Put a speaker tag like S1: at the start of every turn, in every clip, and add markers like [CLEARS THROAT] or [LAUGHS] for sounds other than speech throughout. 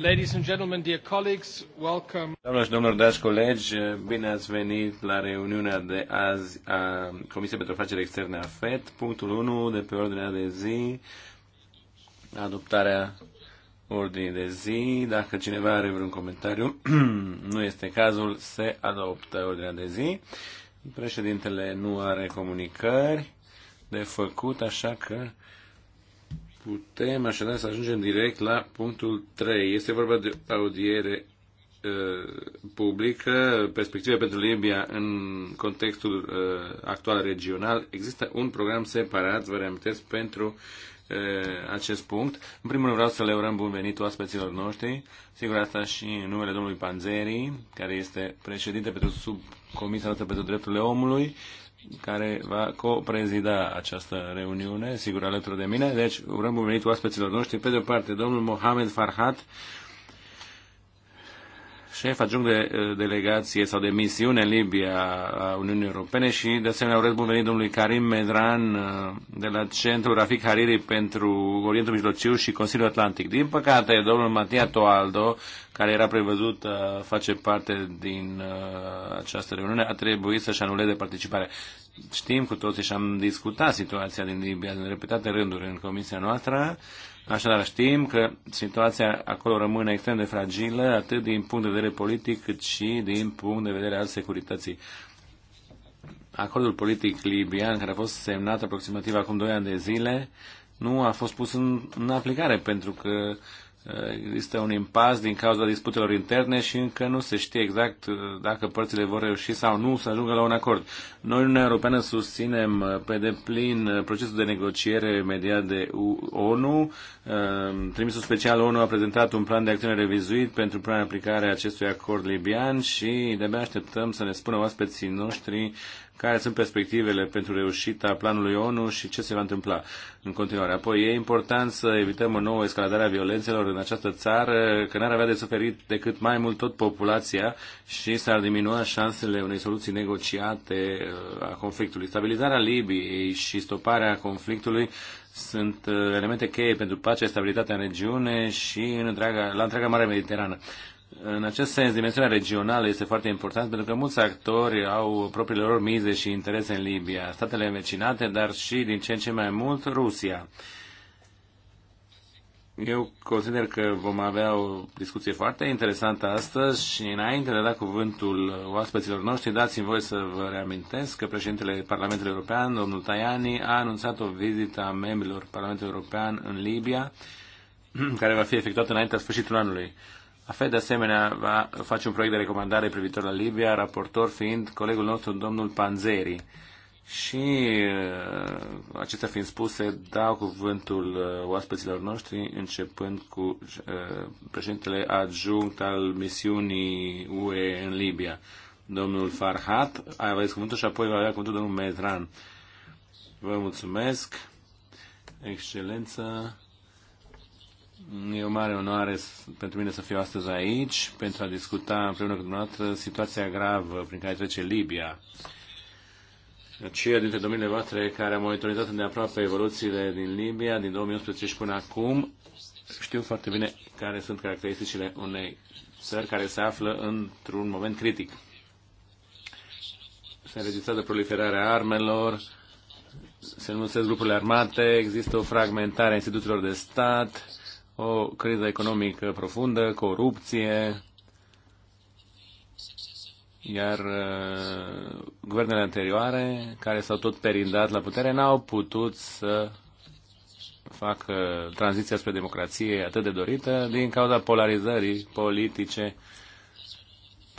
S1: Ladies and gentlemen, dear colleagues, welcome.
S2: Doamnelor și domnilor, dragi colegi, bine ați venit la reuniunea de azi a Comisiei pentru Afaceri Externe a FED. Punctul 1 de pe ordinea de zi, adoptarea ordinii de zi. Dacă cineva are vreun comentariu, [CLEARS THROAT] nu este cazul, se adoptă ordinea de zi. Președintele nu are comunicări de făcut, așa că Putem așadar să ajungem direct la punctul 3. Este vorba de audiere uh, publică, perspective pentru Libia în contextul uh, actual regional. Există un program separat, vă reamintesc, pentru uh, acest punct. În primul rând vreau să le urăm bun venit oaspeților noștri. Sigur, asta și în numele domnului Panzeri, care este președinte pentru subcomisia noastră pentru drepturile omului care va coprezida această reuniune, sigur, alături de mine. Deci, urăm bun venit oaspeților noștri. Pe de o parte, domnul Mohamed Farhat, șef adjunct de eh, delegație sau de misiune în Libia a Uniunii Europene și de asemenea urez bun venit domnului Karim Medran eh, de la Centrul Rafik Hariri pentru Orientul Mijlociu și Consiliul Atlantic. Din păcate, domnul Matia Toaldo, care era prevăzut a face parte din eh, această reuniune, a trebuit să-și anuleze participarea. Știm cu toții și am discutat situația din Libia în repetate rânduri în comisia noastră Așadar știm că situația acolo rămâne extrem de fragilă, atât din punct de vedere politic, cât și din punct de vedere al securității. Acordul politic libian, care a fost semnat aproximativ acum 2 ani de zile, nu a fost pus în, în aplicare, pentru că Uh, există un impas din cauza disputelor interne și încă nu se știe exact uh, dacă părțile vor reuși sau nu să ajungă la un acord. Noi, Uniunea Europeană, susținem uh, pe deplin procesul de negociere mediat de ONU. Trimisul special ONU a prezentat un plan de acțiune revizuit pentru punerea aplicare a acestui acord libian și de-abia așteptăm să ne spună oaspeții noștri care sunt perspectivele pentru reușita planului ONU și ce se va întâmpla în continuare. Apoi e important să evităm o nouă escaladare a violențelor în această țară, că n-ar avea de suferit decât mai mult tot populația și s-ar diminua șansele unei soluții negociate uh, a conflictului. Stabilizarea Libiei și stoparea conflictului sunt uh, elemente cheie pentru pacea și stabilitatea în regiune și în întreaga, la întreaga Marea Mediterană. În acest sens, dimensiunea regională este foarte importantă pentru că mulți actori au propriile lor mize și interese în Libia, statele învecinate, dar și din ce în ce mai mult Rusia. Eu consider că vom avea o discuție foarte interesantă astăzi și înainte de a da cuvântul oaspeților noștri, dați-mi voi să vă reamintesc că președintele Parlamentului European, domnul Tajani, a anunțat o vizită a membrilor Parlamentului European în Libia, [CLEARS THROAT] care va fi efectuată înaintea sfârșitul anului. AFED, de asemenea, va face un proiect de recomandare privitor la Libia, raportor fiind colegul nostru, domnul Panzeri. Și uh, acestea fiind spuse, dau cuvântul uh, oaspeților noștri, începând cu uh, președintele adjunct al misiunii UE în Libia, domnul Farhat. avut cuvântul și apoi va avea cuvântul domnul Medran. Vă mulțumesc, excelență, E o mare onoare pentru mine să fiu astăzi aici pentru a discuta împreună cu dumneavoastră situația gravă prin care trece Libia. Aceia dintre domnile voastre care a monitorizat îndeaproape evoluțiile din Libia din 2011 și până acum, știu foarte bine care sunt caracteristicile unei țări care se află într-un moment critic. Se înregistrează proliferarea armelor, se înmulțesc grupurile armate, există o fragmentare a instituțiilor de stat, o criză economică profundă, corupție, iar uh, guvernele anterioare, care s-au tot perindat la putere, n-au putut să facă tranziția spre democrație atât de dorită din cauza polarizării politice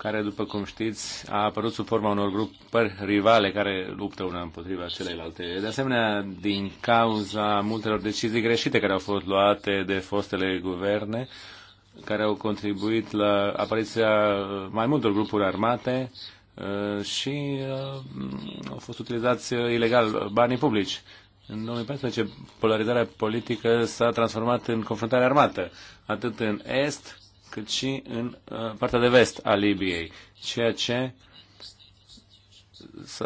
S2: care, după cum știți, a apărut sub forma unor grupări rivale care luptă una împotriva celelalte. De asemenea, din cauza multelor decizii greșite care au fost luate de fostele guverne, care au contribuit la apariția mai multor grupuri armate uh, și uh, au fost utilizați uh, ilegal banii publici. În 2014, polarizarea politică s-a transformat în confruntare armată, atât în Est, cât și în uh, partea de vest a Libiei, ceea ce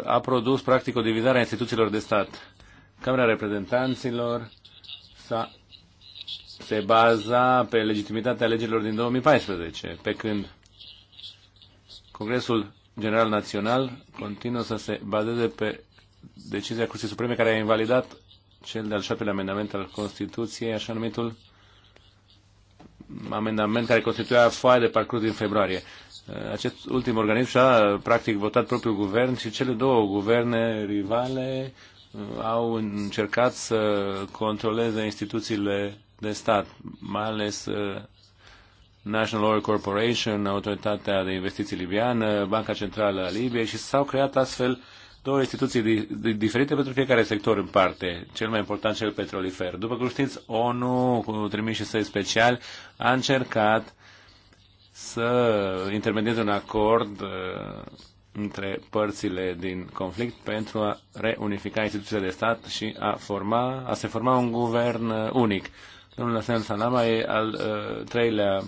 S2: a produs practic o divizare a instituțiilor de stat. Camera Reprezentanților s-a, se baza pe legitimitatea legilor din 2014, pe când Congresul General Național continuă să se bazeze pe decizia Curții Supreme care a invalidat cel de-al șaptelea amendament al Constituției, așa numitul amendament care constituia foaia de parcurs din februarie. Uh, acest ultim organism și-a practic votat propriul guvern și cele două guverne rivale uh, au încercat să controleze instituțiile de stat, mai ales uh, National Oil Corporation, Autoritatea de Investiții Libiană, Banca Centrală a Libiei și s-au creat astfel două instituții diferite pentru fiecare sector în parte, cel mai important cel petrolifer. După cum știți, ONU, cu trimișii săi special, a încercat să intermedieze un acord uh, între părțile din conflict pentru a reunifica instituțiile de stat și a, forma, a se forma un guvern uh, unic. Domnul Hassan Salama e al uh, treilea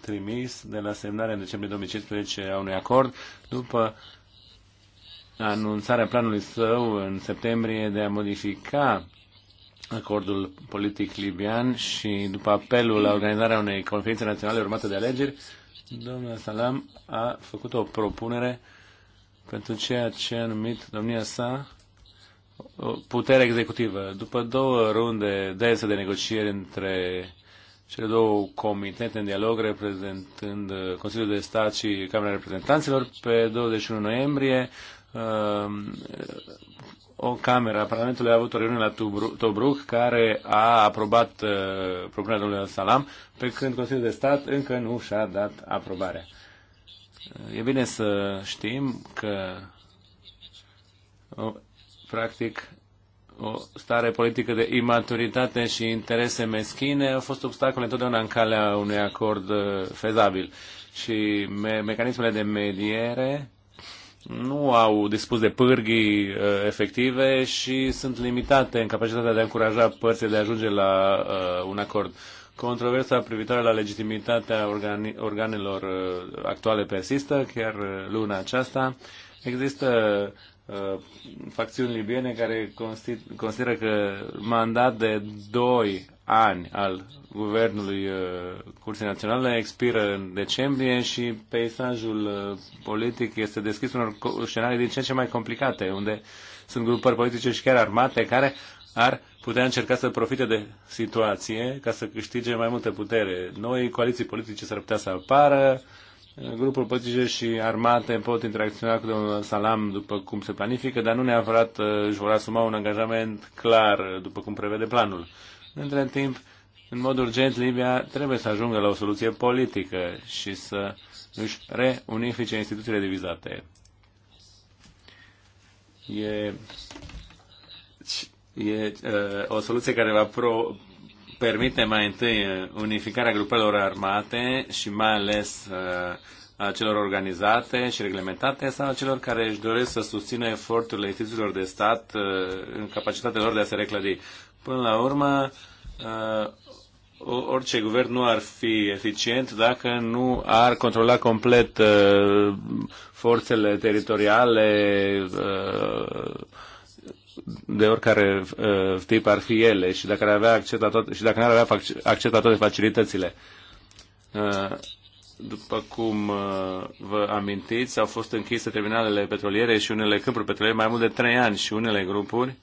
S2: trimis de la semnarea în decembrie 2015 a unui acord după anunțarea planului său în septembrie de a modifica acordul politic libian și după apelul la organizarea unei conferințe naționale urmate de alegeri, domnul Salam a făcut o propunere pentru ceea ce a numit domnia sa putere executivă. După două runde dese de negocieri între cele două comitete în dialog reprezentând Consiliul de Stat și Camera Reprezentanților, pe 21 noiembrie Um, o cameră a Parlamentului a avut o reuniune la Tobruk care a aprobat uh, propunerea domnului Salam, pe când Consiliul de Stat încă nu și-a dat aprobarea. E bine să știm că practic o stare politică de imaturitate și interese meschine au fost obstacole întotdeauna în calea unui acord uh, fezabil. Și me- mecanismele de mediere nu au dispus de pârghii uh, efective și sunt limitate în capacitatea de a încuraja părțile de a ajunge la uh, un acord. Controversa privitoare la legitimitatea organi- organelor uh, actuale persistă, chiar uh, luna aceasta. Există uh, facțiuni libiene care consideră că mandat de doi ani al guvernului uh, Curții Naționale expiră în decembrie și peisajul uh, politic este deschis unor scenarii din ce în ce mai complicate, unde sunt grupări politice și chiar armate care ar putea încerca să profite de situație ca să câștige mai multă putere. Noi coaliții politice s-ar putea să apară, uh, grupuri politice și armate pot interacționa cu domnul Salam după cum se planifică, dar nu neapărat își vor asuma un angajament clar după cum prevede planul. Între timp, în mod urgent, Libia trebuie să ajungă la o soluție politică și să își reunifice instituțiile divizate. E, e uh, o soluție care va pro, permite mai întâi uh, unificarea grupelor armate și mai ales uh, a celor organizate și reglementate sau a celor care își doresc să susțină eforturile instituțiilor de stat în capacitatea lor de a se reclădi. Până la urmă, uh, orice guvern nu ar fi eficient dacă nu ar controla complet uh, forțele teritoriale uh, de oricare tip ar fi ele și dacă, ar avea acces la toate, și dacă n-ar avea acces la toate facilitățile. După cum vă amintiți, au fost închise terminalele petroliere și unele câmpuri petroliere mai mult de trei ani și unele grupuri uh,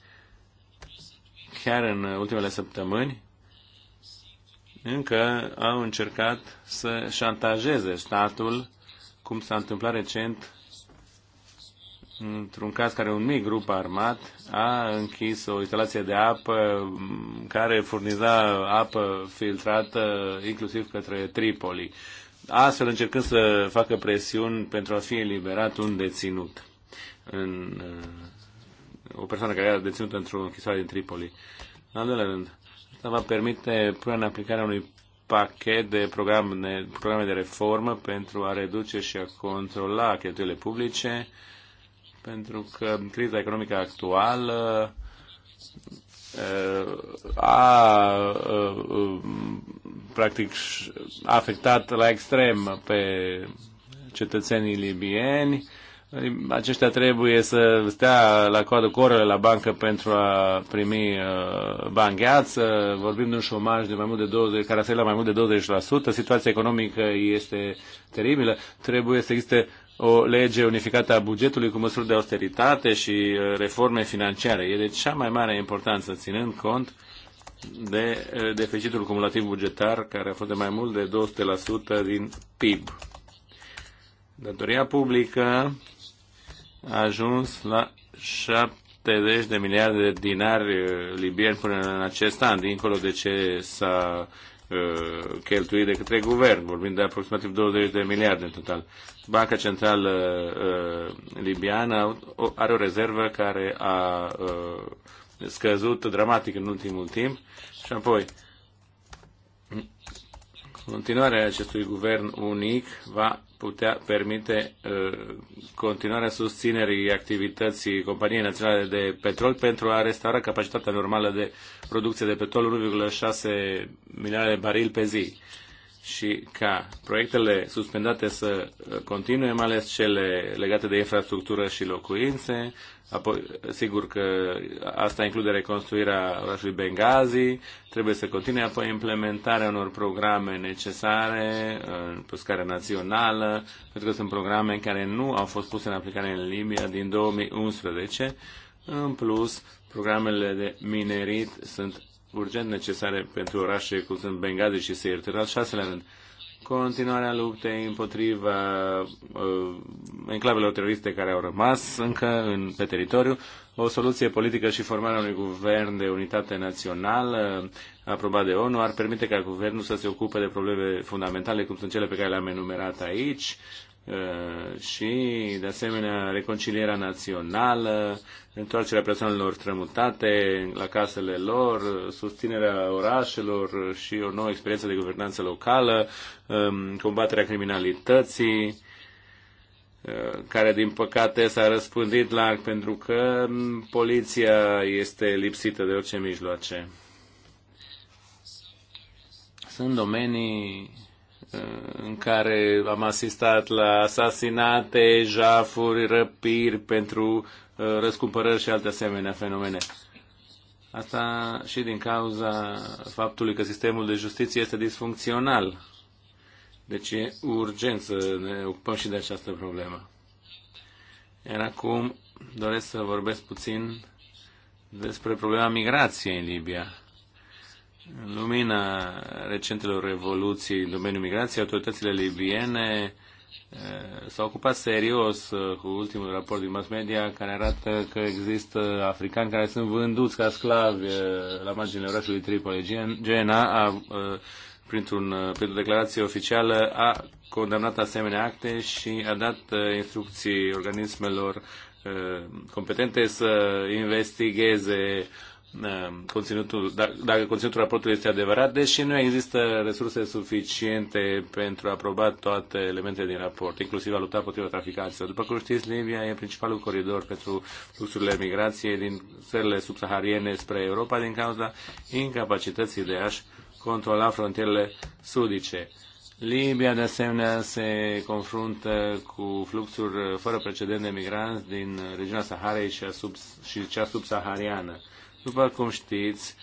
S2: chiar în ultimele săptămâni, încă au încercat să șantajeze statul, cum s-a întâmplat recent într-un caz care un mic grup armat a închis o instalație de apă care furniza apă filtrată inclusiv către Tripoli, astfel încercând să facă presiuni pentru a fi eliberat un deținut în o persoană care era deținută într-o închisoare din Tripoli. În al doilea rând, asta va permite punerea în aplicare unui pachet de programe, programe de reformă pentru a reduce și a controla cheltuielile publice, pentru că criza economică actuală uh, a, uh, uh, practic a afectat la extrem pe cetățenii libieni aceștia trebuie să stea la coadă cu orele la bancă pentru a primi uh, bani gheață. Vorbim de un șomaj de mai mult de 20, care se la mai mult de 20%. Situația economică este teribilă. Trebuie să existe o lege unificată a bugetului cu măsuri de austeritate și uh, reforme financiare. E de cea mai mare importanță, ținând cont de uh, deficitul cumulativ bugetar, care a fost de mai mult de 200% din PIB. Datoria publică a ajuns la 70 de miliarde de dinari uh, libieni până în acest an, dincolo de ce s-a uh, cheltuit de către guvern, vorbind de aproximativ 20 de miliarde în total. Banca Centrală uh, Libiană are o rezervă care a scăzut dramatic în ultimul timp și apoi Continuarea acestui guvern unic va putea permite uh, continuarea susținerii activității Companiei Naționale de Petrol pentru a restaura capacitatea normală de producție de petrol 1,6 milioane de barili pe zi și ca proiectele suspendate să uh, continue, mai ales cele legate de infrastructură și locuințe, apoi sigur că asta include reconstruirea orașului Benghazi, trebuie să continue apoi implementarea unor programe necesare uh, pe scară națională, pentru că sunt programe care nu au fost puse în aplicare în Libia din 2011. În plus, programele de minerit sunt urgent necesare pentru orașe cum sunt Benghazi și Sirte. În al șaselea rând, continuarea luptei împotriva uh, enclavelor teroriste care au rămas încă în, pe teritoriu, o soluție politică și formarea unui guvern de unitate națională uh, aprobat de ONU ar permite ca guvernul să se ocupe de probleme fundamentale cum sunt cele pe care le-am enumerat aici, Uh, și, de asemenea, reconcilierea națională, întoarcerea persoanelor trămutate la casele lor, susținerea orașelor și o nouă experiență de guvernanță locală, um, combaterea criminalității, uh, care din păcate s-a răspândit larg pentru că um, poliția este lipsită de orice mijloace. Sunt domenii în care am asistat la asasinate, jafuri, răpiri pentru uh, răscumpărări și alte asemenea fenomene. Asta și din cauza faptului că sistemul de justiție este disfuncțional. Deci e urgent să ne ocupăm și de această problemă. Iar acum doresc să vorbesc puțin despre problema migrației în Libia. În lumina recentelor revoluții în domeniul migrației, autoritățile libiene eh, s-au ocupat serios eh, cu ultimul raport din mass media care arată că există africani care sunt vânduți ca sclavi eh, la marginile orașului Tripoli. GNA a printr-un, printr-o declarație oficială, a condamnat asemenea acte și a dat instrucții organismelor competente să investigheze Uh, conținutul, dacă conținutul raportului este adevărat, deși nu există resurse suficiente pentru a aproba toate elementele din raport, inclusiv a lupta potriva traficanților. După cum știți, Libia e principalul coridor pentru fluxurile migrației din țările subsahariene spre Europa din cauza incapacității de a-și controla frontierele sudice. Libia, de asemenea, se confruntă cu fluxuri fără precedent de migranți din regiunea Saharei și, sub, și cea subsahariană după cum știți,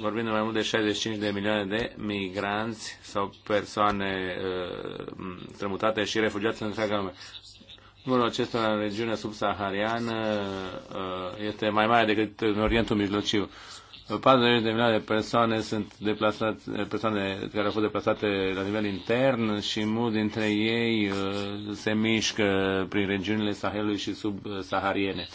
S2: vorbim de mai mult de 65 de milioane de migranți sau persoane uh, strămutate și refugiați în întreaga lume. Numărul acesta în regiunea subsahariană uh, este mai mare decât în Orientul Mijlociu. 40 de milioane de persoane sunt deplasate, persoane care au fost deplasate la nivel intern și mulți dintre ei uh, se mișcă prin regiunile Sahelului și subsahariene.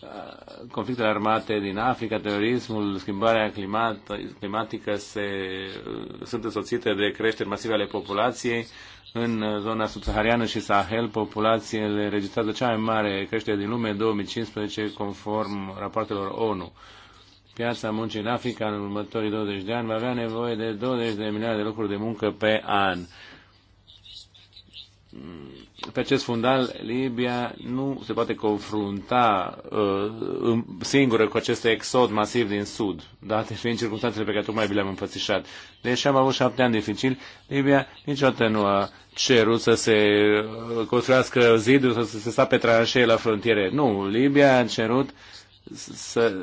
S2: Uh, conflictele armate din Africa, terorismul, schimbarea climat, climatică se, uh, sunt însoțite de creșteri masive ale populației. În uh, zona subsahariană și Sahel, populațiile registrează cea mai mare creștere din lume în 2015, conform rapoartelor ONU. Piața muncii în Africa în următorii 20 de ani va avea nevoie de 20 de milioane de locuri de muncă pe an pe acest fundal, Libia nu se poate confrunta uh, singură cu acest exod masiv din Sud, date fiind circunstanțele pe care tocmai le-am înfățișat. Deși am avut șapte ani dificili, Libia niciodată nu a cerut să se uh, construiască ziduri, să se pe tranșee la frontiere. Nu, Libia a cerut să,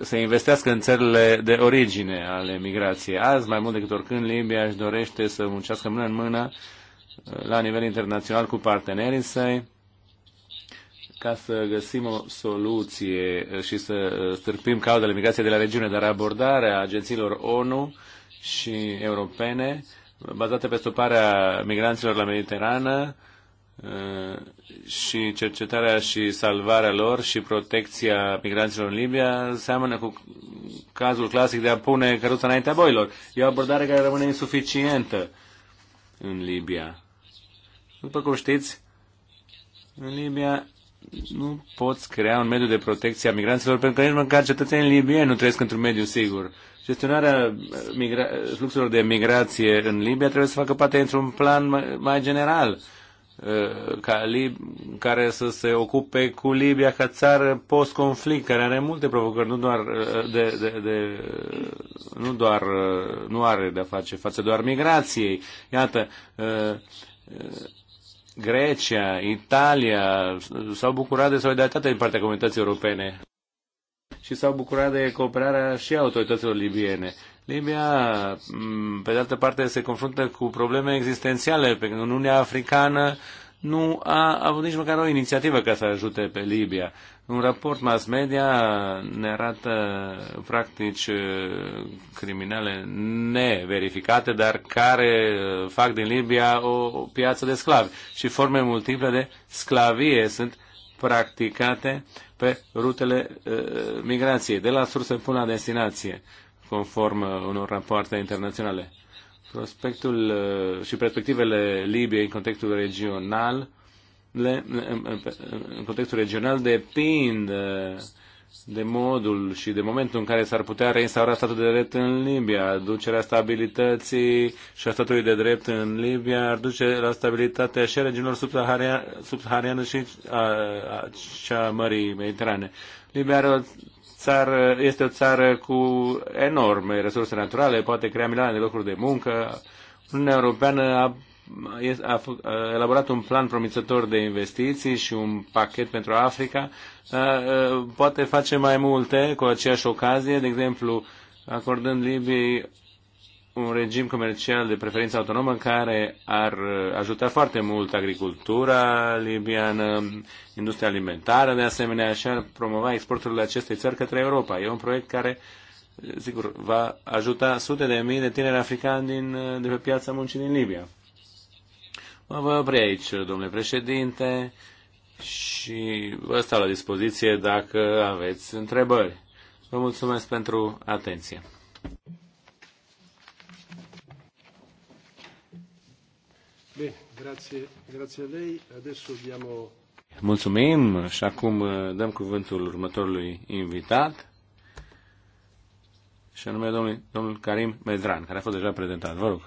S2: să investească în țările de origine ale migrației. Azi, mai mult decât oricând, Libia își dorește să muncească mână în mână la nivel internațional cu partenerii săi ca să găsim o soluție și să uh, stârpim cauzele migrației de la regiune, dar abordarea agențiilor ONU și europene bazate pe stoparea migranților la Mediterană uh, și cercetarea și salvarea lor și protecția migranților în Libia seamănă cu cazul clasic de a pune căruța înaintea boilor. E o abordare care rămâne insuficientă în Libia. După cum știți, în Libia nu poți crea un mediu de protecție a migranților pentru că nici măcar cetățenii libieni nu trăiesc într-un mediu sigur. Gestionarea eh, migra- fluxurilor de migrație în Libia trebuie să facă parte într-un plan mai, mai general eh, ca Lib- care să se ocupe cu Libia ca țară post-conflict, care are multe provocări, nu doar eh, de, de, de nu doar nu are de-a face față doar migrației. Iată, Grecia, Italia s-au bucurat de solidaritate din partea comunității europene și s-au bucurat de cooperarea și autorităților libiene. Libia, pe de altă parte, se confruntă cu probleme existențiale, pentru că în Uniunea Africană nu a avut nici măcar o inițiativă ca să ajute pe Libia. Un raport mass media ne arată practici uh, criminale neverificate, dar care uh, fac din Libia o piață de sclavi. Și forme multiple de sclavie sunt practicate pe rutele uh, migrației, de la sursă până la destinație, conform unor rapoarte internaționale prospectul uh, și perspectivele Libiei în contextul regional le, în contextul regional depind uh, de modul și de momentul în care s-ar putea reinstaura statul de drept în Libia. Aducerea stabilității și a statului de drept în Libia ar duce la stabilitatea și a regiunilor subsahariană și a, a, și a Mării Mediterane. Libia are o țară, este o țară cu enorme resurse naturale, poate crea milioane de locuri de muncă. Uniunea Europeană a, a, a elaborat un plan promițător de investiții și un pachet pentru Africa, a, poate face mai multe cu aceeași ocazie, de exemplu, acordând Libiei un regim comercial de preferință autonomă care ar ajuta foarte mult agricultura libiană, industria alimentară de asemenea și ar promova exporturile acestei țări către Europa. E un proiect care, sigur, va ajuta sute de mii de tineri africani din, de pe piața muncii din Libia. Mă vă opri aici, domnule președinte, și vă stau la dispoziție dacă aveți întrebări. Vă mulțumesc pentru atenție. Mulțumim și acum uh, dăm cuvântul următorului invitat și anume domnul, domnul Karim Medran, care a fost deja prezentat. Vă rog.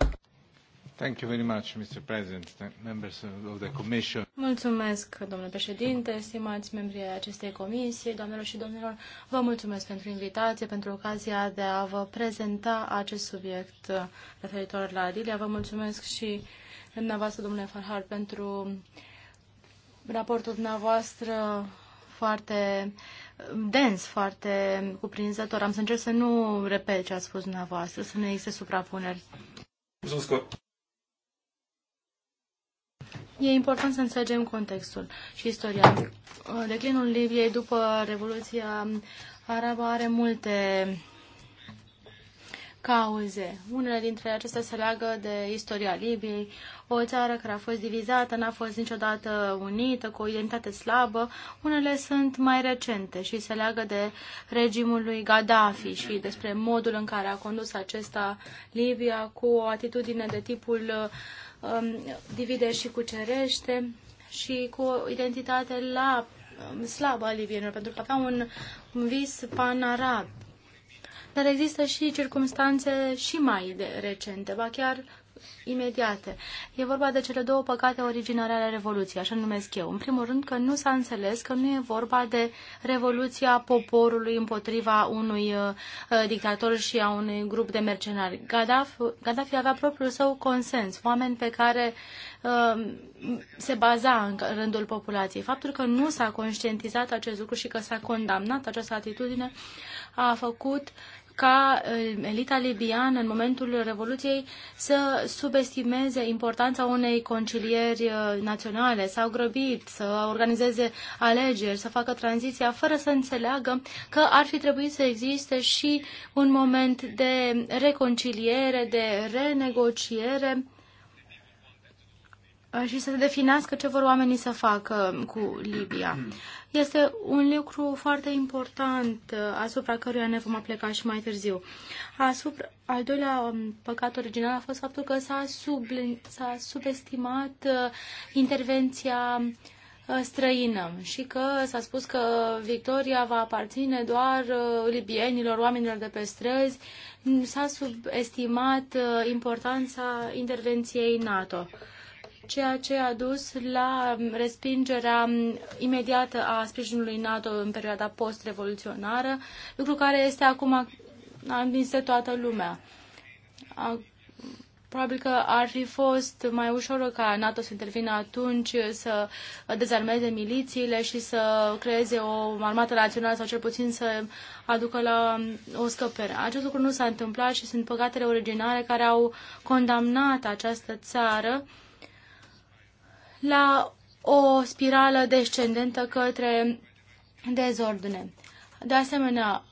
S1: Thank you very much, Mr. President, members of the Commission.
S3: Mulțumesc, domnule președinte, stimați membrii acestei comisii, doamnelor și domnilor. Vă mulțumesc pentru invitație, pentru ocazia de a vă prezenta acest subiect referitor la Adilia. Vă mulțumesc și uh, dumneavoastră, domnule Farhar, pentru raportul dumneavoastră foarte dens, foarte cuprinzător. Am să încerc să nu repet ce a spus dumneavoastră, să nu există suprapuneri. E important să înțelegem contextul și istoria. Declinul Libiei după Revoluția Arabă are multe cauze. Unele dintre acestea se leagă de istoria Libiei, o țară care a fost divizată, n-a fost niciodată unită, cu o identitate slabă. Unele sunt mai recente și se leagă de regimul lui Gaddafi și despre modul în care a condus acesta Libia cu o atitudine de tipul um, divide și cucerește și cu o identitate la, um, slabă a libienilor, pentru că avea un, un vis panarab dar există și circumstanțe și mai de recente, ba chiar imediate. E vorba de cele două păcate originare ale Revoluției, așa numesc eu. În primul rând că nu s-a înțeles că nu e vorba de revoluția poporului împotriva unui uh, dictator și a unui grup de mercenari. Gaddafi, Gaddafi avea propriul său consens, oameni pe care uh, se baza în rândul populației. Faptul că nu s-a conștientizat acest lucru și că s-a condamnat această atitudine a făcut ca eh, elita libiană în momentul Revoluției să subestimeze importanța unei concilieri eh, naționale. S-au grăbit să organizeze alegeri, să facă tranziția, fără să înțeleagă că ar fi trebuit să existe și un moment de reconciliere, de renegociere Ah, și să definească ce vor oamenii să facă cu Libia. Este un lucru foarte important uh, asupra căruia ne vom apleca și mai târziu. Asupra, al doilea um, păcat original a fost faptul că s-a, sub, subestimat uh, intervenția uh, străină și că s-a spus că victoria va aparține doar libienilor, oamenilor de pe străzi. S-a subestimat importanța intervenției NATO ceea ce a dus la respingerea imediată a sprijinului NATO în perioada post-revoluționară, lucru care este acum învinse toată lumea. A, probabil că ar fi fost mai ușor ca NATO să intervină atunci, să dezarmeze milițiile și să creeze o armată națională sau cel puțin să aducă la o scăpere. Acest lucru nu s-a întâmplat și sunt păcatele originale care au condamnat această țară la o spirală descendentă către dezordine. De asemenea,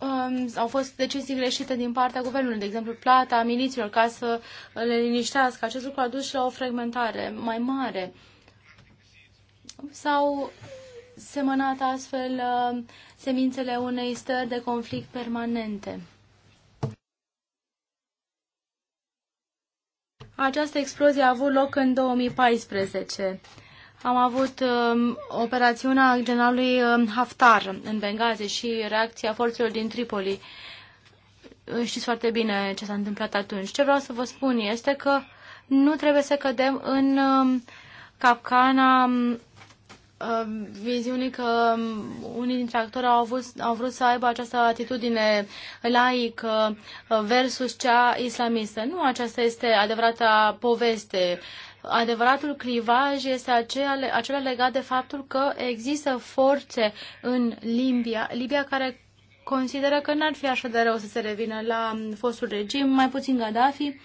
S3: um, au fost decizii greșite din partea guvernului, de exemplu plata milițiilor ca să le liniștească. Acest lucru a dus și la o fragmentare mai mare. Sau semănat astfel uh, semințele unei stări de conflict permanente. Această explozie a avut loc în 2014. Am avut um, operațiunea generalului um, Haftar în Benghazi și reacția forțelor din Tripoli. Uh, știți foarte bine ce s-a întâmplat atunci. Ce vreau să vă spun este că nu trebuie să cădem în um, capcana um, Um, viziunii că um, unii dintre actori au, avut, au vrut să aibă această atitudine laică uh, versus cea islamistă. Nu aceasta este adevărata poveste. Adevăratul clivaj este acela, acela legat de faptul că există forțe în Libia, Libia care consideră că n-ar fi așa de rău să se revină la um, fostul regim, mai puțin Gaddafi,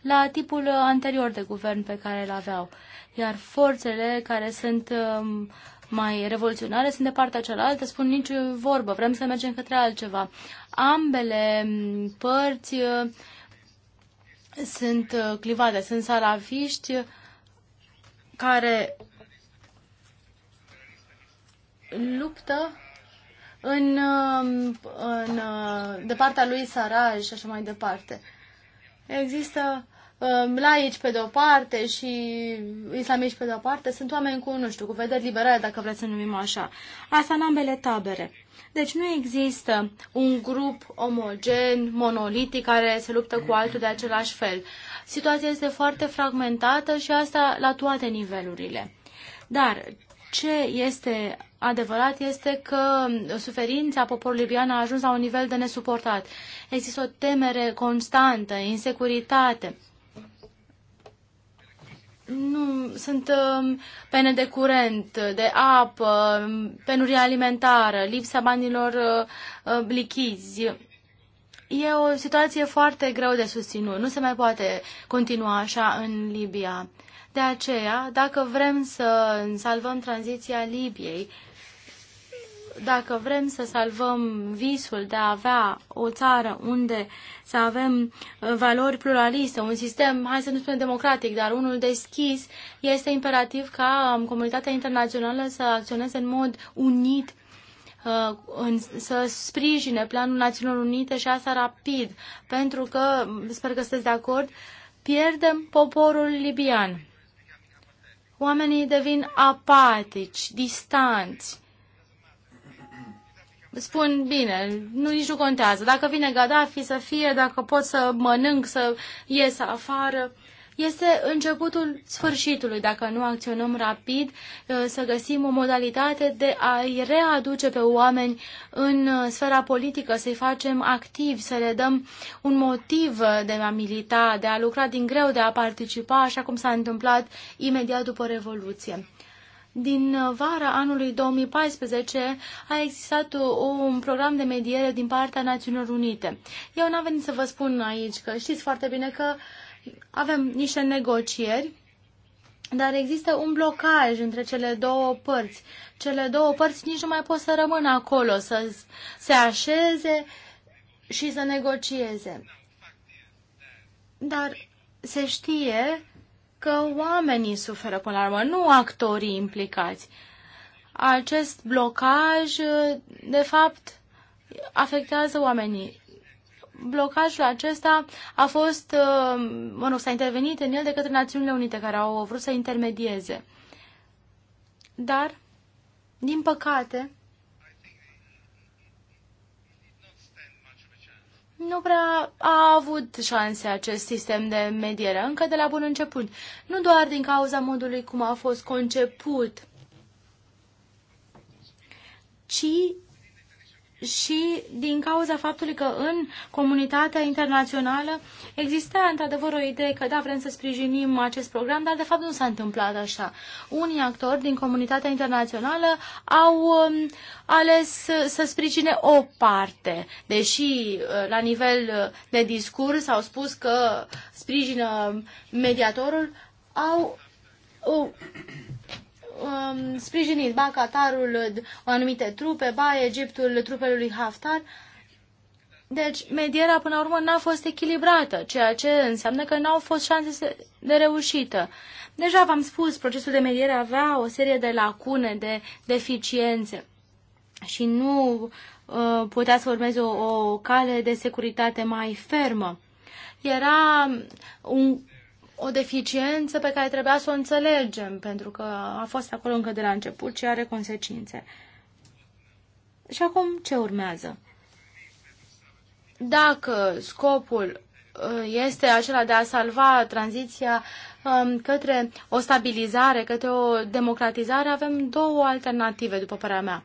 S3: la tipul uh, anterior de guvern pe care îl aveau. Iar forțele care sunt um, mai revoluționare sunt de partea cealaltă, spun nici vorbă, vrem să mergem către altceva. Ambele um, părți uh, sunt uh, clivate, sunt salafiști care luptă în, um, în, uh, de partea lui Saraj și așa mai departe. Există Um, laici pe de-o parte și islamici pe de-o parte, sunt oameni cu, nu știu, cu vederi liberale, dacă vreți să numim așa. Asta în ambele tabere. Deci nu există un grup omogen, monolitic, care se luptă cu altul de același fel. Situația este foarte fragmentată și asta la toate nivelurile. Dar ce este adevărat este că suferința poporului libian a ajuns la un nivel de nesuportat. Există o temere constantă, insecuritate nu, sunt um, pene de curent, de apă, um, penuria alimentară, lipsa banilor uh, uh, lichizi. E o situație foarte greu de susținut. Nu se mai poate continua așa în Libia. De aceea, dacă vrem să salvăm tranziția Libiei, dacă vrem să salvăm visul de a avea o țară unde să avem uh, valori pluraliste, un sistem, hai să nu spunem democratic, dar unul deschis, este imperativ ca um, comunitatea internațională să acționeze în mod unit uh, să sprijine planul Națiunilor Unite și asta rapid, pentru că, um, sper că sunteți de acord, pierdem poporul libian. Oamenii devin apatici, distanți spun, bine, nu, nici nu contează. Dacă vine Gaddafi să fie, dacă pot să mănânc, să ies afară, este începutul sfârșitului, dacă nu acționăm rapid, eh, să găsim o modalitate de a-i readuce pe oameni în eh, sfera politică, să-i facem activi, să le dăm un motiv de a milita, de a lucra din greu, de a participa, așa cum s-a întâmplat imediat după Revoluție. Din vara anului 2014 a existat un program de mediere din partea Națiunilor Unite. Eu n-am venit să vă spun aici că știți foarte bine că avem niște negocieri dar există un blocaj între cele două părți. Cele două părți nici nu mai pot să rămână acolo, să se așeze și să negocieze. Dar se știe că oamenii suferă până la urmă, nu actorii implicați. Acest blocaj, de fapt, afectează oamenii. Blocajul acesta a fost, mă rog, s-a intervenit în el de către Națiunile Unite, care au vrut să intermedieze. Dar, din păcate, nu prea a avut șanse acest sistem de mediere încă de la bun început, nu doar din cauza modului cum a fost conceput, ci și din cauza faptului că în comunitatea internațională exista într-adevăr o idee că da, vrem să sprijinim acest program, dar de fapt nu s-a întâmplat așa. Unii actori din comunitatea internațională au um, ales să sprijine o parte, deși uh, la nivel uh, de discurs au spus că sprijină mediatorul, au uh, um, sprijinit, ba Qatarul anumite trupe, ba Egiptul trupelui lui Haftar. Deci, medierea până la urmă n-a fost echilibrată, ceea ce înseamnă că n-au fost șanse de reușită. Deja v-am spus, procesul de mediere avea o serie de lacune, de deficiențe și nu uh, putea să urmeze o, o cale de securitate mai fermă. Era un o deficiență pe care trebuia să o înțelegem, pentru că a fost acolo încă de la început și are consecințe. Și acum ce urmează? Dacă scopul uh, este acela de a salva tranziția um, către o stabilizare, către o democratizare, avem două alternative, după părerea mea.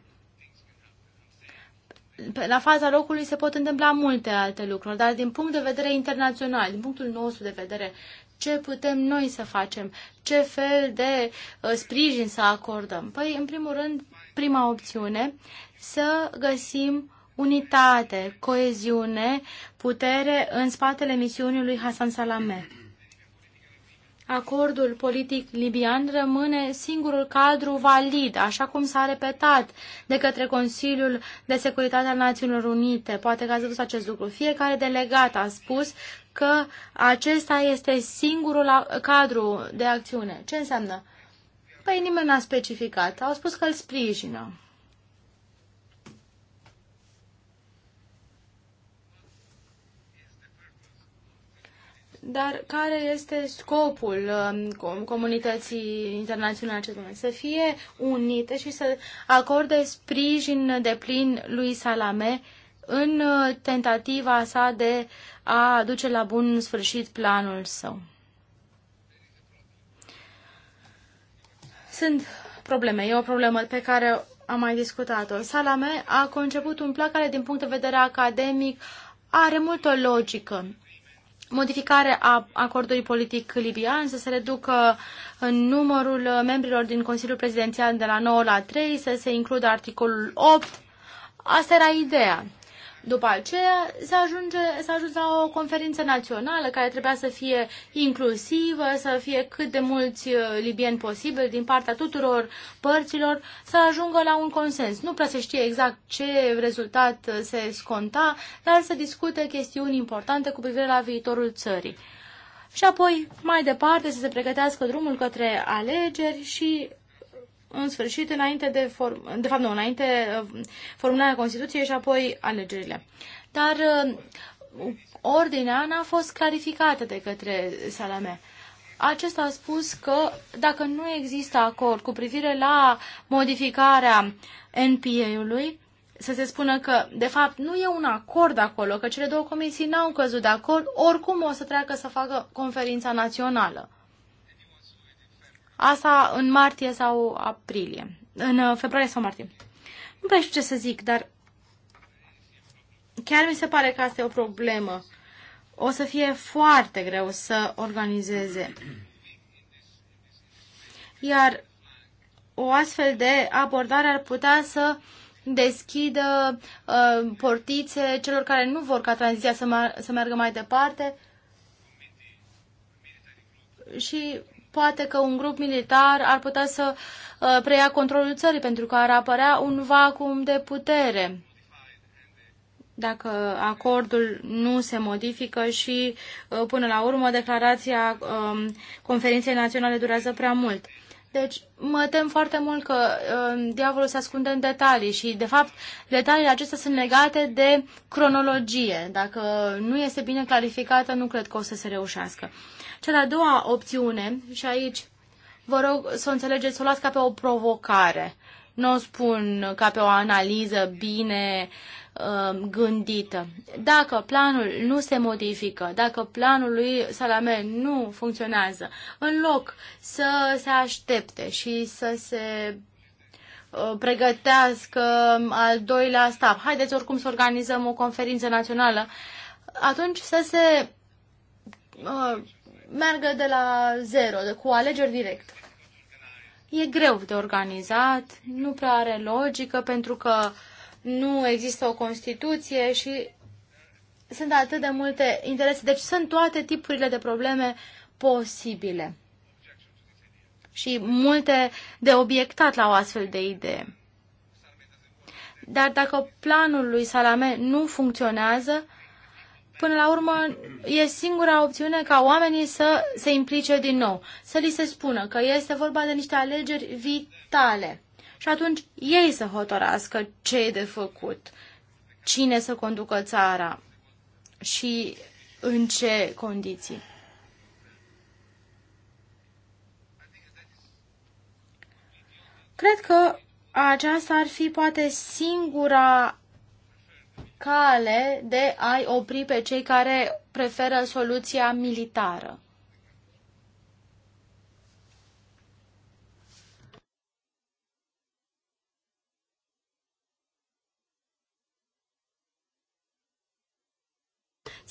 S3: La faza locului se pot întâmpla multe alte lucruri, dar din punct de vedere internațional, din punctul nostru de vedere, ce putem noi să facem, ce fel de uh, sprijin să acordăm. Păi, în primul rând, prima opțiune, să găsim unitate, coeziune, putere în spatele misiunii lui Hassan Salame. Acordul politic libian rămâne singurul cadru valid, așa cum s-a repetat de către Consiliul de Securitate al Națiunilor Unite. Poate că ați văzut acest lucru. Fiecare delegat a spus că acesta este singurul cadru de acțiune. Ce înseamnă? Păi nimeni n-a specificat. Au spus că îl sprijină. Dar care este scopul um, comunității internaționale în acest moment? Să fie unite și să acorde sprijin de plin lui Salame uh, în uh, tentativa sa de a aduce la bun sfârșit planul său. Sunt probleme. E o problemă pe care am mai discutat-o. Salame a conceput un plan care, din punct de vedere academic, are multă logică. Modificarea a acordului politic libian, să se reducă în numărul membrilor din Consiliul Prezidențial de la 9 la 3, să se includă articolul 8. Asta era ideea. După aceea s-a, ajunge, se ajuns la o conferință națională care trebuia să fie inclusivă, să fie cât de mulți uh, libieni posibil din partea tuturor părților, să ajungă la un consens. Nu prea se știe exact ce rezultat uh, se sconta, dar se discute chestiuni importante cu privire la viitorul țării. Și apoi, mai departe, să se pregătească drumul către alegeri și în sfârșit, înainte de, form- de fapt, nu, înainte uh, formularea Constituției și apoi alegerile. Dar uh, ordinea n-a fost clarificată de către Salame. Acesta a spus că dacă nu există acord cu privire la modificarea NPA-ului, să se spună că, de fapt, nu e un acord acolo, că cele două comisii n-au căzut de acord, oricum o să treacă să facă conferința națională. Asta în martie sau aprilie. În uh, februarie sau martie. Nu prea știu ce să zic, dar chiar mi se pare că asta e o problemă. O să fie foarte greu să organizeze. Iar o astfel de abordare ar putea să deschidă uh, portițe celor care nu vor ca tranziția să, mar- să meargă mai departe și Poate că un grup militar ar putea să uh, preia controlul țării pentru că ar apărea un vacuum de putere dacă acordul nu se modifică și, uh, până la urmă, declarația um, Conferinței Naționale durează prea mult. Deci mă tem foarte mult că uh, diavolul se ascunde în detalii și, de fapt, detaliile acestea sunt legate de cronologie. Dacă nu este bine clarificată, nu cred că o să se reușească. Cea de-a doua opțiune, și aici vă rog să o înțelegeți, să o luați ca pe o provocare. Nu o spun ca pe o analiză bine Um, gândită. Dacă planul nu se modifică, dacă planul lui Salame nu funcționează, în loc să se aștepte și să se uh, pregătească al doilea staff, haideți oricum să organizăm o conferință națională, atunci să se uh, meargă de la zero, de, cu alegeri direct. E greu de organizat, nu prea are logică, pentru că uh, nu există o Constituție și sunt atât de multe interese. Deci sunt toate tipurile de probleme posibile și multe de obiectat la o astfel de idee. Dar dacă planul lui Salame nu funcționează, până la urmă e singura opțiune ca oamenii să se implice din nou, să li se spună că este vorba de niște alegeri vitale și atunci ei să hotărască ce e de făcut, cine să conducă țara și în ce condiții. Cred că aceasta ar fi poate singura cale de a-i opri pe cei care preferă soluția militară.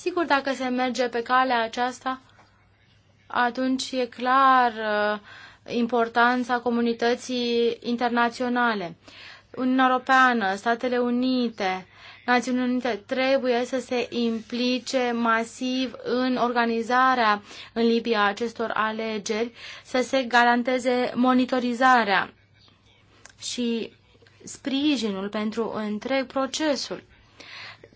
S3: Sigur, dacă se merge pe calea aceasta, atunci e clar uh, importanța comunității internaționale. Uniunea Europeană, Statele Unite, Națiunile Unite trebuie să se implice masiv în organizarea în Libia acestor alegeri, să se garanteze monitorizarea și sprijinul pentru întreg procesul.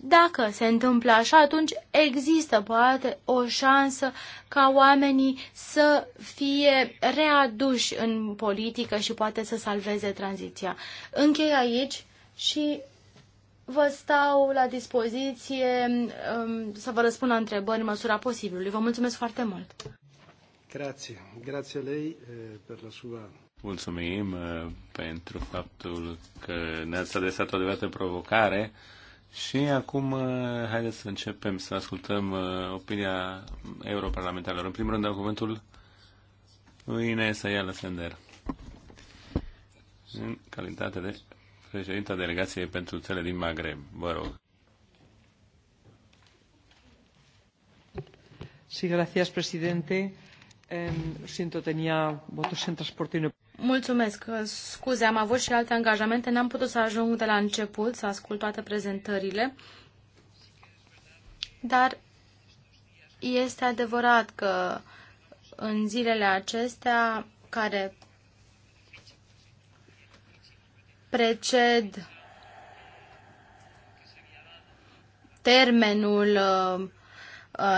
S3: Dacă se întâmplă așa, atunci există poate o șansă ca oamenii să fie readuși în politică și poate să salveze tranziția. Închei aici și vă stau la dispoziție um, să vă răspund la întrebări în măsura posibilului. Vă mulțumesc foarte mult!
S1: Grazie, grazie lei eh, per la sua
S2: Mulțumim eh, pentru faptul că ne-ați adresat o adevărată provocare și acum uh, haideți să începem să ascultăm uh, opinia europarlamentarilor. În primul rând dau cuvântul lui Ines Ayala Sender în calitate de președinta delegației pentru țele din Maghreb. Vă rog.
S3: Sí, gracias, presidente. Eh, siento, tenía votos en transporte y no... Mulțumesc. Scuze, am avut și alte angajamente. N-am putut să ajung de la început să ascult toate prezentările. Dar este adevărat că în zilele acestea care preced termenul uh,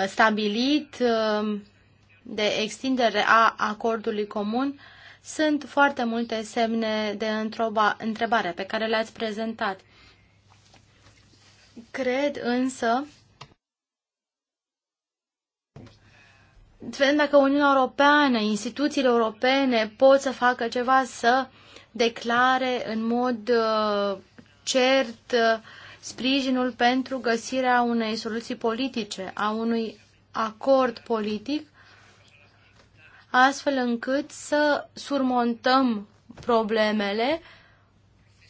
S3: stabilit uh, de extindere a acordului comun, sunt foarte multe semne de întrebare pe care le-ați prezentat. Cred însă vedem dacă Uniunea Europeană, instituțiile europene pot să facă ceva să declare în mod uh, cert uh, sprijinul pentru găsirea unei soluții politice, a unui acord politic astfel încât să surmontăm problemele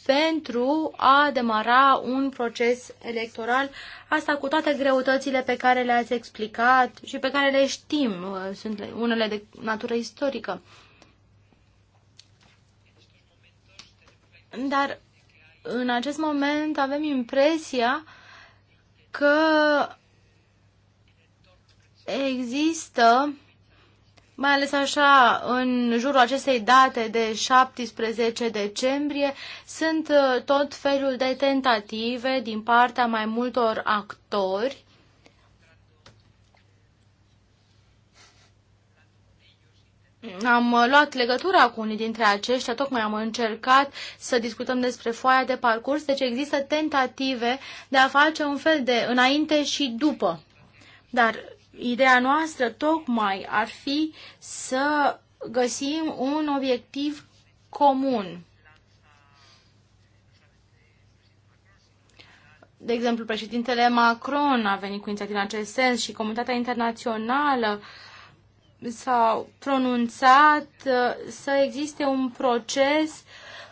S3: pentru a demara un proces electoral, asta cu toate greutățile pe care le-ați explicat și pe care le știm, sunt unele de natură istorică. Dar în acest moment avem impresia că există mai ales așa în jurul acestei date de 17 decembrie, sunt uh, tot felul de tentative din partea mai multor actori Am uh, luat legătura cu unii dintre aceștia, tocmai am încercat să discutăm despre foaia de parcurs, deci există tentative de a face un fel de înainte și după. Dar Ideea noastră tocmai ar fi să găsim un obiectiv comun. De exemplu, președintele Macron a venit cu inițiativa în acest sens și comunitatea internațională s-a pronunțat uh, să existe un proces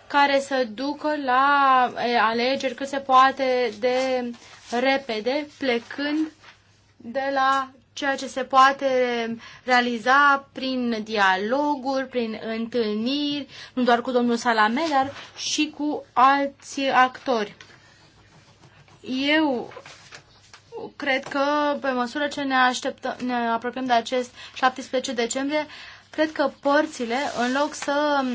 S3: care să ducă la alegeri cât se poate de repede, plecând de la ceea ce se poate realiza prin dialoguri, prin întâlniri, nu doar cu domnul Salame, dar și cu alți actori. Eu cred că, pe măsură ce ne, așteptăm, ne apropiem de acest 17 decembrie, cred că părțile, în loc să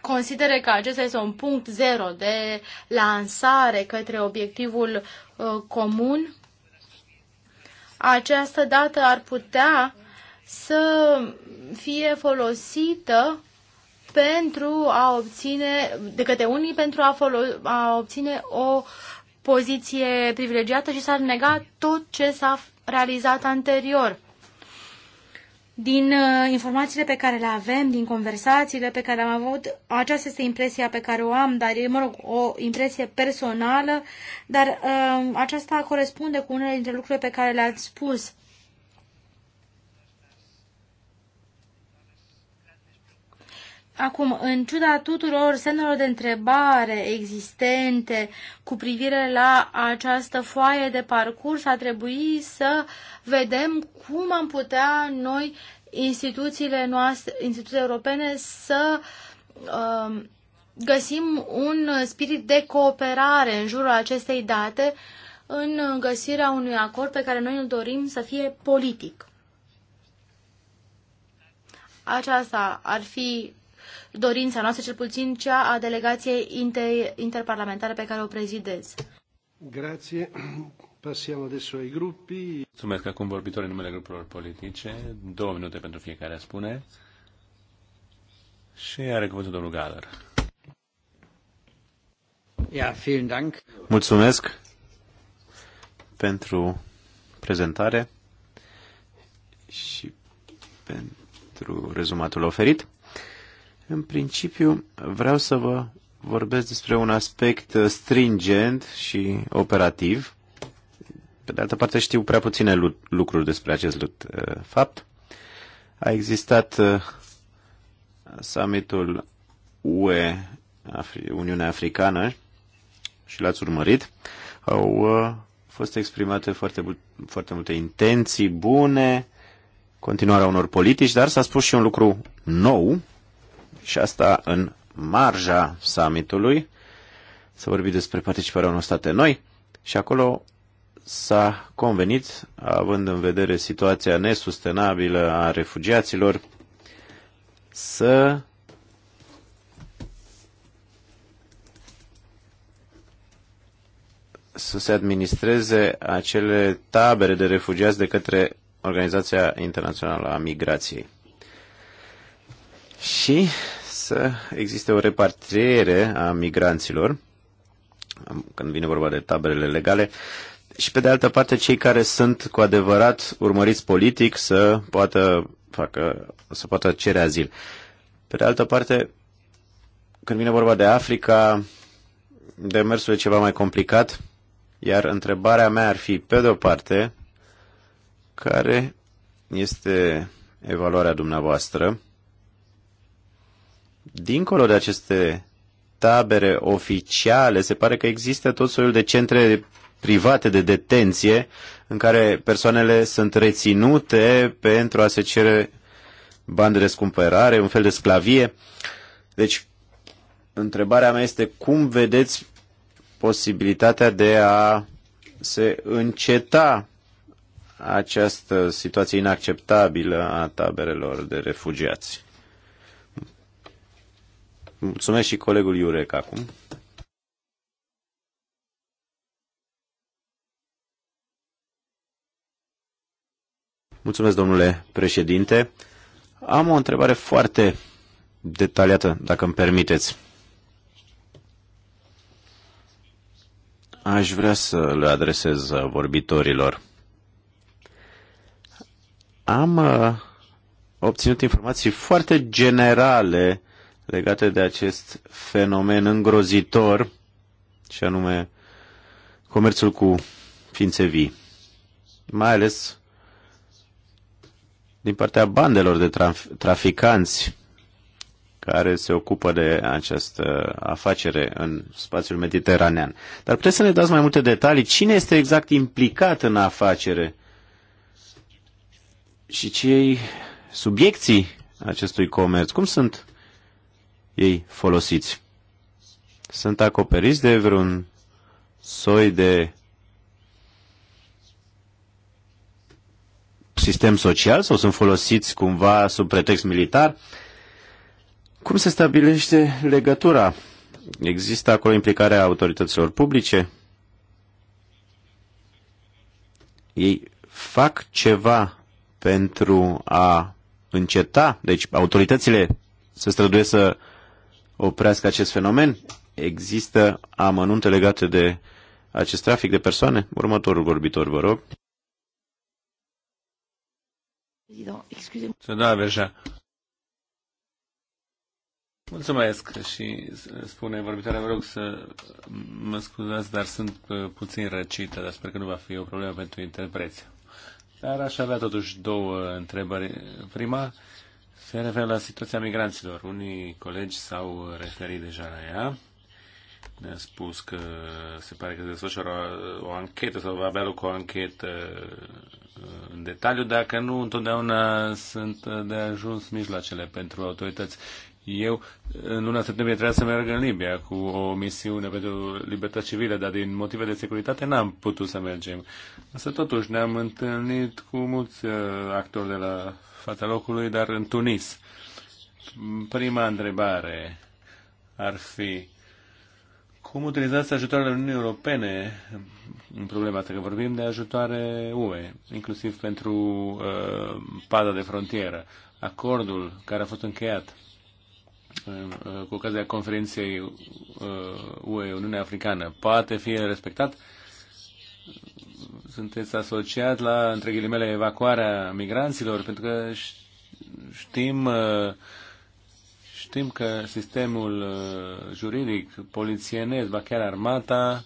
S3: considere că acesta este un punct zero de lansare către obiectivul uh, comun, această dată ar putea să fie folosită pentru a obține, de către unii pentru a, folo- a obține o poziție privilegiată și s-ar nega tot ce s-a realizat anterior. Din uh, informațiile pe care le avem, din conversațiile pe care am avut, aceasta este impresia pe care o am, dar e, mă rog, o impresie personală, dar uh, aceasta corespunde cu unele dintre lucrurile pe care le-ați spus. Acum, în ciuda tuturor semnelor de întrebare existente cu privire la această foaie de parcurs, a trebui să vedem cum am putea noi, instituțiile noastre, instituțiile europene, să uh, găsim un spirit de cooperare în jurul acestei date în găsirea unui acord pe care noi îl dorim să fie politic. Aceasta ar fi dorința noastră, cel puțin cea a delegației inter, interparlamentare pe care o prezidez.
S1: Grazie. Passiamo adesso ai
S2: gruppi. Mulțumesc acum vorbitori în numele grupurilor politice. Două minute pentru fiecare a spune. Și are cuvântul domnul Galer.
S3: Ja, vielen Dank.
S4: Mulțumesc pentru prezentare și pentru rezumatul oferit. În principiu, vreau să vă vorbesc despre un aspect uh, stringent și operativ. Pe de altă parte, știu prea puține lucruri despre acest uh, fapt. A existat uh, summitul UE, Uniunea Africană, și l-ați urmărit. Au fost exprimate foarte, foarte multe intenții bune, continuarea unor politici, dar s-a spus și un lucru nou, și asta în marja summitului. S-a vorbit despre participarea unor state noi și acolo s-a convenit, având în vedere situația nesustenabilă a refugiaților, să să se administreze acele tabere de refugiați de către Organizația Internațională a Migrației. Și să existe o repartiere a migranților, când vine vorba de taberele legale, și pe de altă parte cei care sunt cu adevărat urmăriți politic să poată, facă, să poată cere azil. Pe de altă parte, când vine vorba de Africa, demersul e ceva mai complicat, iar întrebarea mea ar fi, pe de o parte, care este evaluarea dumneavoastră dincolo de aceste tabere oficiale, se pare că există tot soiul de centre private de detenție în care persoanele sunt reținute pentru a se cere bani de răscumpărare, un fel de sclavie. Deci, întrebarea mea este cum vedeți posibilitatea de a se înceta această situație inacceptabilă a taberelor de refugiați? Mulțumesc și colegul Iurec acum. Mulțumesc, domnule președinte. Am o întrebare foarte detaliată, dacă îmi permiteți. Aș vrea să le adresez vorbitorilor. Am uh, obținut informații foarte generale legate de acest fenomen îngrozitor, și anume comerțul cu ființe vii, mai ales din partea bandelor de traf- traficanți care se ocupă de această afacere în spațiul mediteranean. Dar puteți să ne dați mai multe detalii? Cine este exact implicat în afacere? Și cei subiecții acestui comerț? Cum sunt uh, ei folosiți. Sunt acoperiți de vreun soi de sistem social sau sunt folosiți cumva sub pretext militar? Cum se stabilește legătura? Există acolo implicarea autorităților publice? Ei fac ceva pentru a înceta, deci autoritățile se străduiesc să oprească acest fenomen? Există amănunte legate de acest trafic de persoane? Următorul vorbitor, vă rog.
S2: Da, Verja. Mulțumesc și spune vorbitoarea, vă rog să mă scuzați, dar sunt uh, puțin răcită, dar sper că nu va fi o problemă pentru interpreție. Dar aș avea totuși două întrebări. Prima se referă la situația migranților. Unii colegi s-au referit deja la ea. Ne-a spus că se pare că se desfășoară o, o anchetă sau va avea loc o anchetă uh, în detaliu, dacă nu, întotdeauna sunt de ajuns mijloacele pentru autorități. Eu, în luna septembrie, trebuia să merg în Libia cu o misiune pentru libertate civilă, dar din motive de securitate n-am putut să mergem. Însă, totuși, ne-am întâlnit cu mulți uh, actori de la fața locului, dar în Tunis. Prima întrebare ar fi cum utilizați ajutoarele Uniunii Europene în problema asta, că vorbim de ajutoare UE, inclusiv pentru uh, pada de frontieră, acordul care a fost încheiat Uh, cu ocazia conferinței UE uh, Uniunea Africană poate fi respectat? Sunteți asociat la, între ghilimele, evacuarea migranților? Pentru că știm, uh, știm că sistemul juridic, polițienesc, ba chiar armata,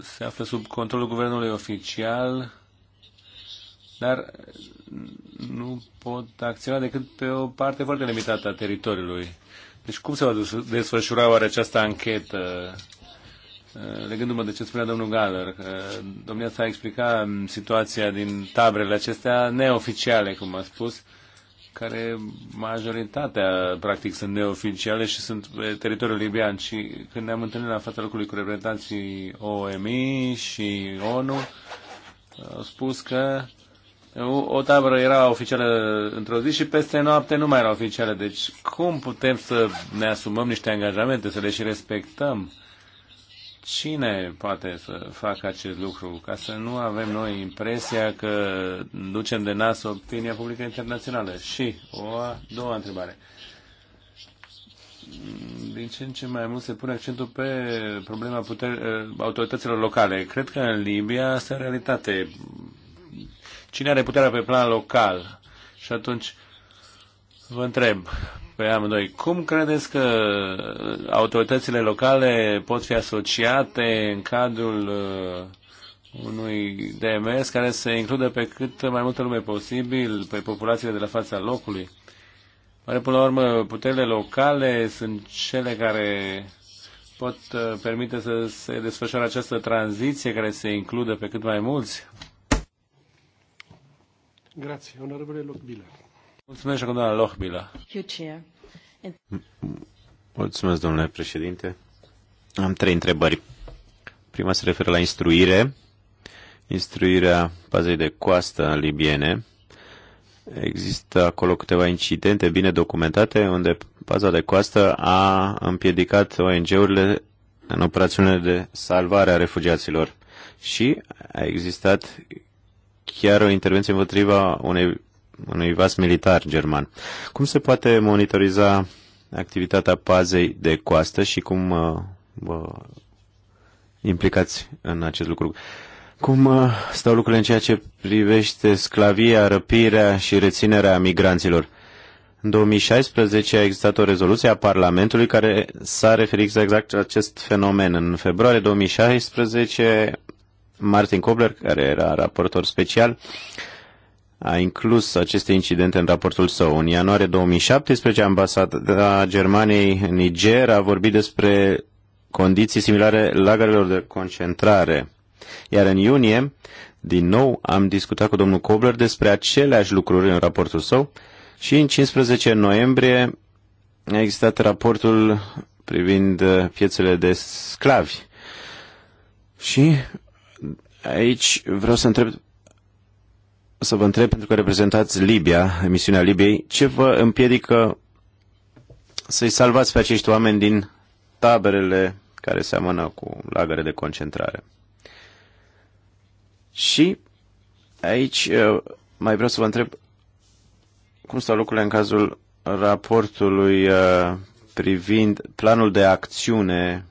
S2: se află sub controlul guvernului oficial dar nu pot acționa decât pe o parte foarte limitată a teritoriului. Deci cum se va desfășura oare această anchetă? Eh, legându-mă de ce spunea domnul Galler, că domnia s-a explicat situația din tabrele acestea neoficiale, cum a spus, care majoritatea, practic, sunt neoficiale și sunt pe teritoriul libian. Și când ne-am întâlnit la fața locului cu reprezentanții OMI și ONU, au spus că o tabără era oficială într-o zi și peste noapte nu mai era oficială. Deci cum putem să ne asumăm niște angajamente, să le și respectăm? Cine poate să facă acest lucru? Ca să nu avem noi impresia că ducem de nas opinia publică internațională. Și o a doua întrebare din ce în ce mai mult se pune accentul pe problema puter, autorităților locale. Cred că în Libia asta e realitate cine are puterea pe plan local. Și atunci vă întreb pe amândoi, cum credeți că uh, autoritățile locale pot fi asociate în cadrul uh, unui DMS care să includă pe cât mai multă lume posibil pe populațiile de la fața locului? Oare, până la urmă, puterile locale sunt cele care pot uh, permite să se desfășoare această tranziție care se includă pe cât mai mulți?
S1: Lochbila.
S2: Mulțumesc, doamna Lochbila.
S4: Mulțumesc, domnule președinte. Am trei întrebări. Prima se referă la instruire. Instruirea bazei de coastă libiene. Există acolo câteva incidente bine documentate unde baza de coastă a împiedicat ONG-urile în operațiunile de salvare a refugiaților și a existat chiar o intervenție împotriva unei, unui vas militar german. Cum se poate monitoriza activitatea pazei de coastă și cum uh, vă implicați în acest lucru? Cum uh, stau lucrurile în ceea ce privește sclavia, răpirea și reținerea migranților? În 2016 a existat o rezoluție a Parlamentului care s-a referit exact la acest fenomen. În februarie 2016 Martin Kobler, care era raportor special, a inclus aceste incidente în raportul său. În ianuarie 2017, ambasada Germaniei în Niger a vorbit despre condiții similare lagărelor de concentrare. Iar în iunie, din nou, am discutat cu domnul Kobler despre aceleași lucruri în raportul său și în 15 noiembrie a existat raportul privind piețele de sclavi. Și Aici vreau să întreb să vă întreb, pentru că reprezentați Libia, misiunea Libiei, ce vă împiedică să-i salvați pe acești oameni din taberele care seamănă cu lagăre de concentrare? Și aici uh, mai vreau să vă întreb cum stau lucrurile în cazul raportului uh, privind planul de acțiune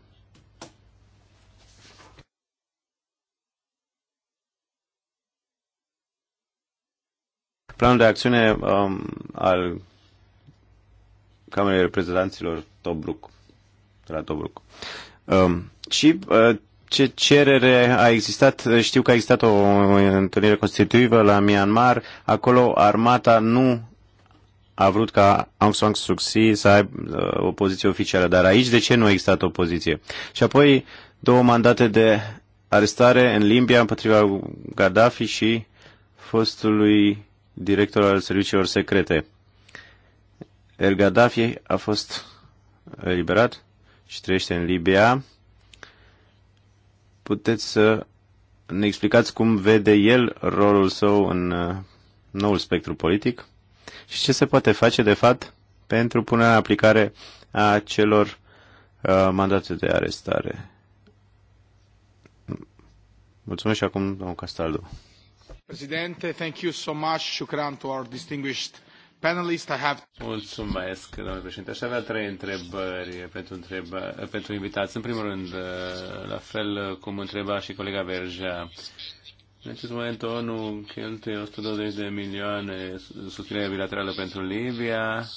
S4: Planul de acțiune um, al Camerei Reprezentanților Tobruk, de la Tobruk. Um, și uh, ce cerere a existat, știu că a existat o întâlnire constitutivă la Myanmar, acolo armata nu a vrut ca Aung San Suu Kyi să aibă uh, o poziție oficială, dar aici de ce nu a existat o poziție? Și apoi două mandate de arestare în Libia împotriva Gaddafi și fostului director al serviciilor secrete. El Gaddafi a fost eliberat și trăiește în Libia. Puteți să ne explicați cum vede el rolul său în uh, noul spectru politic și ce se poate face, de fapt, pentru punerea în aplicare a celor uh, mandate de arestare. Mulțumesc și acum, domnul Castaldo.
S1: Presidente, thank you so much. Shukran to our distinguished I have...
S2: Mulțumesc, domnule președinte. Aș avea trei întrebări pentru, întreba, pentru invitați. În primul rând, la fel cum întreba și colega Vergea, deci, în acest moment ONU cheltuie 120 de milioane susținere bilaterală pentru Libia,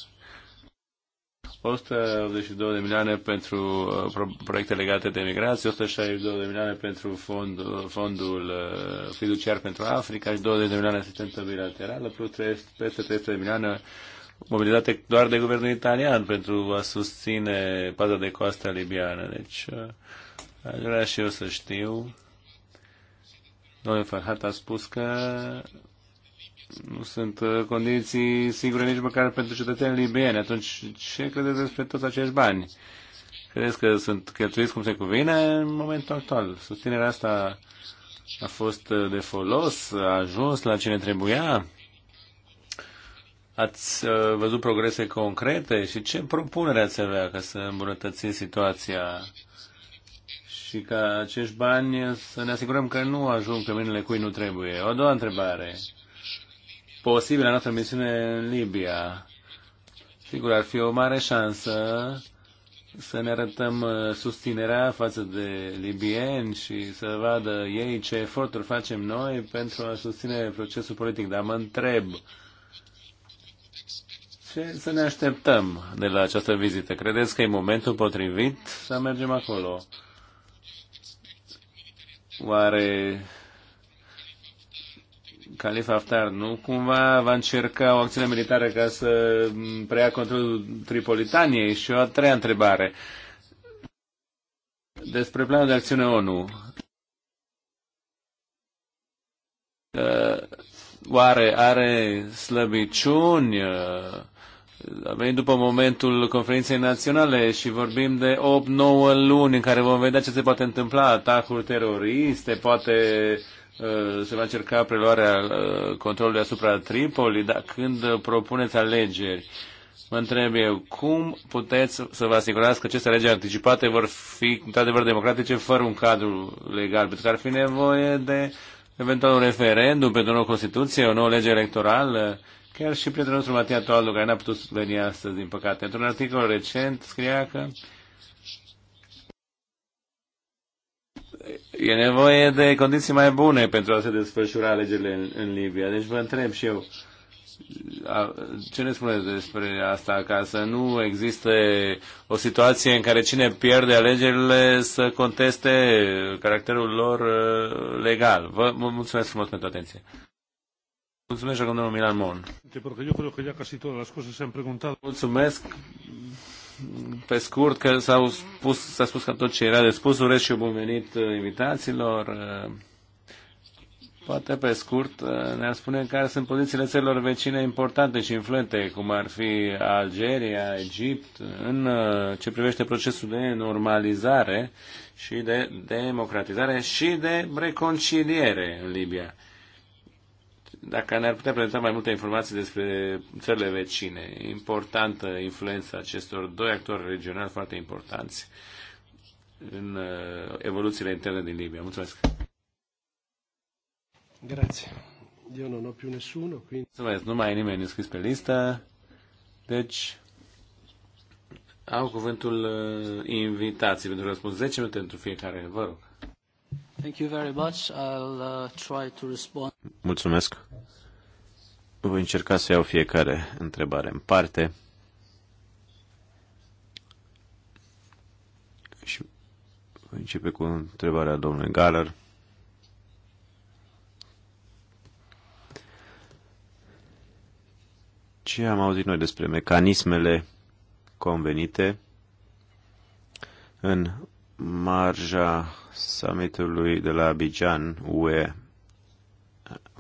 S2: 182 uh, de milioane pentru uh, proiecte legate de migrație, 162 de milioane pentru uh, fondul, fondul fiduciar pentru Africa și 20 de milioane asistență bilaterală, plus 3, peste 300 de milioane mobilitate doar de guvernul italian pentru a susține paza de coastă libiană. Deci, aș vrea și eu să știu. Domnul Farhat a spus că nu sunt uh, condiții sigure nici măcar pentru cetățenii libieni. Atunci, ce credeți despre toți acești bani? Credeți că sunt cheltuiți cum se cuvine în momentul actual? Susținerea asta a fost uh, de folos? A ajuns la cine trebuia? Ați uh, văzut progrese concrete și ce propunere ați avea ca să îmbunătățim situația și ca acești bani să ne asigurăm că nu ajung pe mâinile cui nu trebuie? O a doua întrebare posibilă noastră misiune în Libia. Sigur, ar fi o mare șansă să ne arătăm uh, susținerea față de libieni și să vadă ei ce eforturi facem noi pentru a susține procesul politic. Dar mă întreb, ce să ne așteptăm de la această vizită? Credeți că e momentul potrivit să mergem acolo? Oare Khalifa Haftar nu cumva va încerca o acțiune militară ca să preia controlul Tripolitaniei? Și o a treia întrebare. Despre planul de acțiune ONU. Uh, oare are slăbiciuni? Uh, a venit după momentul conferinței naționale și vorbim de 8-9 luni în care vom vedea ce se poate întâmpla, atacuri teroriste, poate uh, Uh, se va încerca preluarea uh, controlului asupra Tripoli, dar când uh, propuneți alegeri, mă întreb eu, cum puteți să vă asigurați că aceste alegeri anticipate vor fi într-adevăr democratice fără un cadru legal? Pentru că ar fi nevoie de eventual un referendum pentru o nouă Constituție, o nouă lege electorală, chiar și prietenul nostru Matia Toaldu, care n-a putut veni astăzi, din păcate. Într-un articol recent scria că e nevoie de condiții mai bune pentru a se desfășura alegerile în, în Libia. Deci vă întreb și eu, a, ce ne spuneți despre asta? Ca să nu existe o situație în care cine pierde alegerile să conteste caracterul lor uh, legal. Vă mulțumesc frumos pentru atenție. Mulțumesc, domnul Milan Mon. Mulțumesc pe scurt, că s-a spus, s-a spus că tot ce era de spus. Urez și eu bun venit uh, invitațiilor. Uh, poate pe scurt uh, ne-ar spune care sunt pozițiile țărilor vecine importante și influente, cum ar fi Algeria, Egipt, în ce privește procesul de normalizare și de democratizare și de reconciliere în Libia. Dacă ne-ar putea prezenta mai multe informații despre țările vecine, importantă influența acestor doi actori regionali foarte importanți în uh, evoluțiile interne din Libia. Mulțumesc!
S1: Grazie. Eu nu ho più nessuno, quindi...
S2: Mulțumesc, nu mai e nimeni înscris pe listă. Deci, au cuvântul uh, invitații pentru răspuns. 10 minute pentru fiecare, vă rog.
S1: Thank you very much. I'll uh, try to respond.
S4: Mulțumesc. Voi încerca să iau fiecare întrebare în parte. Și voi începe cu întrebarea domnului Galler. Ce am auzit noi despre mecanismele convenite în marja summitului de la Abidjan, UE,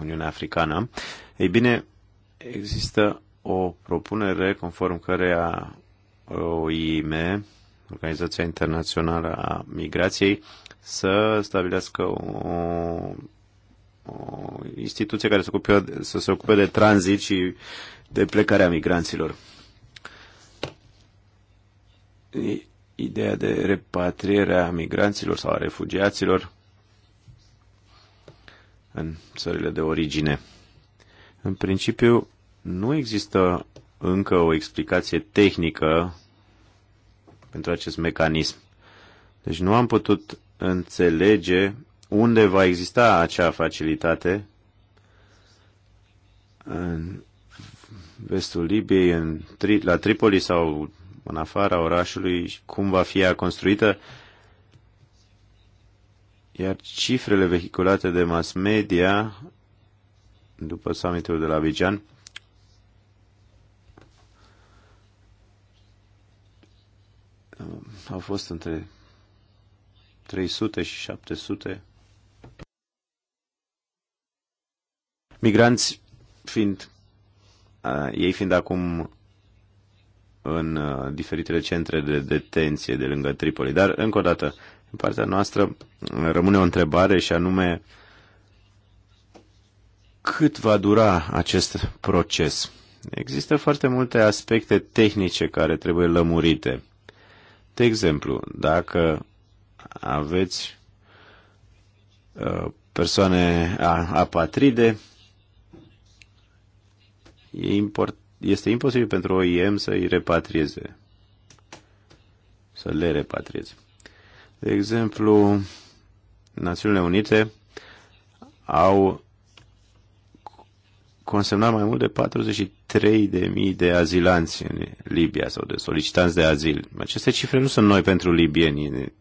S4: Uniunea Africană, ei bine, există o propunere conform căreia OIM, Organizația Internațională a Migrației, să stabilească o, o instituție care să, ocupe, să se ocupe de tranzit și de plecarea migranților ideea de repatriere a migranților sau a refugiaților în țările de origine. În principiu, nu există încă o explicație tehnică pentru acest mecanism. Deci nu am putut înțelege unde va exista acea facilitate în vestul Libiei, în, la Tripoli sau în afara orașului, cum va fi ea construită, iar cifrele vehiculate de mass media după summitul de la Abidjan au fost între 300 și 700 migranți fiind, uh, ei fiind acum în uh, diferitele centre de detenție de lângă Tripoli. Dar, încă o dată, în partea noastră uh, rămâne o întrebare și anume cât va dura acest proces. Există foarte multe aspecte tehnice care trebuie lămurite. De exemplu, dacă aveți uh, persoane apatride, e important este imposibil pentru OIM să îi repatrieze, să le repatrieze. De exemplu, Națiunile Unite au consemnat mai mult de 43.000 de azilanți în Libia sau de solicitanți de azil. Aceste cifre nu sunt noi pentru libieni.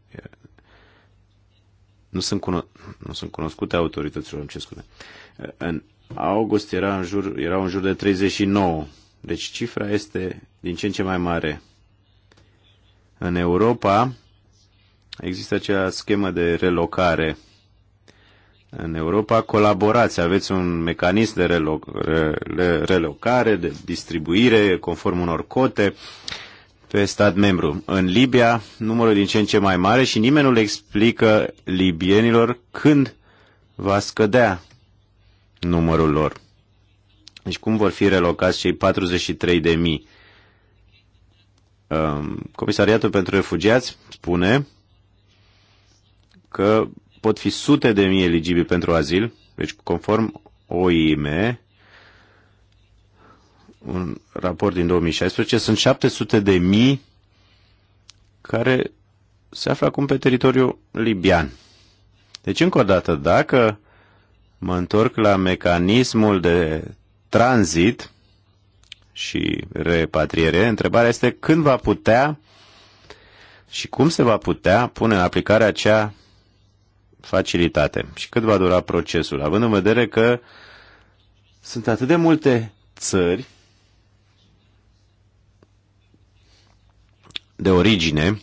S4: Nu sunt, cuno- nu sunt cunoscute autorităților, ce spune. În august era în jur, erau în jur de 39 deci cifra este din ce în ce mai mare. În Europa există acea schemă de relocare. În Europa colaborați, aveți un mecanism de reloc, re, relocare, de distribuire conform unor cote pe stat membru. În Libia, numărul din ce în ce mai mare și nimeni nu le explică libienilor când va scădea numărul lor. Deci cum vor fi relocați cei 43 de mii? Um, Comisariatul pentru Refugiați spune că pot fi sute de mii eligibili pentru azil, deci conform OIM, un raport din 2016, sunt 700 de mii care se află acum pe teritoriul libian. Deci, încă o dată, dacă mă întorc la mecanismul de tranzit și repatriere, întrebarea este când va putea și cum se va putea pune în aplicare acea facilitate și cât va dura procesul, având în vedere că sunt atât de multe țări de origine.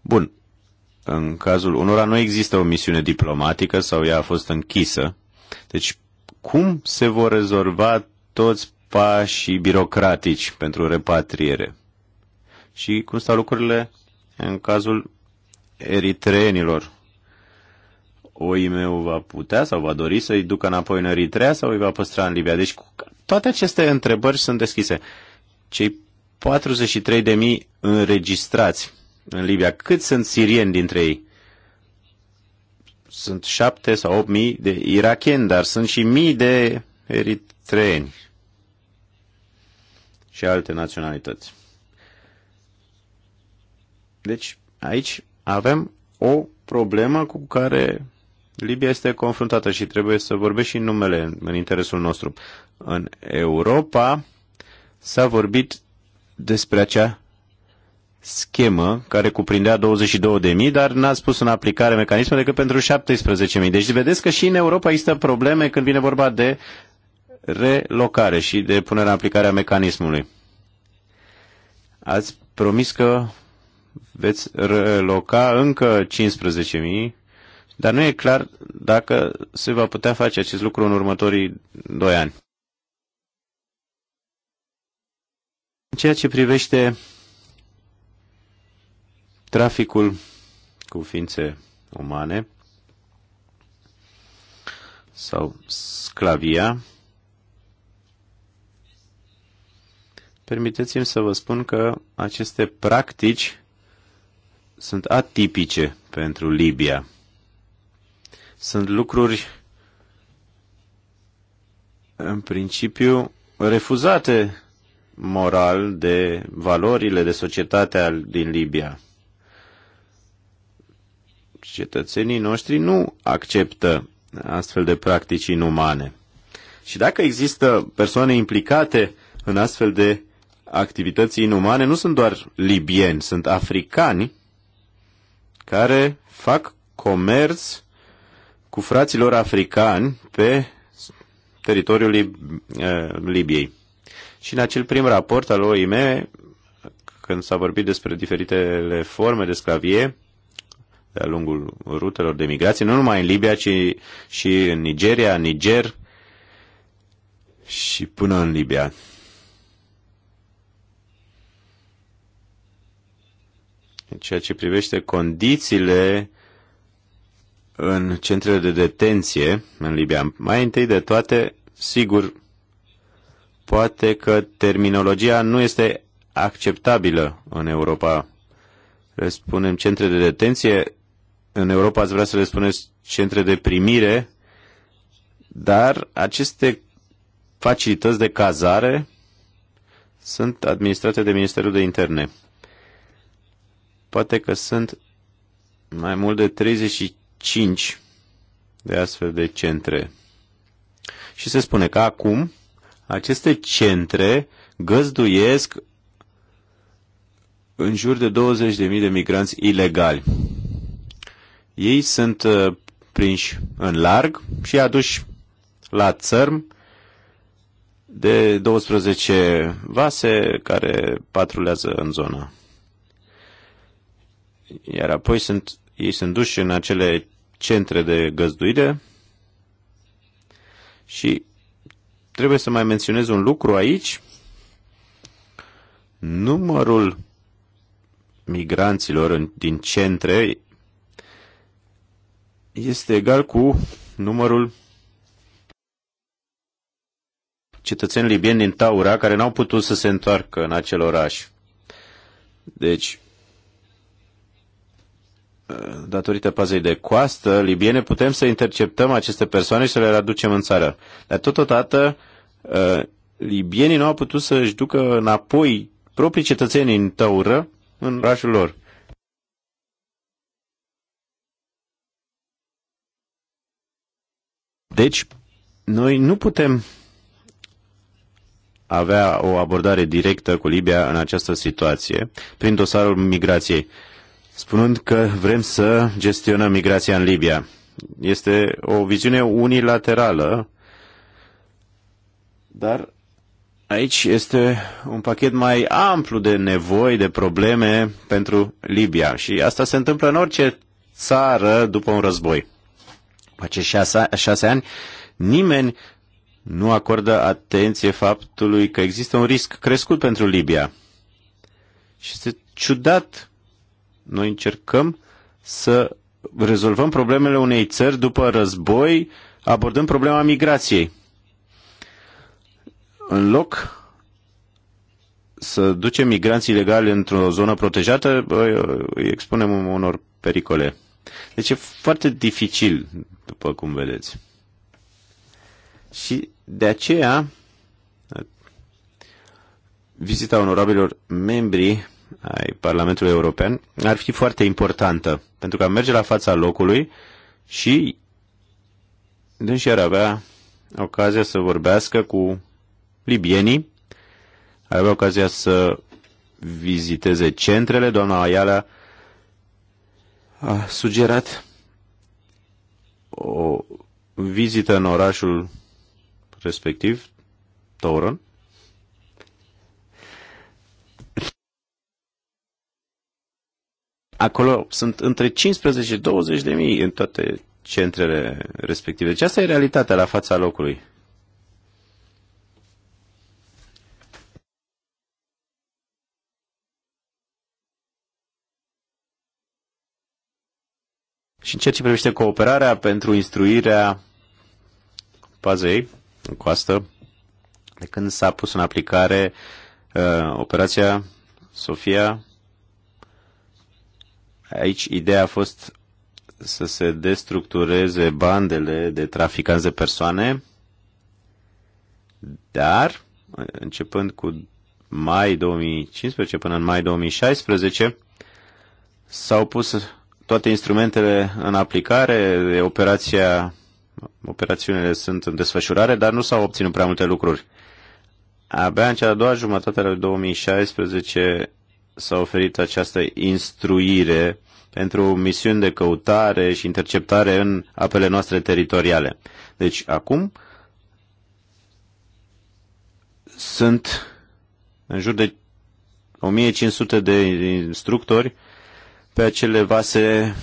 S4: Bun, în cazul unora nu există o misiune diplomatică sau ea a fost închisă, deci cum se vor rezolva toți pașii birocratici pentru repatriere și cum stau lucrurile în cazul eritreenilor. OIM-ul va putea sau va dori să-i ducă înapoi în Eritrea sau îi va păstra în Libia? Deci toate aceste întrebări sunt deschise. Cei 43.000 înregistrați în Libia, cât sunt sirieni dintre ei? sunt șapte sau opt mii de irakieni, dar sunt și mii de eritreeni și alte naționalități. Deci aici avem o problemă cu care Libia este confruntată și trebuie să vorbesc și numele în interesul nostru. În Europa s-a vorbit despre acea schemă care cuprindea 22.000, dar n a spus în aplicare mecanismul decât pentru 17.000. Deci vedeți că și în Europa există probleme când vine vorba de relocare și de punerea în aplicare a mecanismului. Ați promis că veți reloca încă 15.000, dar nu e clar dacă se va putea face acest lucru în următorii doi ani. În ceea ce privește Traficul cu ființe umane sau sclavia. Permiteți-mi să vă spun că aceste practici sunt atipice pentru Libia. Sunt lucruri, în principiu, refuzate moral de valorile de societatea din Libia cetățenii noștri nu acceptă astfel de practici inumane. Și dacă există persoane implicate în astfel de activități inumane, nu sunt doar libieni, sunt africani care fac comerț cu fraților africani pe teritoriul Lib- eh, Libiei. Și în acel prim raport al OIM, când s-a vorbit despre diferitele forme de sclavie, de-a lungul rutelor de migrație, nu numai în Libia, ci și în Nigeria, Niger și până în Libia. În ceea ce privește condițiile în centrele de detenție în Libia, mai întâi de toate, sigur, poate că terminologia nu este acceptabilă în Europa. Le spunem centre de detenție, în Europa ați vrea să le spuneți centre de primire, dar aceste facilități de cazare sunt administrate de Ministerul de Interne. Poate că sunt mai mult de 35 de astfel de centre. Și se spune că acum aceste centre găzduiesc în jur de 20.000 de migranți ilegali. Ei sunt uh, prinși în larg și aduși la țărm de 12 vase care patrulează în zona. Iar apoi sunt, ei sunt duși în acele centre de găzduire și trebuie să mai menționez un lucru aici. Numărul migranților din centre este egal cu numărul cetățeni libieni din Taura care n-au putut să se întoarcă în acel oraș. Deci, datorită pazei de coastă libiene, putem să interceptăm aceste persoane și să le aducem în țară. Dar totodată, uh, libienii nu au putut să-și ducă înapoi proprii cetățeni în Taură, în orașul lor. Deci, noi nu putem avea o abordare directă cu Libia în această situație, prin dosarul migrației, spunând că vrem să gestionăm migrația în Libia. Este o viziune unilaterală, dar aici este un pachet mai amplu de nevoi, de probleme pentru Libia. Și asta se întâmplă în orice țară după un război după acești șase, șase ani, nimeni nu acordă atenție faptului că există un risc crescut pentru Libia. Și este ciudat. Noi încercăm să rezolvăm problemele unei țări după război, abordând problema migrației. În loc să ducem migranții ilegali într-o zonă protejată, îi expunem unor pericole. Deci e foarte dificil, după cum vedeți. Și de aceea, vizita onorabilor membri ai Parlamentului European ar fi foarte importantă, pentru că merge la fața locului și dânsi ar avea ocazia să vorbească cu libienii, ar avea ocazia să viziteze centrele. Doamna Ayala a sugerat o vizită în orașul respectiv, Tauron. Acolo sunt între 15 și 20 de mii în toate centrele respective. Deci asta e realitatea la fața locului. Și în ceea ce privește cooperarea pentru instruirea pazei în coastă, de când s-a pus în aplicare uh, operația Sofia, aici ideea a fost să se destructureze bandele de traficanți de persoane, dar începând cu mai 2015 până în mai 2016 s-au pus toate instrumentele în aplicare, operația, operațiunile sunt în desfășurare, dar nu s-au obținut prea multe lucruri. Abia în cea doua jumătate a 2016 s-a oferit această instruire pentru misiuni de căutare și interceptare în apele noastre teritoriale. Deci acum sunt în jur de 1500 de instructori pe acele vase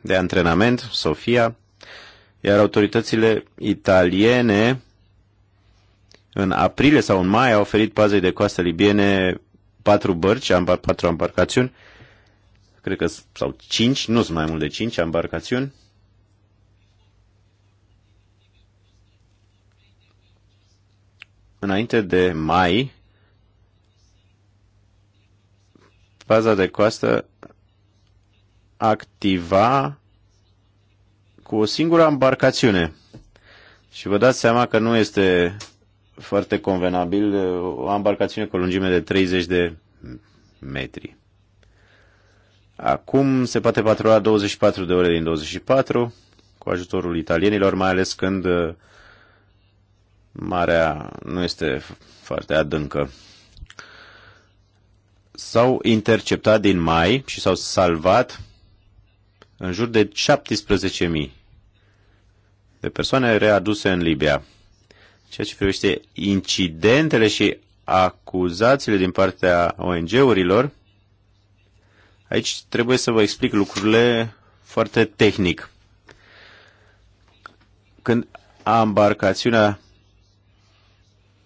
S4: de antrenament, Sofia, iar autoritățile italiene în aprilie sau în mai au oferit pazei de coastă libiene patru bărci, patru embarcațiuni, cred că sau cinci, nu sunt mai mult de cinci embarcațiuni. Înainte de mai, paza de coastă activa cu o singură embarcațiune. Și vă dați seama că nu este foarte convenabil o embarcațiune cu o lungime de 30 de metri. Acum se poate patrula 24 de ore din 24 cu ajutorul italienilor, mai ales când uh, marea nu este foarte adâncă. S-au interceptat din mai și s-au salvat în jur de 17.000 de persoane readuse în Libia. Ceea ce privește incidentele și acuzațiile din partea ONG-urilor, aici trebuie să vă explic lucrurile foarte tehnic. Când ambarcațiunea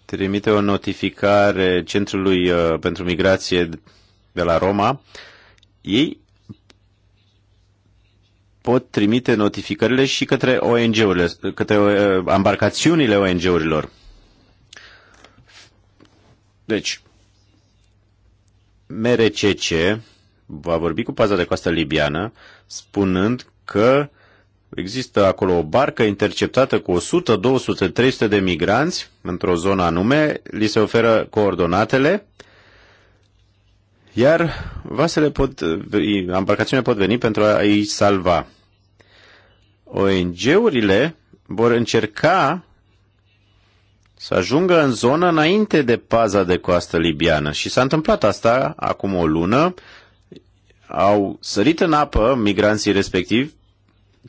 S4: trimite o notificare Centrului uh, pentru Migrație de la Roma, ei pot trimite notificările și către ONG-urile, către uh, embarcațiunile ONG-urilor. Deci, MRCC va vorbi cu paza de coastă libiană, spunând că există acolo o barcă interceptată cu 100, 200, 300 de migranți într-o zonă anume, li se oferă coordonatele iar vasele pot, embarcațiunile pot veni pentru a-i salva. ONG-urile vor încerca să ajungă în zonă înainte de paza de coastă libiană. Și s-a întâmplat asta acum o lună. Au sărit în apă migranții respectivi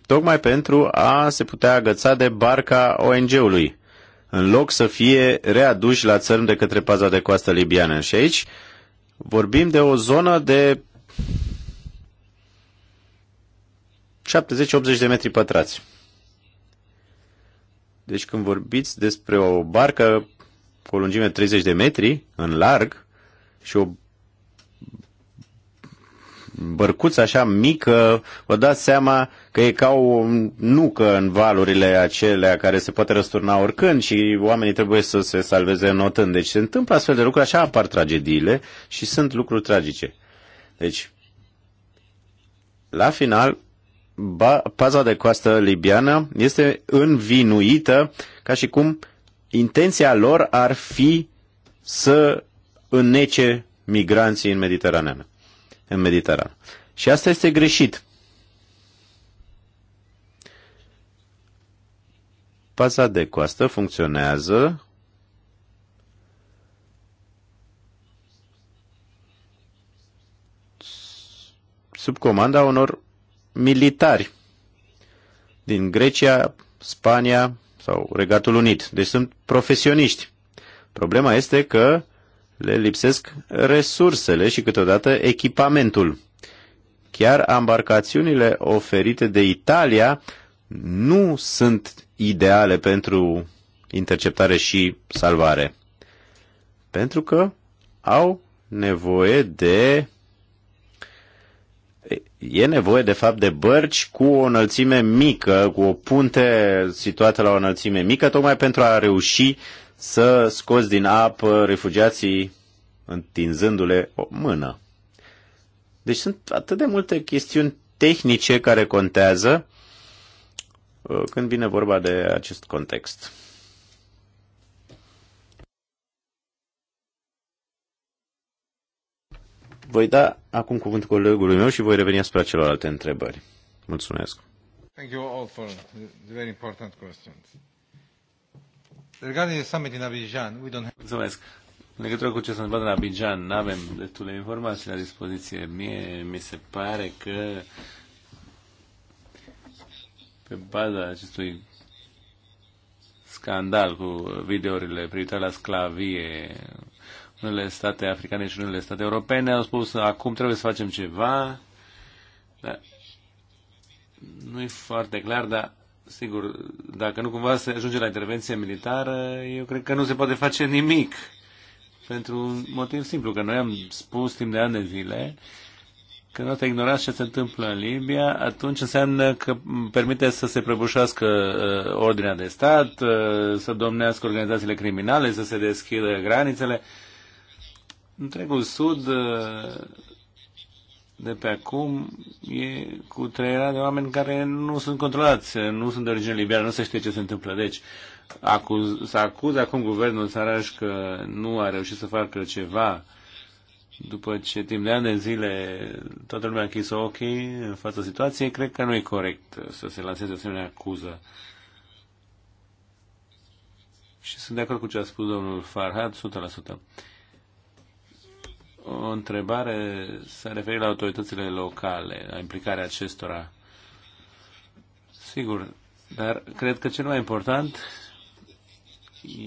S4: tocmai pentru a se putea agăța de barca ONG-ului, în loc să fie readuși la țărm de către paza de coastă libiană. Și aici Vorbim de o zonă de 70-80 de metri pătrați. Deci când vorbiți despre o barcă cu o lungime 30 de metri în larg și o bărcuță așa mică, vă dați seama că e ca o nucă în valurile acelea care se poate răsturna oricând și oamenii trebuie să se salveze notând. Deci se întâmplă astfel de lucruri, așa apar tragediile și sunt lucruri tragice. Deci, la final, paza de coastă libiană este învinuită ca și cum intenția lor ar fi să înnece migranții în Mediterană în Mediterană. Și asta este greșit. Paza de coastă funcționează sub comanda unor militari din Grecia, Spania sau Regatul Unit. Deci sunt profesioniști. Problema este că le lipsesc resursele și câteodată echipamentul. Chiar ambarcațiunile oferite de Italia nu sunt ideale pentru interceptare și salvare. Pentru că au nevoie de e nevoie de fapt de bărci cu o înălțime mică, cu o punte situată la o înălțime mică, tocmai pentru a reuși să scoți din apă refugiații întinzându-le o mână. Deci sunt atât de multe chestiuni tehnice care contează uh, când vine vorba de acest context. Voi da acum cuvântul colegului meu și voi reveni asupra celorlalte întrebări. Mulțumesc.
S1: Thank you all for the very important questions. Regarding the summit in Abidjan, we don't have... Mulțumesc. În legătură cu ce s-a
S2: întâmplat în Abidjan, nu avem destule informații la dispoziție. Mie mi se pare că pe baza acestui scandal cu videourile privitoare la sclavie, unele state africane și unele state europene au spus acum trebuie să facem ceva, dar nu e foarte clar, dar sigur, dacă nu cumva se ajunge la intervenție militară, eu cred că nu se poate face nimic. Pentru un motiv simplu, că noi am spus timp de ani de zile că nu te ignorați ce se întâmplă în Libia, atunci înseamnă că permite să se prăbușească uh, ordinea de stat, uh, să domnească organizațiile criminale, să se deschidă granițele. Întregul Sud uh, de pe acum e cu trăierea de oameni care nu sunt controlați, nu sunt de origine liberă, nu se știe ce se întâmplă. Deci, acuz, să acuză acum guvernul țaraș că nu a reușit să facă ceva după ce timp de ani de zile toată lumea a închis ochii în fața situației, cred că nu e corect să se lanseze asemenea acuză. Și sunt de acord cu ce a spus domnul Farhad, 100%. O întrebare s-a referit la autoritățile locale, la implicarea acestora. Sigur, dar cred că cel mai important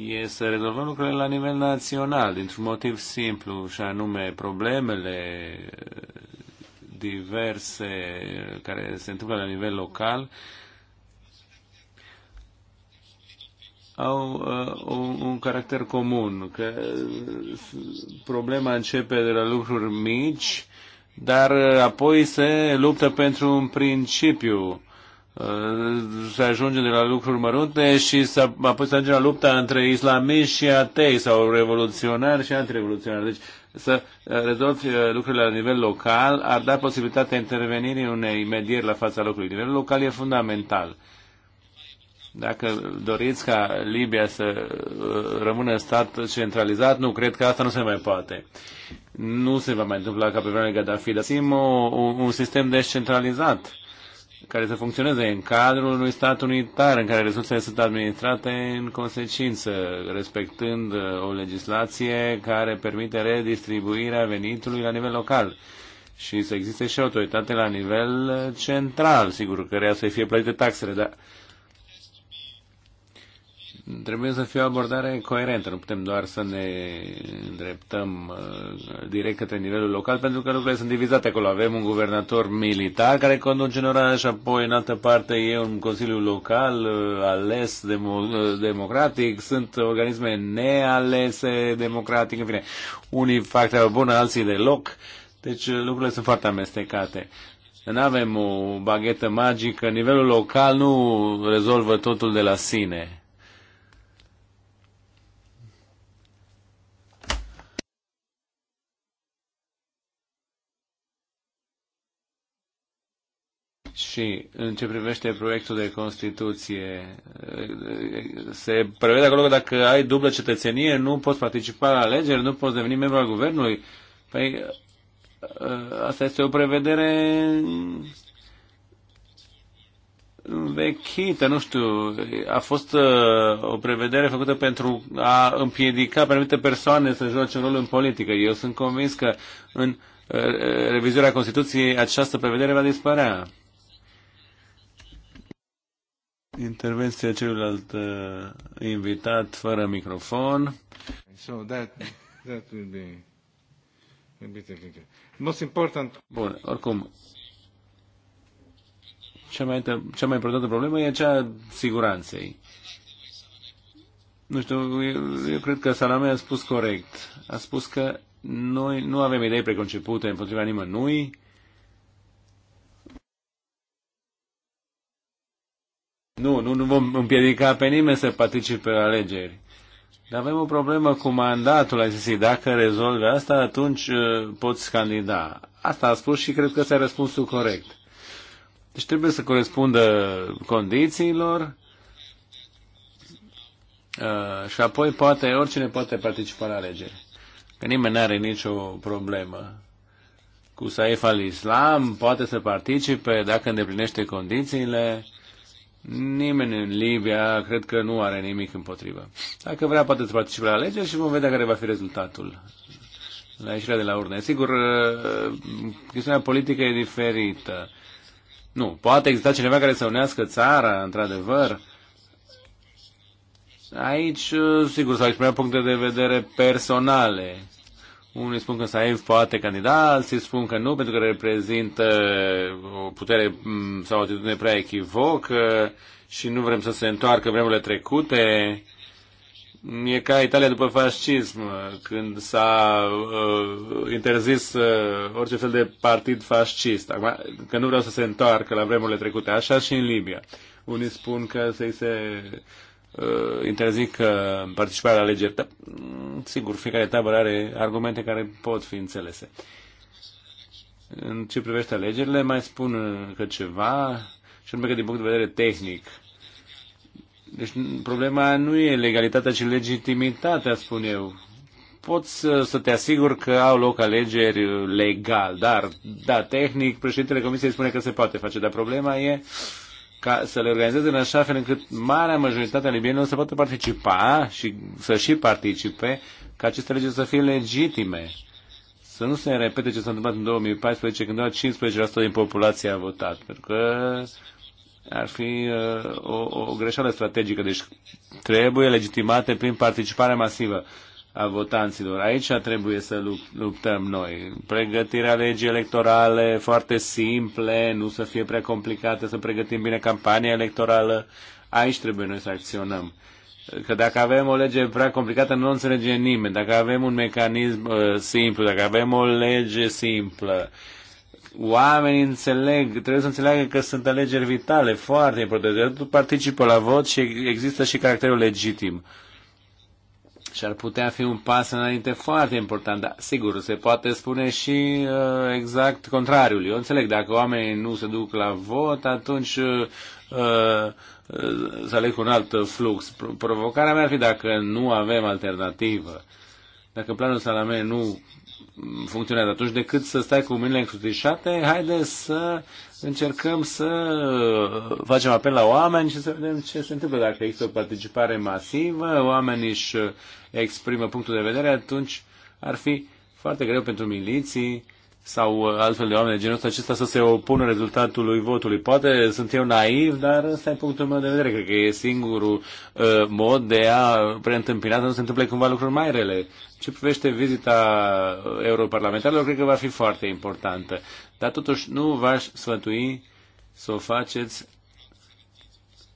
S2: e să rezolvăm lucrurile la nivel național, dintr-un motiv simplu, și anume problemele diverse care se întâmplă la nivel local au uh, un, un caracter comun, că uh, problema începe de la lucruri mici, dar uh, apoi se luptă pentru un principiu. Uh, se ajunge de la lucruri mărunte și să, apoi se ajunge la lupta între islamiști și atei sau revoluționari și antirevoluționari. Deci să uh, rezolvi uh, lucrurile la nivel local ar da posibilitatea intervenirii unei medieri la fața locului. Nivelul local e fundamental. Uh, dacă doriți ca Libia să uh, rămână stat centralizat, nu, cred că asta nu se mai poate. Nu se va mai întâmpla ca pe vremea Gaddafi, dar sim un, un sistem descentralizat care să funcționeze în cadrul unui stat unitar în care resursele sunt administrate în consecință, respectând uh, o legislație care permite redistribuirea venitului la nivel local. Și să existe și autoritate la nivel uh, central, sigur, care să fie plătite taxele, dar trebuie să fie o abordare coerentă. Nu putem doar să ne îndreptăm uh, direct către nivelul local, pentru că lucrurile sunt divizate acolo. Avem un guvernator militar care conduce în oraș, apoi în altă parte e un consiliu local uh, ales demo- uh, democratic, sunt organisme nealese democratic, în fine. Unii fac treaba bună, alții deloc. Deci lucrurile sunt foarte amestecate nu avem o baghetă magică, nivelul local nu rezolvă totul de la sine. Și în ce privește proiectul de Constituție, se prevede acolo că dacă ai dublă cetățenie, nu poți participa la alegeri, nu poți deveni membru al guvernului. Păi asta este o prevedere vechită, nu știu, a fost uh, o prevedere făcută pentru a împiedica pe anumite persoane să joace un rol în politică. Eu sunt convins că în uh, revizuirea Constituției această prevedere va dispărea. Intervenția celuilalt uh, invitat fără microfon.
S1: So that, that will be, a bit
S2: Most important... Bun, oricum, cea mai, cea mai importantă problemă e cea siguranței. Nu știu, eu, eu cred că Salame a spus corect. A spus că noi nu avem idei preconcepute împotriva nimănui, Nu, nu, nu vom împiedica pe nimeni să participe la alegeri. Dar avem o problemă cu mandatul, ai zis, dacă rezolvi asta, atunci uh, poți candida. Asta a spus și cred că ți-a răspunsul corect. Deci trebuie să corespundă condițiilor uh, și apoi poate, oricine poate participa la alegeri. Că nimeni nu are nicio problemă. Cu Saif al Islam poate să participe dacă îndeplinește condițiile Nimeni în Libia cred că nu are nimic împotrivă. Dacă vrea, poate să participe la alegeri și vom vedea care va fi rezultatul la ieșirea de la urne. Sigur, uh, chestiunea politică e diferită. Nu, poate exista cineva care să unească țara, într-adevăr. Aici, uh, sigur, s-au exprimat puncte de vedere personale. Unii spun că Saev poate candida, alții spun că nu, pentru că reprezintă o putere mm, sau o atitudine prea echivocă și nu vrem să se întoarcă vremurile trecute. E ca Italia după fascism, când s-a uh, interzis uh, orice fel de partid fascist. Acum, că nu vreau să se întoarcă la vremurile trecute, așa și în Libia. Unii spun că se, se Uh, interzică participarea la alegeri. Dar, mm, sigur, fiecare tabără are argumente care pot fi înțelese. În ce privește alegerile, mai spun uh, că ceva, și anume că din punct de vedere tehnic, deci problema nu e legalitatea, ci legitimitatea, spun eu. Poți să, să te asiguri că au loc alegeri uh, legal, dar, da, tehnic, președintele Comisiei spune că se poate face, dar problema e uh, ca să le organizeze în așa fel încât marea majoritate a libienilor să poată participa și să și participe, ca aceste legi să fie legitime. Să nu se repete ce s-a întâmplat în 2014, când doar 15% din populație a votat, pentru că ar fi uh, o, o greșeală strategică. Deci trebuie legitimate prin participare masivă a votanților. Aici trebuie să luptăm noi. Pregătirea legii electorale foarte simple, nu să fie prea complicată, să pregătim bine campania electorală. Aici trebuie noi să acționăm. Că dacă avem o lege prea complicată, nu o înțelege nimeni. Dacă avem un mecanism uh, simplu, dacă avem o lege simplă, oamenii înțeleg, trebuie să înțeleagă că sunt alegeri vitale, foarte importante. Tu participă la vot și există și caracterul legitim. Uh, și deci ar putea fi un pas înainte foarte important, dar sigur, se poate spune și uh, exact contrariul. Eu înțeleg, dacă oamenii nu se duc la vot, atunci uh, uh, să aleg un alt flux. Provocarea mea ar fi dacă nu avem alternativă, dacă planul Salame nu funcționează, atunci decât să stai cu mâinile încrucișate, haide să uh, încercăm să uh, facem apel la oameni și să vedem ce se întâmplă. Dacă există o participare masivă, oamenii își uh, exprimă punctul de vedere, atunci ar fi foarte greu pentru miliții sau uh, altfel de oameni de genul ăsta acesta să se opună rezultatului votului. Poate sunt eu naiv, dar ăsta e punctul meu de vedere. Cred că e singurul uh, mod de a preîntâmpina să nu se întâmple cumva lucruri mai rele. Ce privește vizita europarlamentarilor, cred că va fi foarte importantă dar totuși nu v-aș sfătui să o faceți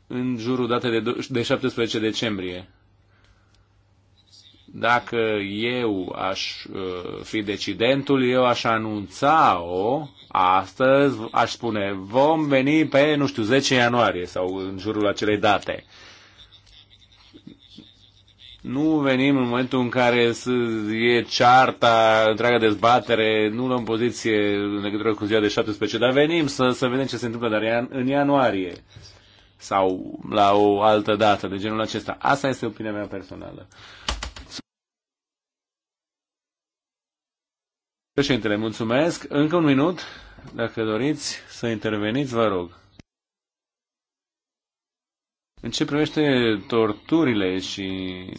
S2: în jurul datei de, de 17 decembrie. Dacă eu aș uh, fi decidentul, eu aș anunța-o astăzi, aș spune, vom veni pe, nu știu, 10 ianuarie sau în jurul acelei date nu venim în momentul în care e cearta, întreaga dezbatere, nu luăm poziție în legătură cu ziua de 17, dar venim să, să vedem ce se întâmplă, dar în ianuarie sau la o altă dată de genul acesta. Asta este opinia mea personală. Președintele, mulțumesc. Încă un minut, dacă doriți să interveniți, vă rog. În ce privește torturile și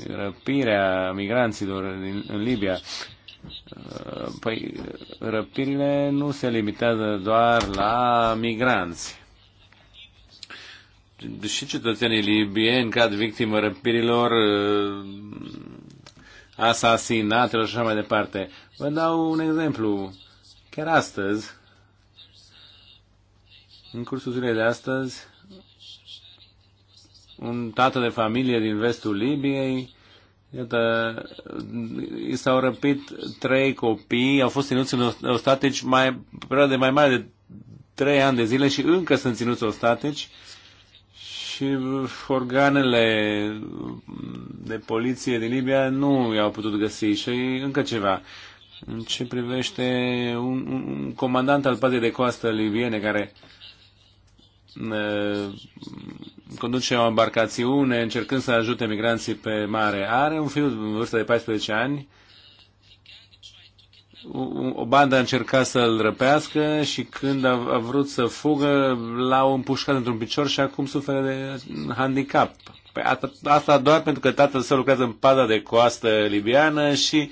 S2: răpirea migranților din, în Libia, uh, păi răpirile nu se limitează doar la migranți. Și cetățenii libieni cad victimă răpirilor, uh, asasinatelor și așa mai departe. Vă dau un exemplu. Chiar astăzi, în cursul zilei de astăzi, un tată de familie din vestul Libiei, Iată, i s-au răpit trei copii, au fost ținuți în ostatici mai, de mai mare de trei ani de zile și încă sunt ținuți ostatici și organele de poliție din Libia nu i-au putut găsi și încă ceva. În ce privește un, un comandant al patriei de coastă libiene care uh, conduce o embarcațiune încercând să ajute migranții pe mare. Are un fiu în vârstă de 14 ani. O bandă a încercat să-l răpească și când a, a vrut să fugă, l-au împușcat într-un picior și acum suferă de handicap. Păi asta, asta doar pentru că tatăl său lucrează în pada de coastă libiană și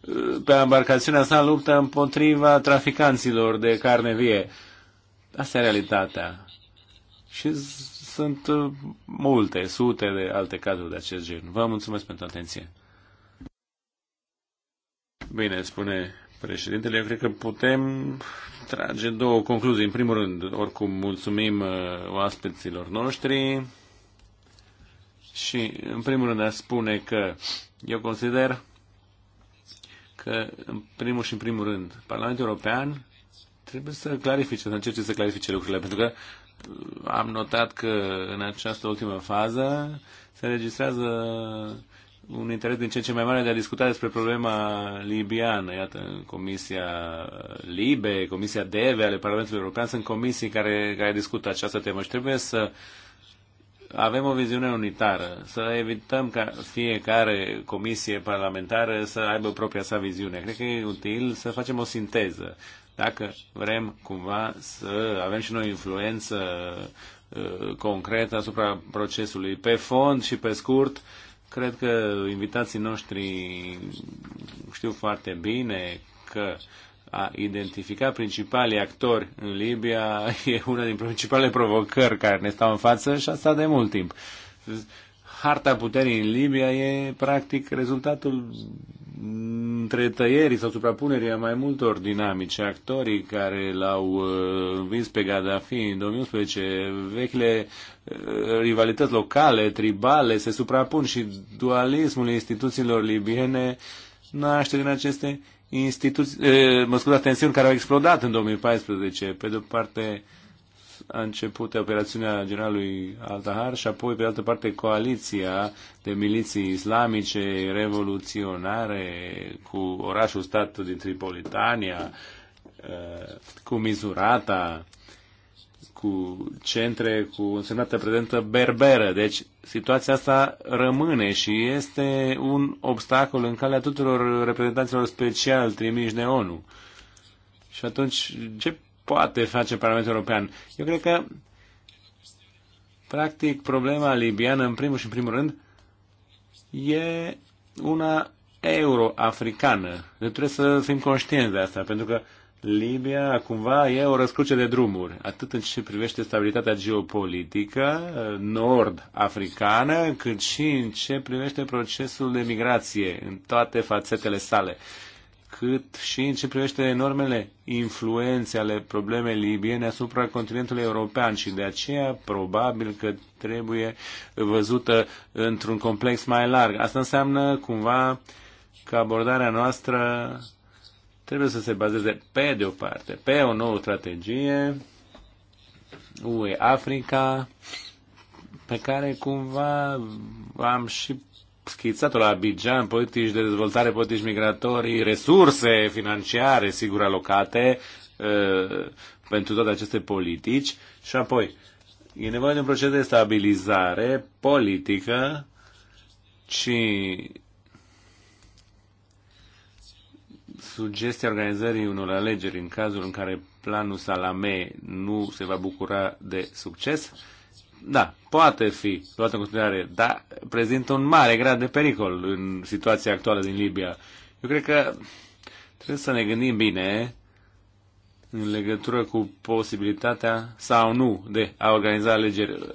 S2: uh, pe embarcațiunea sa luptă împotriva traficanților de carne vie. Asta e realitatea. Și sunt uh, multe, sute de alte cazuri de acest gen. Vă mulțumesc pentru atenție. Bine, spune președintele, eu cred că putem trage două concluzii. În primul rând, oricum, mulțumim uh, oaspeților noștri și, în primul rând, aș spune că eu consider că, în primul și în primul rând, Parlamentul European trebuie să clarifice, să încerce să clarifice lucrurile, pentru că am notat că în această ultimă fază se registrează un interes din ce în ce mai mare de a discuta despre problema libiană. Iată, Comisia Libe, Comisia DEVE ale Parlamentului European sunt comisii care, care discută această temă și trebuie să avem o viziune unitară, să evităm ca fiecare comisie parlamentară să aibă propria sa viziune. Cred că e util să facem o sinteză dacă vrem cumva să avem și noi influență uh, concretă asupra procesului. Pe fond și pe scurt, cred că invitații noștri știu foarte bine că a identifica principalii actori în Libia [LAUGHS] e una din principalele provocări care ne stau în față și asta de mult timp harta puterii în Libia e practic rezultatul între tăierii sau suprapunerii a mai multor dinamici. Actorii care l-au uh, învins pe Gaddafi în 2011, vechile uh, rivalități locale, tribale, se suprapun și dualismul instituțiilor libiene naște din aceste instituții, uh, mă scuzați, tensiuni care au explodat în 2014. Pe de o parte, a început operațiunea generalului Al-Tahar și apoi, pe altă parte, coaliția de miliții islamice revoluționare cu orașul statul din Tripolitania, uh, cu Mizurata, cu centre cu însemnată prezentă berberă. Deci situația asta rămâne și este un obstacol în calea tuturor reprezentanților special trimiși de ONU. Și atunci ce poate face Parlamentul European. Eu cred că, practic, problema libiană, în primul și în primul rând, e una euro-africană. Deci trebuie să fim conștienți de asta, pentru că Libia cumva e o răscruce de drumuri, atât în ce privește stabilitatea geopolitică nord-africană, cât și în ce privește procesul de migrație în toate fațetele sale cât și în ce privește enormele influențe ale problemei libiene asupra continentului european și de aceea probabil că trebuie văzută într-un complex mai larg. Asta înseamnă cumva că abordarea noastră trebuie să se bazeze pe de o parte, pe o nouă strategie UE Africa, pe care cumva am și schițatul la Abidjan, politici de dezvoltare, politici migratorii, resurse financiare, sigur, alocate uh, pentru toate aceste politici și apoi e nevoie de un proces de stabilizare politică și sugestia organizării unor alegeri în cazul în care planul Salame nu se va bucura de succes da, poate fi luată în considerare, dar prezintă un mare grad de pericol în situația actuală din Libia. Eu cred că trebuie să ne gândim bine în legătură cu posibilitatea sau nu de a organiza alegeri.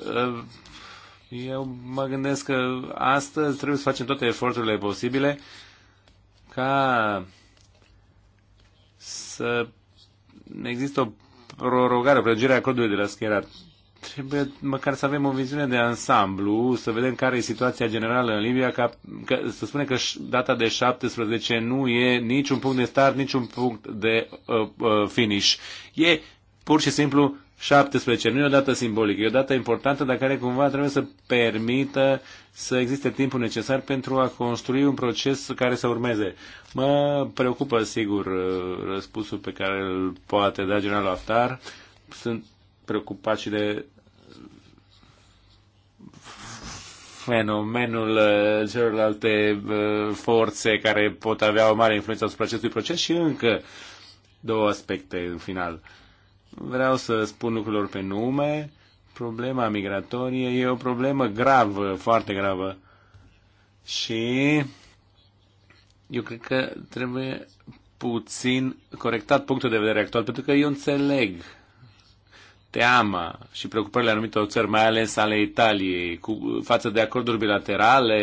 S2: Eu mă gândesc că astăzi trebuie să facem toate eforturile posibile ca să există o prorogare, o prelungire a acordului de la schierat trebuie măcar să avem o viziune de ansamblu, să vedem care e situația generală în Libia, ca, ca să spune că data de 17 nu e niciun punct de start, niciun punct de uh, uh, finish. E pur și simplu 17, nu e o dată simbolică, e o dată importantă, dar care cumva trebuie să permită să existe timpul necesar pentru a construi un proces care să urmeze. Mă preocupă, sigur, uh, răspunsul pe care îl poate da generalul Aftar. Sunt preocupat și de fenomenul uh, celorlalte uh, forțe care pot avea o mare influență asupra acestui proces și încă două aspecte în final. Vreau să spun lucrurilor pe nume. Problema migratorie e o problemă gravă, foarte gravă. Și eu cred că trebuie puțin corectat punctul de vedere actual, pentru că eu înțeleg teama și preocupările anumitor țări, mai ales ale Italiei, cu, față de acorduri bilaterale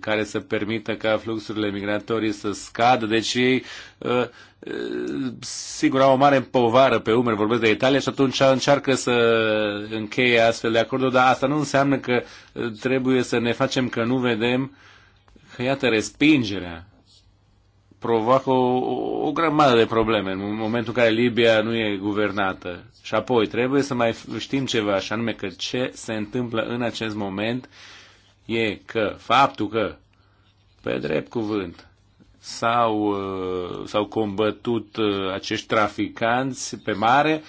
S2: care să permită ca fluxurile migratorii să scadă. Deci ei, uh, uh, sigur, au o mare povară pe umeri, vorbesc de Italia și atunci încearcă să încheie astfel de acorduri, dar asta nu înseamnă că uh, trebuie să ne facem că nu vedem că, iată, respingerea provoacă o, o grămadă de probleme în momentul în care Libia nu e guvernată. Și apoi trebuie să mai știm ceva, și anume că ce se întâmplă în acest moment e că faptul că, pe drept cuvânt, s-au, uh, s-au combătut uh, acești traficanți pe mare,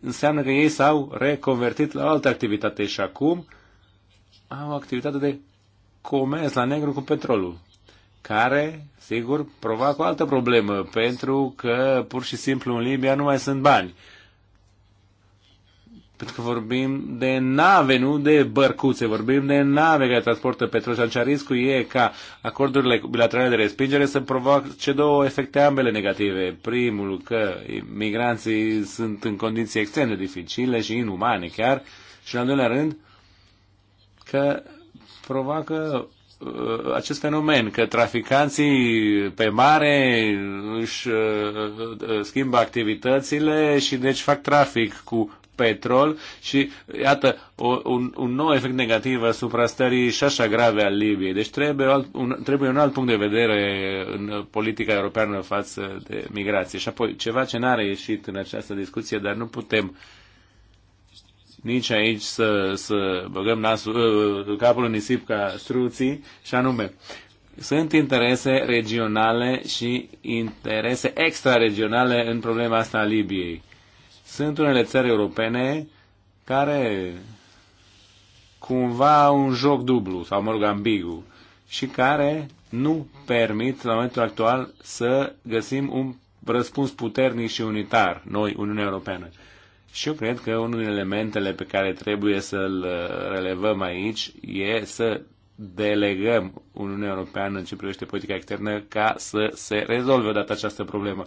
S2: înseamnă că ei s-au reconvertit la o altă activitate și acum au o activitate de comerț la negru cu petrolul, care sigur, provoacă o altă problemă, pentru că pur și simplu în Libia nu mai sunt bani. Pentru că vorbim de nave, nu de bărcuțe, vorbim de nave care transportă petrol. Și riscul e ca acordurile bilaterale de respingere să provoace două efecte ambele negative. Primul, că migranții sunt în condiții extrem de dificile și inumane chiar. Și în al doilea rând, că provoacă Uh, acest fenomen, că traficanții pe mare își uh, uh, schimbă activitățile și deci fac trafic cu petrol și, iată, o, un, un nou efect negativ asupra stării și așa grave al Libiei. Deci trebuie, alt, un, trebuie un alt punct de vedere în politica europeană față de migrație. Și apoi, ceva ce n-a reieșit în această discuție, dar nu putem uh, nici aici să, să băgăm nasul, ă, capul în nisip ca struții, și anume, sunt interese regionale și interese extraregionale în problema asta a Libiei. Sunt unele țări europene care cumva au un joc dublu sau, mă rog, ambigu și care nu permit la momentul actual să găsim un răspuns puternic și unitar, noi, Uniunea Europeană. Și eu cred că unul din elementele pe care trebuie să-l uh, relevăm aici e să delegăm Uniunea Europeană în ce privește politica externă ca să se rezolve odată această problemă.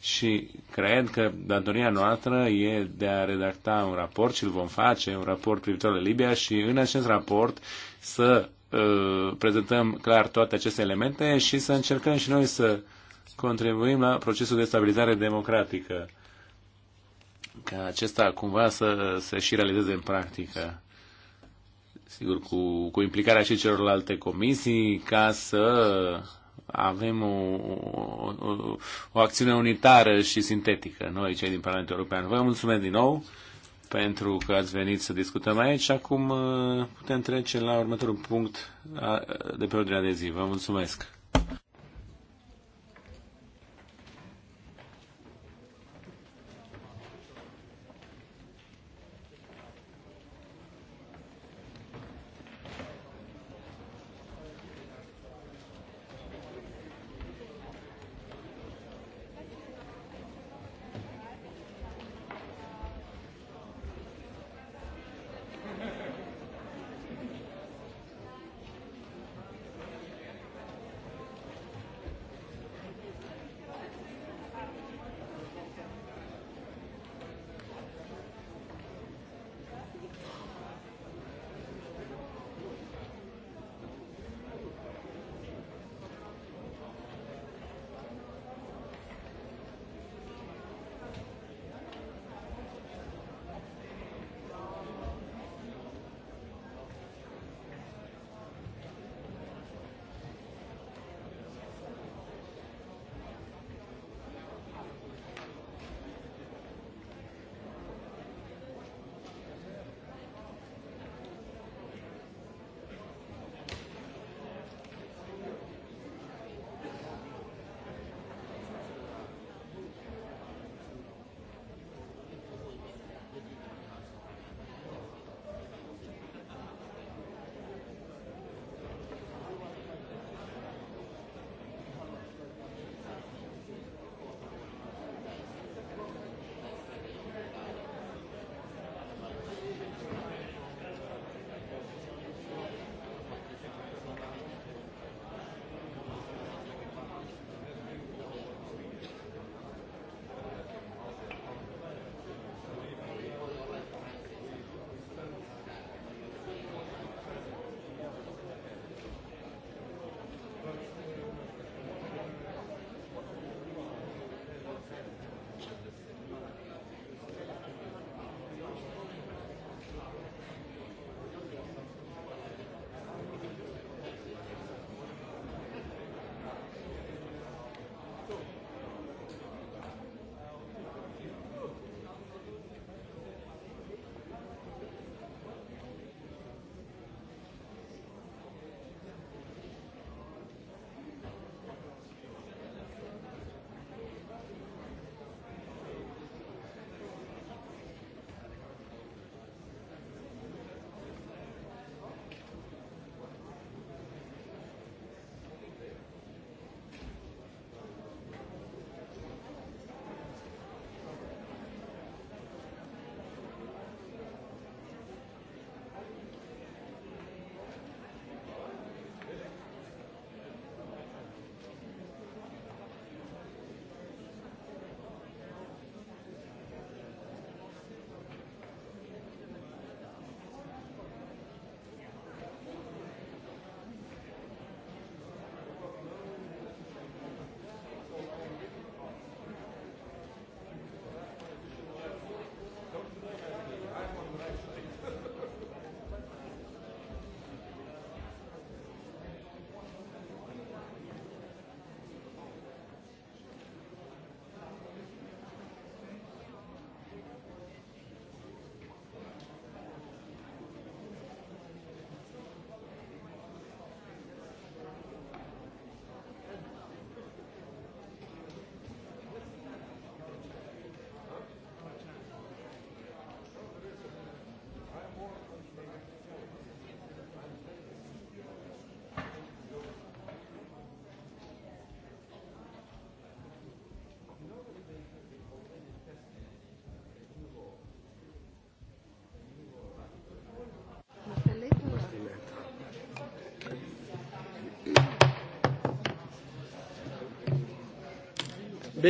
S2: Și cred că datoria noastră e de a redacta un raport și îl vom face, un raport privitor la Libia și în acest raport să uh, prezentăm clar toate aceste elemente și să încercăm și noi să contribuim la procesul de stabilizare democratică ca acesta cumva să se și realizeze în practică. Sigur, cu, cu implicarea și celorlalte comisii, ca să avem o, o, o, o acțiune unitară și sintetică, noi cei din Parlamentul European. Vă mulțumesc din nou pentru că ați venit să discutăm aici și acum uh, putem trece la următorul punct uh, de pe ordinea de zi. Vă mulțumesc!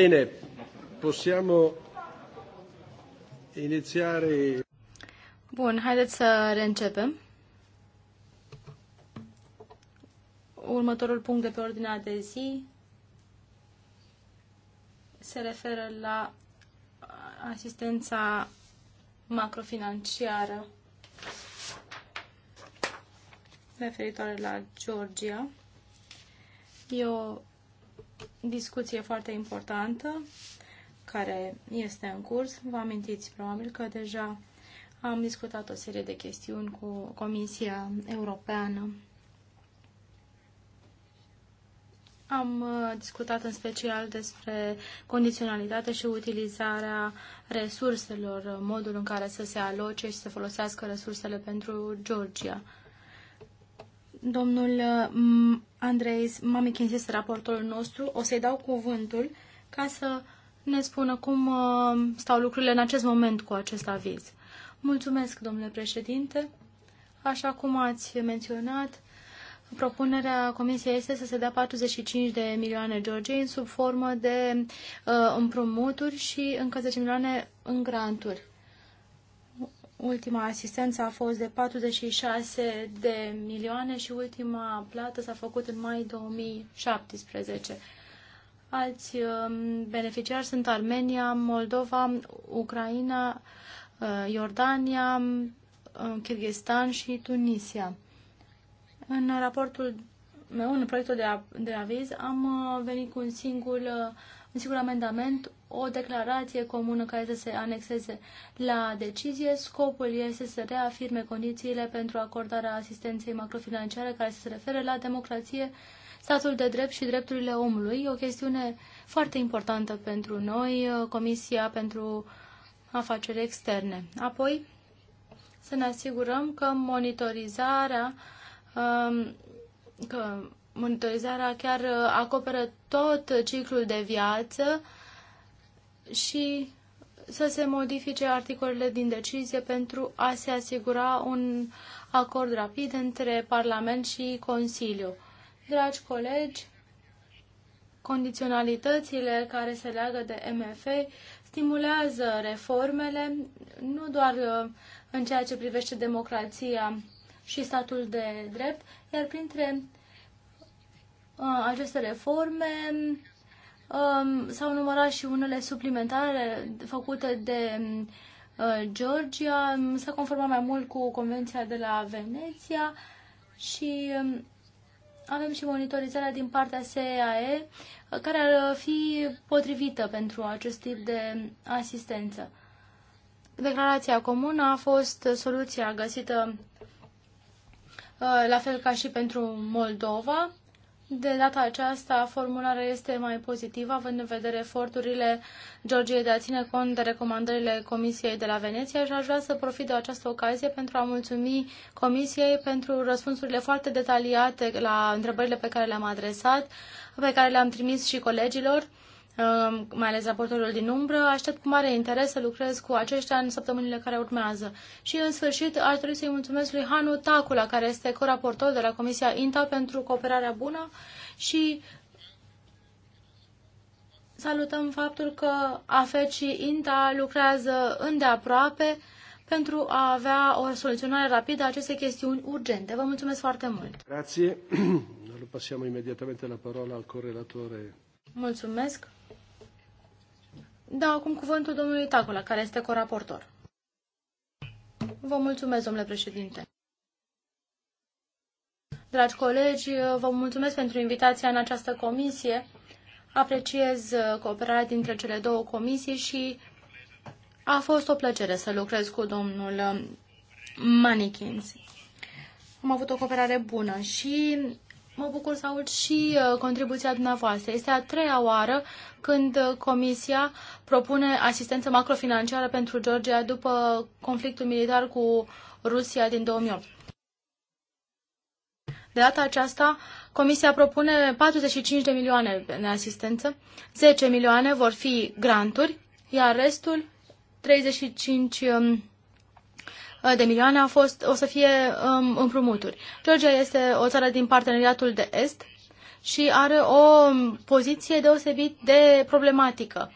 S1: Bine, possiamo iniziare.
S3: Bun, haideți să reîncepem. Următorul punct de pe ordinea de zi se referă la asistența macrofinanciară referitoare la Georgia. E o discuție foarte importantă care este în curs. Vă amintiți probabil că deja am discutat o serie de chestiuni cu Comisia Europeană. Am uh, discutat în special despre condiționalitate și utilizarea resurselor, uh, modul în care să se aloce și să folosească resursele pentru Georgia. Domnul uh, Andrei Mamichins este raportorul nostru. O să-i dau cuvântul ca să ne spună cum uh, stau lucrurile în acest moment cu acest aviz. Mulțumesc, domnule președinte. Așa cum ați menționat, Propunerea Comisiei este să se dea 45 de milioane Georgiei sub formă de uh, împrumuturi și încă 10 milioane în granturi. Ultima asistență a fost de 46 de milioane și ultima plată s-a făcut în mai 2017. Alți um, beneficiari sunt Armenia, Moldova, Ucraina, uh, Iordania, uh, Kyrgyzstan și Tunisia. În raportul meu, în proiectul de, de aviz, am uh, venit cu un singur un singur amendament, o declarație comună care să se anexeze la decizie. Scopul este să reafirme condițiile pentru acordarea asistenței macrofinanciare care să se refere la democrație, statul de drept și drepturile omului. o chestiune foarte importantă pentru noi, Comisia pentru Afaceri Externe. Apoi, să ne asigurăm că monitorizarea um, că monitorizarea chiar uh, acoperă tot ciclul de viață și să se modifice articolele din decizie pentru a se asigura un acord rapid între Parlament și Consiliu. Dragi colegi, condiționalitățile care se leagă de MFA stimulează reformele nu doar uh, în ceea ce privește democrația și statul de drept, iar printre Uh, aceste reforme um, s-au numărat și unele suplimentare făcute de uh, Georgia, s-a conformat mai mult cu Convenția de la Veneția și um, avem și monitorizarea din partea SEAE, uh, care ar fi potrivită pentru acest tip de asistență. Declarația comună a fost soluția găsită la fel ca și pentru Moldova de data aceasta, formularea este mai pozitivă, având în vedere eforturile Georgiei de a ține cont de recomandările Comisiei de la Veneția și aș vrea să profit de această ocazie pentru a mulțumi Comisiei pentru răspunsurile foarte detaliate la întrebările pe care le-am adresat, pe care le-am trimis și colegilor Um, mai ales raportorul din umbră. Aștept cu mare interes să lucrez cu aceștia în săptămânile care urmează. Și, în sfârșit, aș dori să-i mulțumesc lui Hanu Tacula, care este coraportor de la Comisia INTA pentru cooperarea bună și salutăm faptul că AFET și INTA lucrează îndeaproape pentru a avea o soluționare rapidă a acestei chestiuni urgente. Vă mulțumesc foarte mult.
S1: Grazie. [CLEARS THROAT] Passiamo immediatamente la parola al correlatore.
S3: Mulțumesc. Dau acum cuvântul domnului Tacula, care este coraportor. Vă mulțumesc, domnule președinte. Dragi colegi, vă mulțumesc pentru invitația în această comisie. Apreciez cooperarea dintre cele două comisii și a fost o plăcere să lucrez cu domnul Manikins. Am avut o cooperare bună și Mă bucur să aud și uh, contribuția dumneavoastră. Este a treia oară când uh, Comisia propune asistență macrofinanciară pentru Georgia după conflictul militar cu Rusia din 2008. De data aceasta, Comisia propune 45 de milioane de asistență, 10 milioane vor fi granturi, iar restul, 35 Uh, de milioane a fost, o să fie um, împrumuturi. Georgia este o țară din parteneriatul de est și are o um, poziție deosebit de problematică.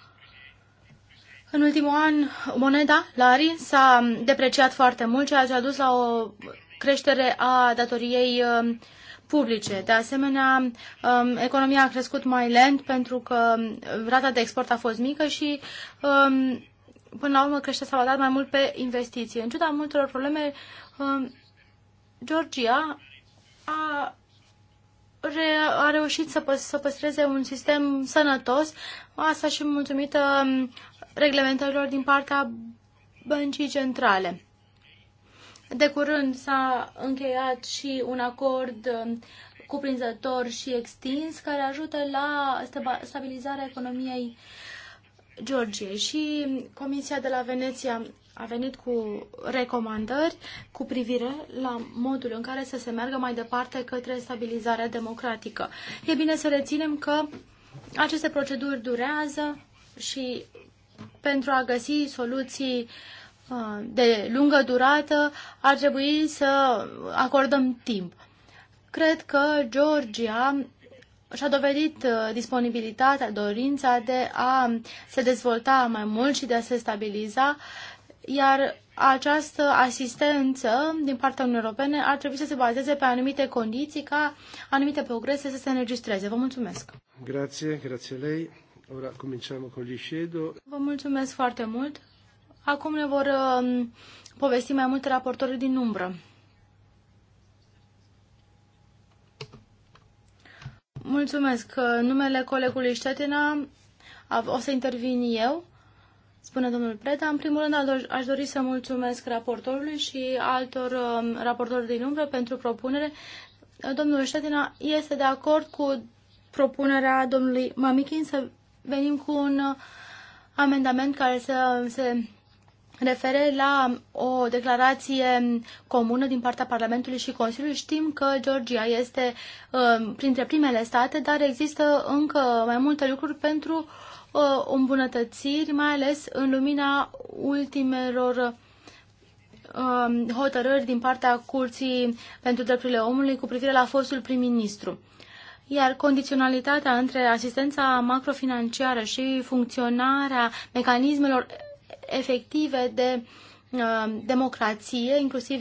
S3: În ultimul an, moneda, lari, s-a um, depreciat foarte mult, ceea ce a dus la o creștere a datoriei um, publice. De asemenea, economia a crescut mai lent pentru că rata de export a fost mică și până la urmă crește s-a bazat mai mult pe investiții. În ciuda multor probleme, um, Georgia a, re, a reușit să, pă, să păstreze un sistem sănătos, asta și mulțumită um, reglementărilor din partea băncii centrale. De curând s-a încheiat și un acord um, cuprinzător și extins care ajută la stabilizarea economiei Georgiei și Comisia de la Veneția a venit cu recomandări cu privire la modul în care să se meargă mai departe către stabilizarea democratică. E bine să reținem că aceste proceduri durează și pentru a găsi soluții uh, de lungă durată ar trebui să acordăm timp. Cred că Georgia și-a dovedit uh, disponibilitatea, dorința de a se dezvolta mai mult și de a se stabiliza, iar această asistență din partea Uniunii Europene ar trebui să se bazeze pe anumite condiții ca anumite progrese să se înregistreze. Vă mulțumesc!
S1: Grazie, grazie lei. Ora cominciamo con l'Iscedo.
S3: Vă mulțumesc foarte mult. Acum ne vor um, povesti mai multe raportori din umbră. Mulțumesc. numele colegului Ștetina o să intervin eu, spune domnul Preda. În primul rând aș dori să mulțumesc raportorului și altor um, raportori din umbră pentru propunere. Domnul Ștetina este de acord cu propunerea domnului Mamichin să venim cu un uh, amendament care să se Referă la o declarație comună din partea Parlamentului și Consiliului. Știm că Georgia este um, printre primele state, dar există încă mai multe lucruri pentru uh, îmbunătățiri, mai ales în lumina ultimelor um, hotărâri din partea Curții pentru Drepturile Omului cu privire la fostul prim-ministru iar condiționalitatea între asistența macrofinanciară și funcționarea mecanismelor efective de uh, democrație, inclusiv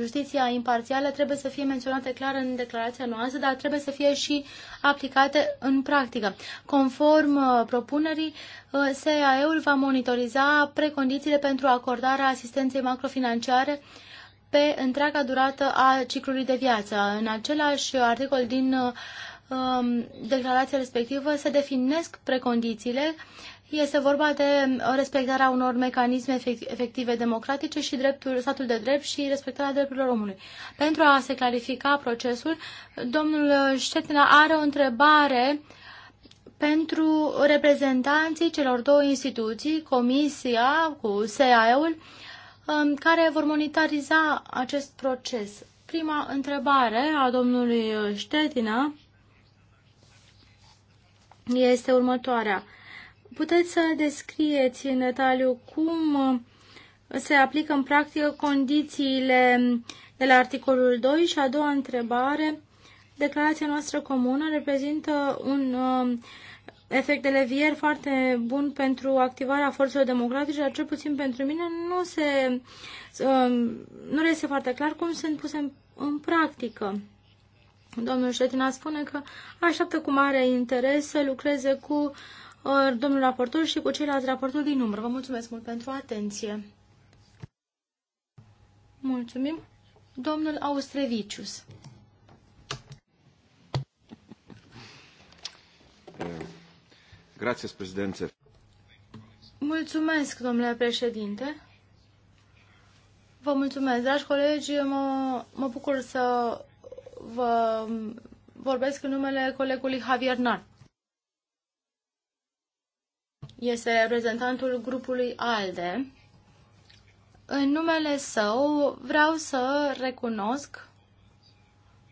S3: justiția imparțială, trebuie să fie menționate clar în declarația noastră, dar trebuie să fie și aplicate în practică. Conform uh, propunerii, uh, SAE-ul va monitoriza precondițiile pentru acordarea asistenței macrofinanciare pe întreaga durată a ciclului de viață. În același articol din uh, um, declarația respectivă se definesc precondițiile este vorba de uh, respectarea unor mecanisme efective democratice și dreptul, statul de drept și respectarea drepturilor omului. Pentru a se clarifica procesul, domnul Ștetina are o întrebare pentru reprezentanții celor două instituții, Comisia cu SEAE-ul, um, care vor monitoriza acest proces. Prima întrebare a domnului Ștetina este următoarea. Puteți să descrieți în detaliu cum uh, se aplică în practică condițiile de la articolul 2 și a doua întrebare. Declarația noastră comună reprezintă un uh, efect de levier foarte bun pentru activarea forțelor democratice, dar cel puțin pentru mine nu se uh, nu este foarte clar cum sunt puse în, în practică. Domnul Ștetina spune că așteaptă cu mare interes să lucreze cu domnul raportor și cu ceilalți raportori din număr. Vă mulțumesc mult pentru atenție. Mulțumim. Domnul Austrevicius.
S1: Grație, președinte.
S3: Mulțumesc, domnule președinte. Vă mulțumesc, dragi colegi. Mă, mă bucur să vă vorbesc în numele colegului Javier Nart este reprezentantul grupului ALDE. În numele său vreau să recunosc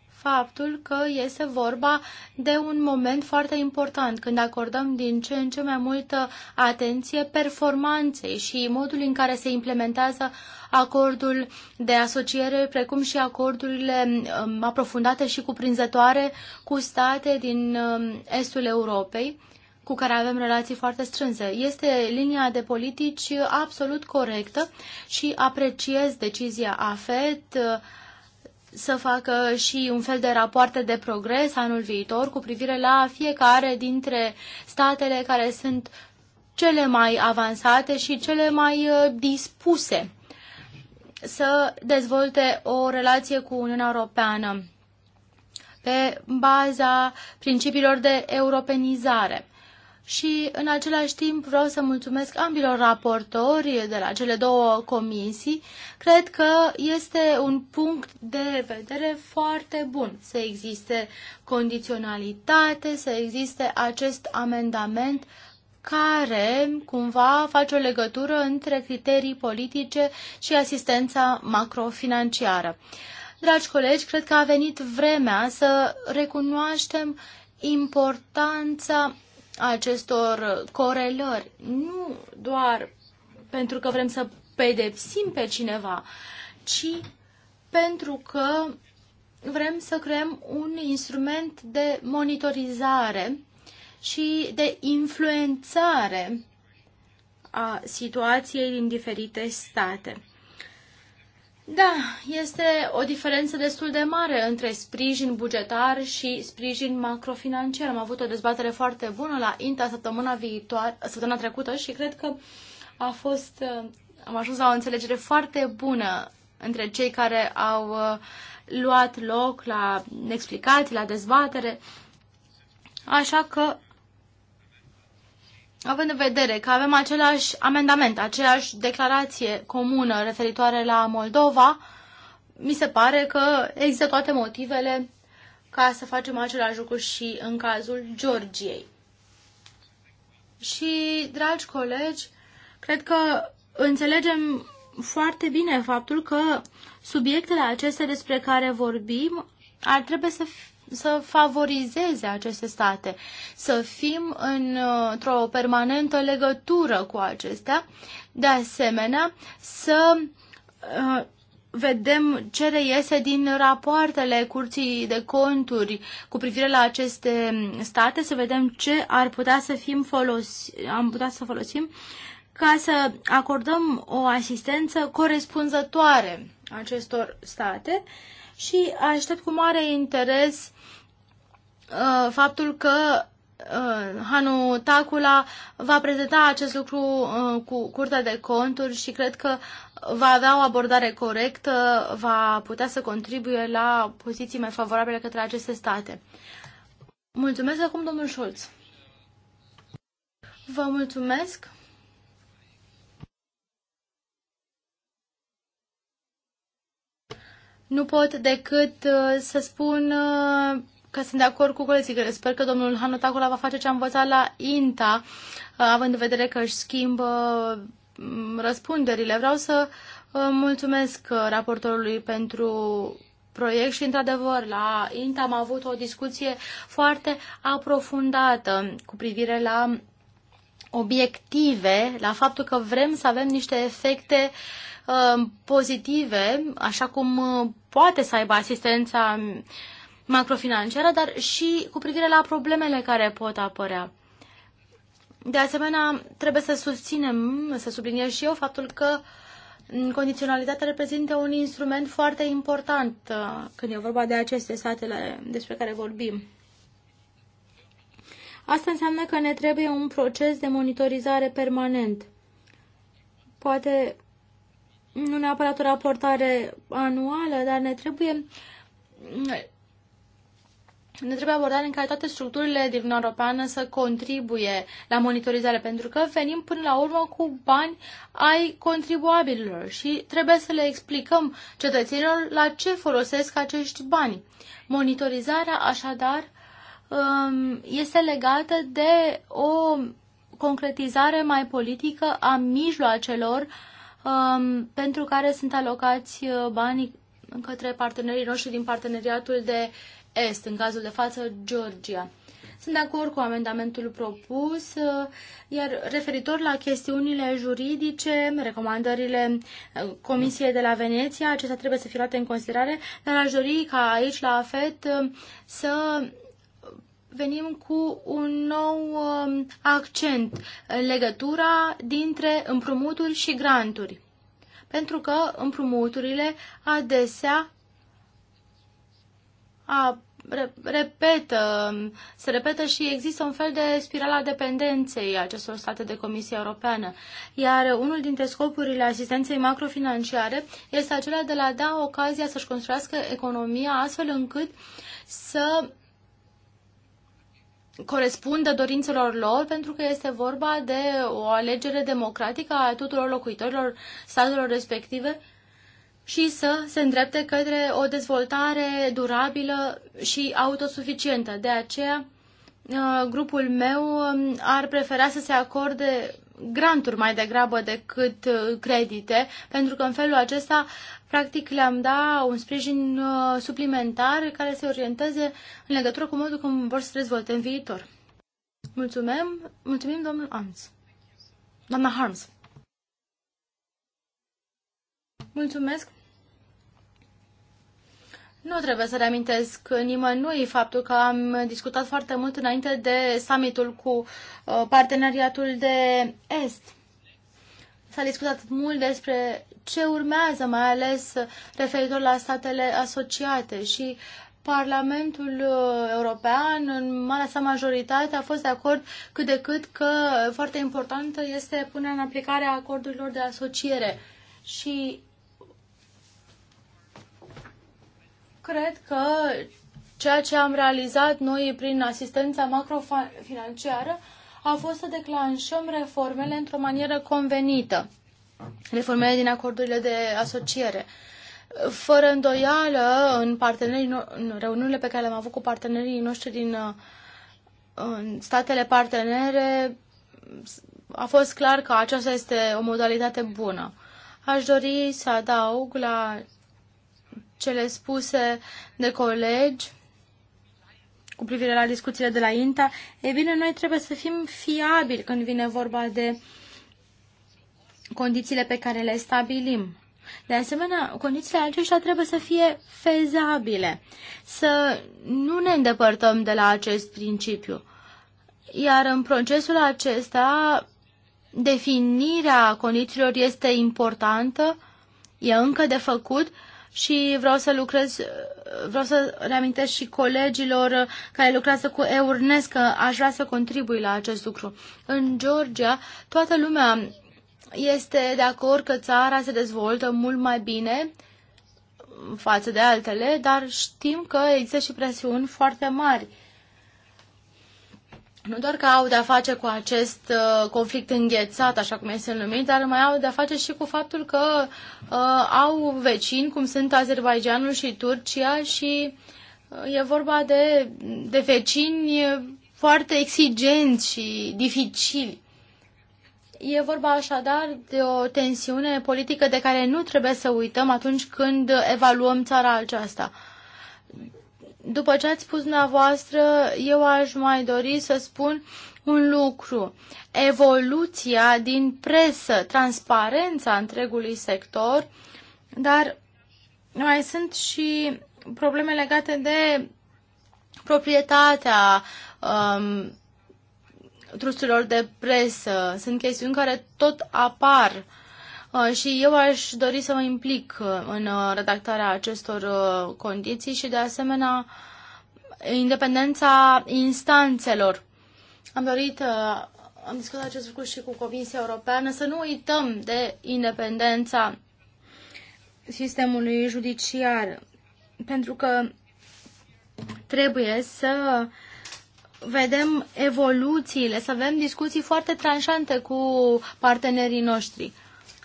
S3: faptul că este vorba de un moment foarte important când acordăm din ce în ce mai multă atenție performanței și modul în care se implementează acordul de asociere, precum și acordurile um, aprofundate și cuprinzătoare cu state din um, estul Europei cu care avem relații foarte strânse. Este linia de politici absolut corectă și apreciez decizia AFET uh, să facă și un fel de rapoarte de progres anul viitor cu privire la fiecare dintre statele care sunt cele mai avansate și cele mai uh, dispuse să dezvolte o relație cu Uniunea Europeană pe baza principiilor de europenizare și în același timp vreau să mulțumesc ambilor raportori de la cele două comisii. Cred că este un punct de vedere foarte bun să existe condiționalitate, să existe acest amendament care cumva face o legătură între criterii politice și asistența macrofinanciară. Dragi colegi, cred că a venit vremea să recunoaștem importanța acestor corelări, nu doar pentru că vrem să pedepsim pe cineva, ci pentru că vrem să creăm un instrument de monitorizare și de influențare a situației din diferite state. Da, este o diferență destul de mare între sprijin bugetar și sprijin macrofinanciar. Am avut o dezbatere foarte bună la INTA săptămâna, viitoare, săptămâna trecută și cred că a fost, uh, am ajuns la o înțelegere foarte bună între cei care au uh, luat loc la explicații, la dezbatere. Așa că având în vedere că avem același amendament, aceeași declarație comună referitoare la Moldova, mi se pare că există toate motivele ca să facem același lucru și în cazul Georgiei. Și, dragi colegi, cred că înțelegem foarte bine faptul că subiectele acestea despre care vorbim ar trebui să să favorizeze aceste state, să fim într-o permanentă legătură cu acestea, de asemenea să uh, vedem ce reiese din rapoartele Curții de Conturi cu privire la aceste state, să vedem ce ar putea să fim folosi, am putea să folosim ca să acordăm o asistență corespunzătoare acestor state și aștept cu mare interes uh, faptul că uh, Hanu Tacula va prezenta acest lucru uh, cu Curtea de Conturi și cred că va avea o abordare corectă, va putea să contribuie la poziții mai favorabile către aceste state. Mulțumesc acum, domnul Scholz. Vă mulțumesc. Nu pot decât uh, să spun uh, că sunt de acord cu colegii, sper că domnul Hanotacula va face ce a învățat la INTA, uh, având în vedere că își schimbă mm, răspunderile. Vreau să mulțumesc raportorului pentru proiect și, într-adevăr, la INTA am avut o discuție foarte aprofundată cu privire la obiective la faptul că vrem să avem niște efecte uh, pozitive, așa cum uh, poate să aibă asistența um, macrofinanciară, dar și cu privire la problemele care pot apărea. De asemenea, trebuie să susținem, să subliniez și eu faptul că mm, condiționalitatea reprezintă un instrument foarte important uh, când e vorba de aceste satele despre care vorbim. Asta înseamnă că ne trebuie un proces de monitorizare permanent. Poate nu neapărat o raportare anuală, dar ne trebuie ne trebuie abordare în care toate structurile din Europeană să contribuie la monitorizare, pentru că venim până la urmă cu bani ai contribuabililor și trebuie să le explicăm cetățenilor la ce folosesc acești bani. Monitorizarea, așadar, Um, este legată de o concretizare mai politică a mijloacelor um, pentru care sunt alocați uh, banii către partenerii noștri din parteneriatul de est, în cazul de față Georgia. Sunt de acord cu amendamentul propus, uh, iar referitor la chestiunile juridice, recomandările uh, Comisiei de la Veneția, acestea trebuie să fie luate în considerare, dar aș dori ca aici la AFET să venim cu un nou um, accent, legătura dintre împrumuturi și granturi. Pentru că împrumuturile adesea a, re, repetă, se repetă și există un fel de spirala dependenței acestor state de comisie Europeană. Iar unul dintre scopurile asistenței macrofinanciare este acela de a da ocazia să-și construiască economia astfel încât să corespundă dorințelor lor, pentru că este vorba de o alegere democratică a tuturor locuitorilor statelor respective și să se îndrepte către o dezvoltare durabilă și autosuficientă. De aceea, uh, grupul meu um, ar prefera să se acorde granturi mai degrabă decât uh, credite, pentru că în felul acesta, practic, le-am da un sprijin uh, suplimentar care se orienteze în legătură cu modul cum vor să se dezvolte în viitor. Mulțumim, mulțumim domnul Arms. Doamna Harms. Mulțumesc. Nu trebuie să reamintesc nimănui faptul că am discutat foarte mult înainte de summitul cu uh, parteneriatul de Est. S-a discutat mult despre ce urmează, mai ales referitor la statele asociate și Parlamentul uh, European, în marea sa majoritate, a fost de acord cât de cât că foarte importantă este punerea în aplicare a acordurilor de asociere. Și Cred că ceea ce am realizat noi prin asistența macrofinanciară a fost să declanșăm reformele într-o manieră convenită, reformele din acordurile de asociere. Fără îndoială, în, partenerii, în reuniunile pe care le-am avut cu partenerii noștri din uh, statele partenere, a fost clar că aceasta este o modalitate bună. Aș dori să adaug la cele spuse de colegi cu privire la discuțiile de la INTA, e bine, noi trebuie să fim fiabili când vine vorba de condițiile pe care le stabilim. De asemenea, condițiile aceștia trebuie să fie fezabile, să nu ne îndepărtăm de la acest principiu. Iar în procesul acesta, definirea condițiilor este importantă, e încă de făcut, și vreau să lucrez, vreau să reamintesc și colegilor care lucrează cu EURNES că aș vrea să contribui la acest lucru. În Georgia, toată lumea este de acord că țara se dezvoltă mult mai bine față de altele, dar știm că există și presiuni foarte mari nu doar că au de-a face cu acest uh, conflict înghețat, așa cum este numit, dar mai au de-a face și cu faptul că uh, au vecini, cum sunt Azerbaijanul și Turcia, și uh, e vorba de, de vecini foarte exigenți și dificili. E vorba așadar de o tensiune politică de care nu trebuie să uităm atunci când evaluăm țara aceasta după ce ați spus dumneavoastră, eu aș mai dori să spun un lucru. Evoluția din presă, transparența întregului sector, dar mai sunt și probleme legate de proprietatea um, trusturilor de presă. Sunt chestiuni care tot apar Uh, și eu aș dori să mă implic uh, în uh, redactarea acestor condiții și de asemenea independența instanțelor. Am dorit, am discutat acest lucru și cu Comisia Europeană, să nu uităm de independența sistemului judiciar, pentru că trebuie să vedem evoluțiile, să avem discuții foarte tranșante cu partenerii noștri.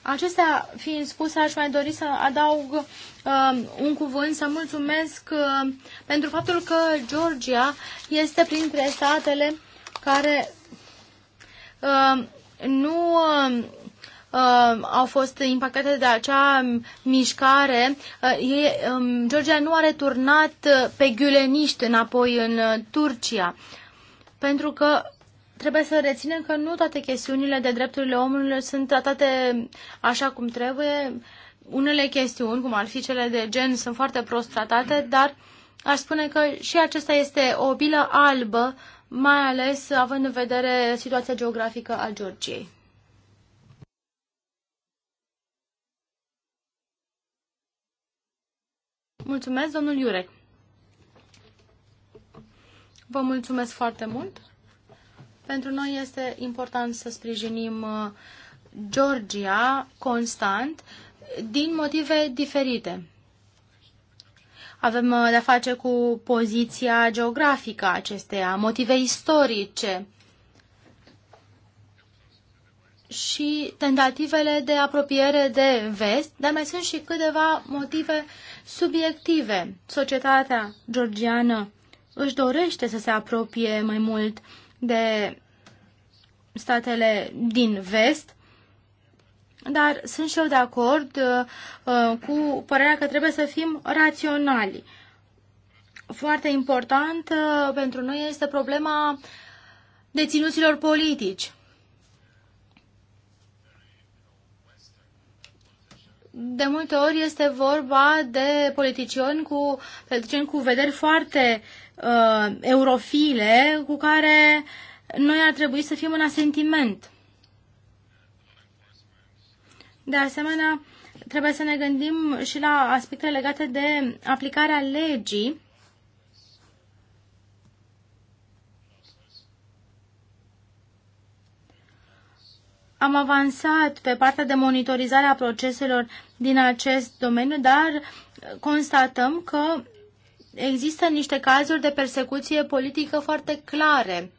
S3: Acestea fiind spuse, aș mai dori să adaug uh, un cuvânt, să mulțumesc uh, pentru faptul că Georgia este printre statele care uh, nu uh, uh, au fost impactate de acea mișcare. Uh, e, um, Georgia nu a returnat pe ghiuleniști înapoi în uh, Turcia, pentru că trebuie să reținem că nu toate chestiunile de drepturile omului sunt tratate așa cum trebuie. Unele chestiuni, cum ar fi cele de gen, sunt foarte prost tratate, dar aș spune că și acesta este o bilă albă, mai ales având în vedere situația geografică a Georgiei. Mulțumesc, domnul Iurec. Vă mulțumesc foarte mult. Pentru noi este important să sprijinim uh, Georgia constant din motive diferite. Avem uh, de-a face cu poziția geografică acesteia, motive istorice și tentativele de apropiere de vest, dar mai sunt și câteva motive subiective. Societatea georgiană își dorește să se apropie mai mult de statele din vest, dar sunt și eu de acord uh, uh, cu părerea că trebuie să fim raționali. Foarte important uh, pentru noi este problema deținuților politici. De multe ori este vorba de politicieni cu, politicieni cu vederi foarte uh, uh, eurofile cu care noi ar trebui să fim în asentiment. De asemenea, trebuie să ne gândim și la aspecte legate de aplicarea legii. Am avansat pe partea de monitorizare a proceselor din acest domeniu, dar constatăm că există niște cazuri de persecuție politică foarte clare,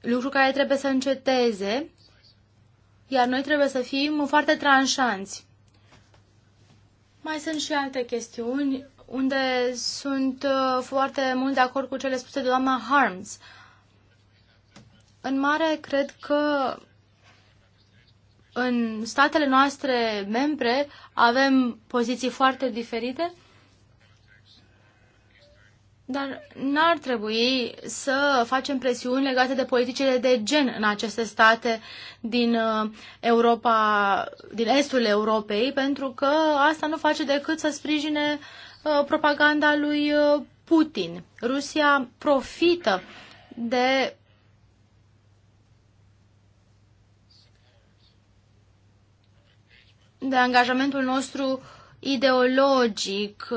S3: lucru care trebuie să înceteze, iar noi trebuie să fim foarte tranșanți. Mai sunt și alte chestiuni unde sunt uh, foarte mult de acord cu cele spuse de doamna Harms. În mare, cred că în statele noastre membre avem poziții foarte diferite dar n-ar trebui să facem presiuni legate de politicile de gen în aceste state din uh, Europa, din estul Europei, pentru că asta nu face decât să sprijine uh, propaganda lui uh, Putin. Rusia profită de de angajamentul nostru ideologic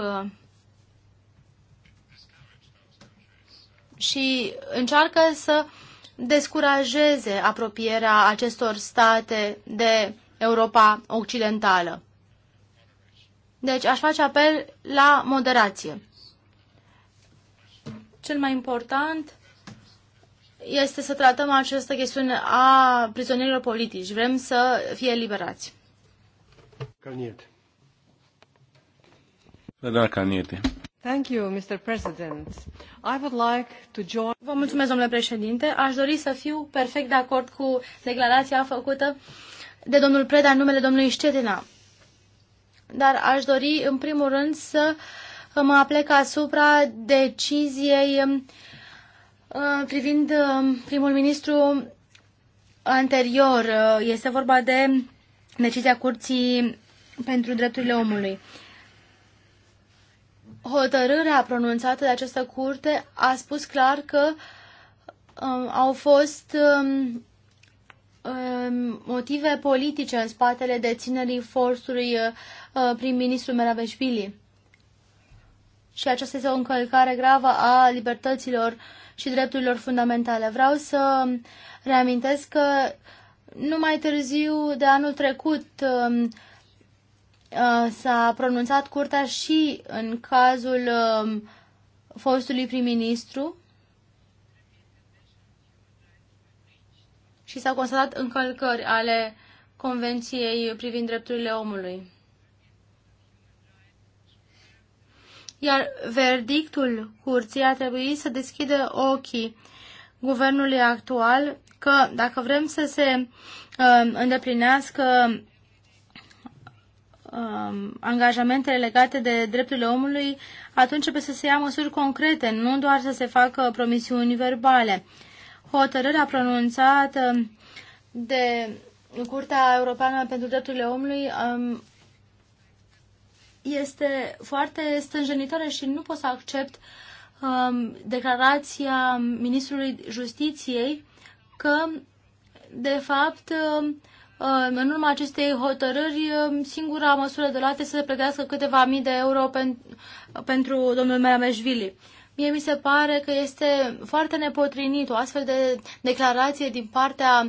S3: și încearcă să descurajeze apropierea acestor state de Europa Occidentală. Deci aș face apel la moderație. Cel mai important este să tratăm această chestiune a prizonierilor politici. Vrem să fie eliberați.
S1: Caniete.
S2: Da, da Caniete.
S3: Vă mulțumesc, domnule președinte. Aș dori să fiu perfect de acord cu declarația făcută de domnul Preda în numele domnului ttina Dar aș dori, în primul rând, să mă aplec asupra deciziei um, uh, privind um, primul ministru anterior. Uh, este vorba de decizia Curții pentru Drepturile Omului hotărârea pronunțată de această curte a spus clar că um, au fost um, um motive politice în spatele deținerii forțului uh, prim-ministru Meraveșvili. Și aceasta este o încălcare gravă a libertăților și drepturilor fundamentale. Vreau să reamintesc că numai târziu de anul trecut uh, Uh, s-a pronunțat curtea și în cazul um, fostului prim-ministru și s-au constatat încălcări ale Convenției privind drepturile omului. Iar verdictul curții a trebuit să deschidă ochii guvernului actual că dacă vrem să se uh, îndeplinească um, angajamentele legate de drepturile omului, atunci trebuie să se ia măsuri concrete, nu doar să se facă promisiuni verbale. Hotărârea pronunțată de Curtea Europeană pentru Drepturile Omului um, este foarte stânjenitoare și nu pot să accept um, declarația Ministrului Justiției că, de fapt, um, în urma acestei hotărâri, um, singura măsură de luat este să plătească câteva mii de euro pen, pentru domnul Merameșvili. Mie mi se pare că este foarte nepotrinit o astfel de declarație din partea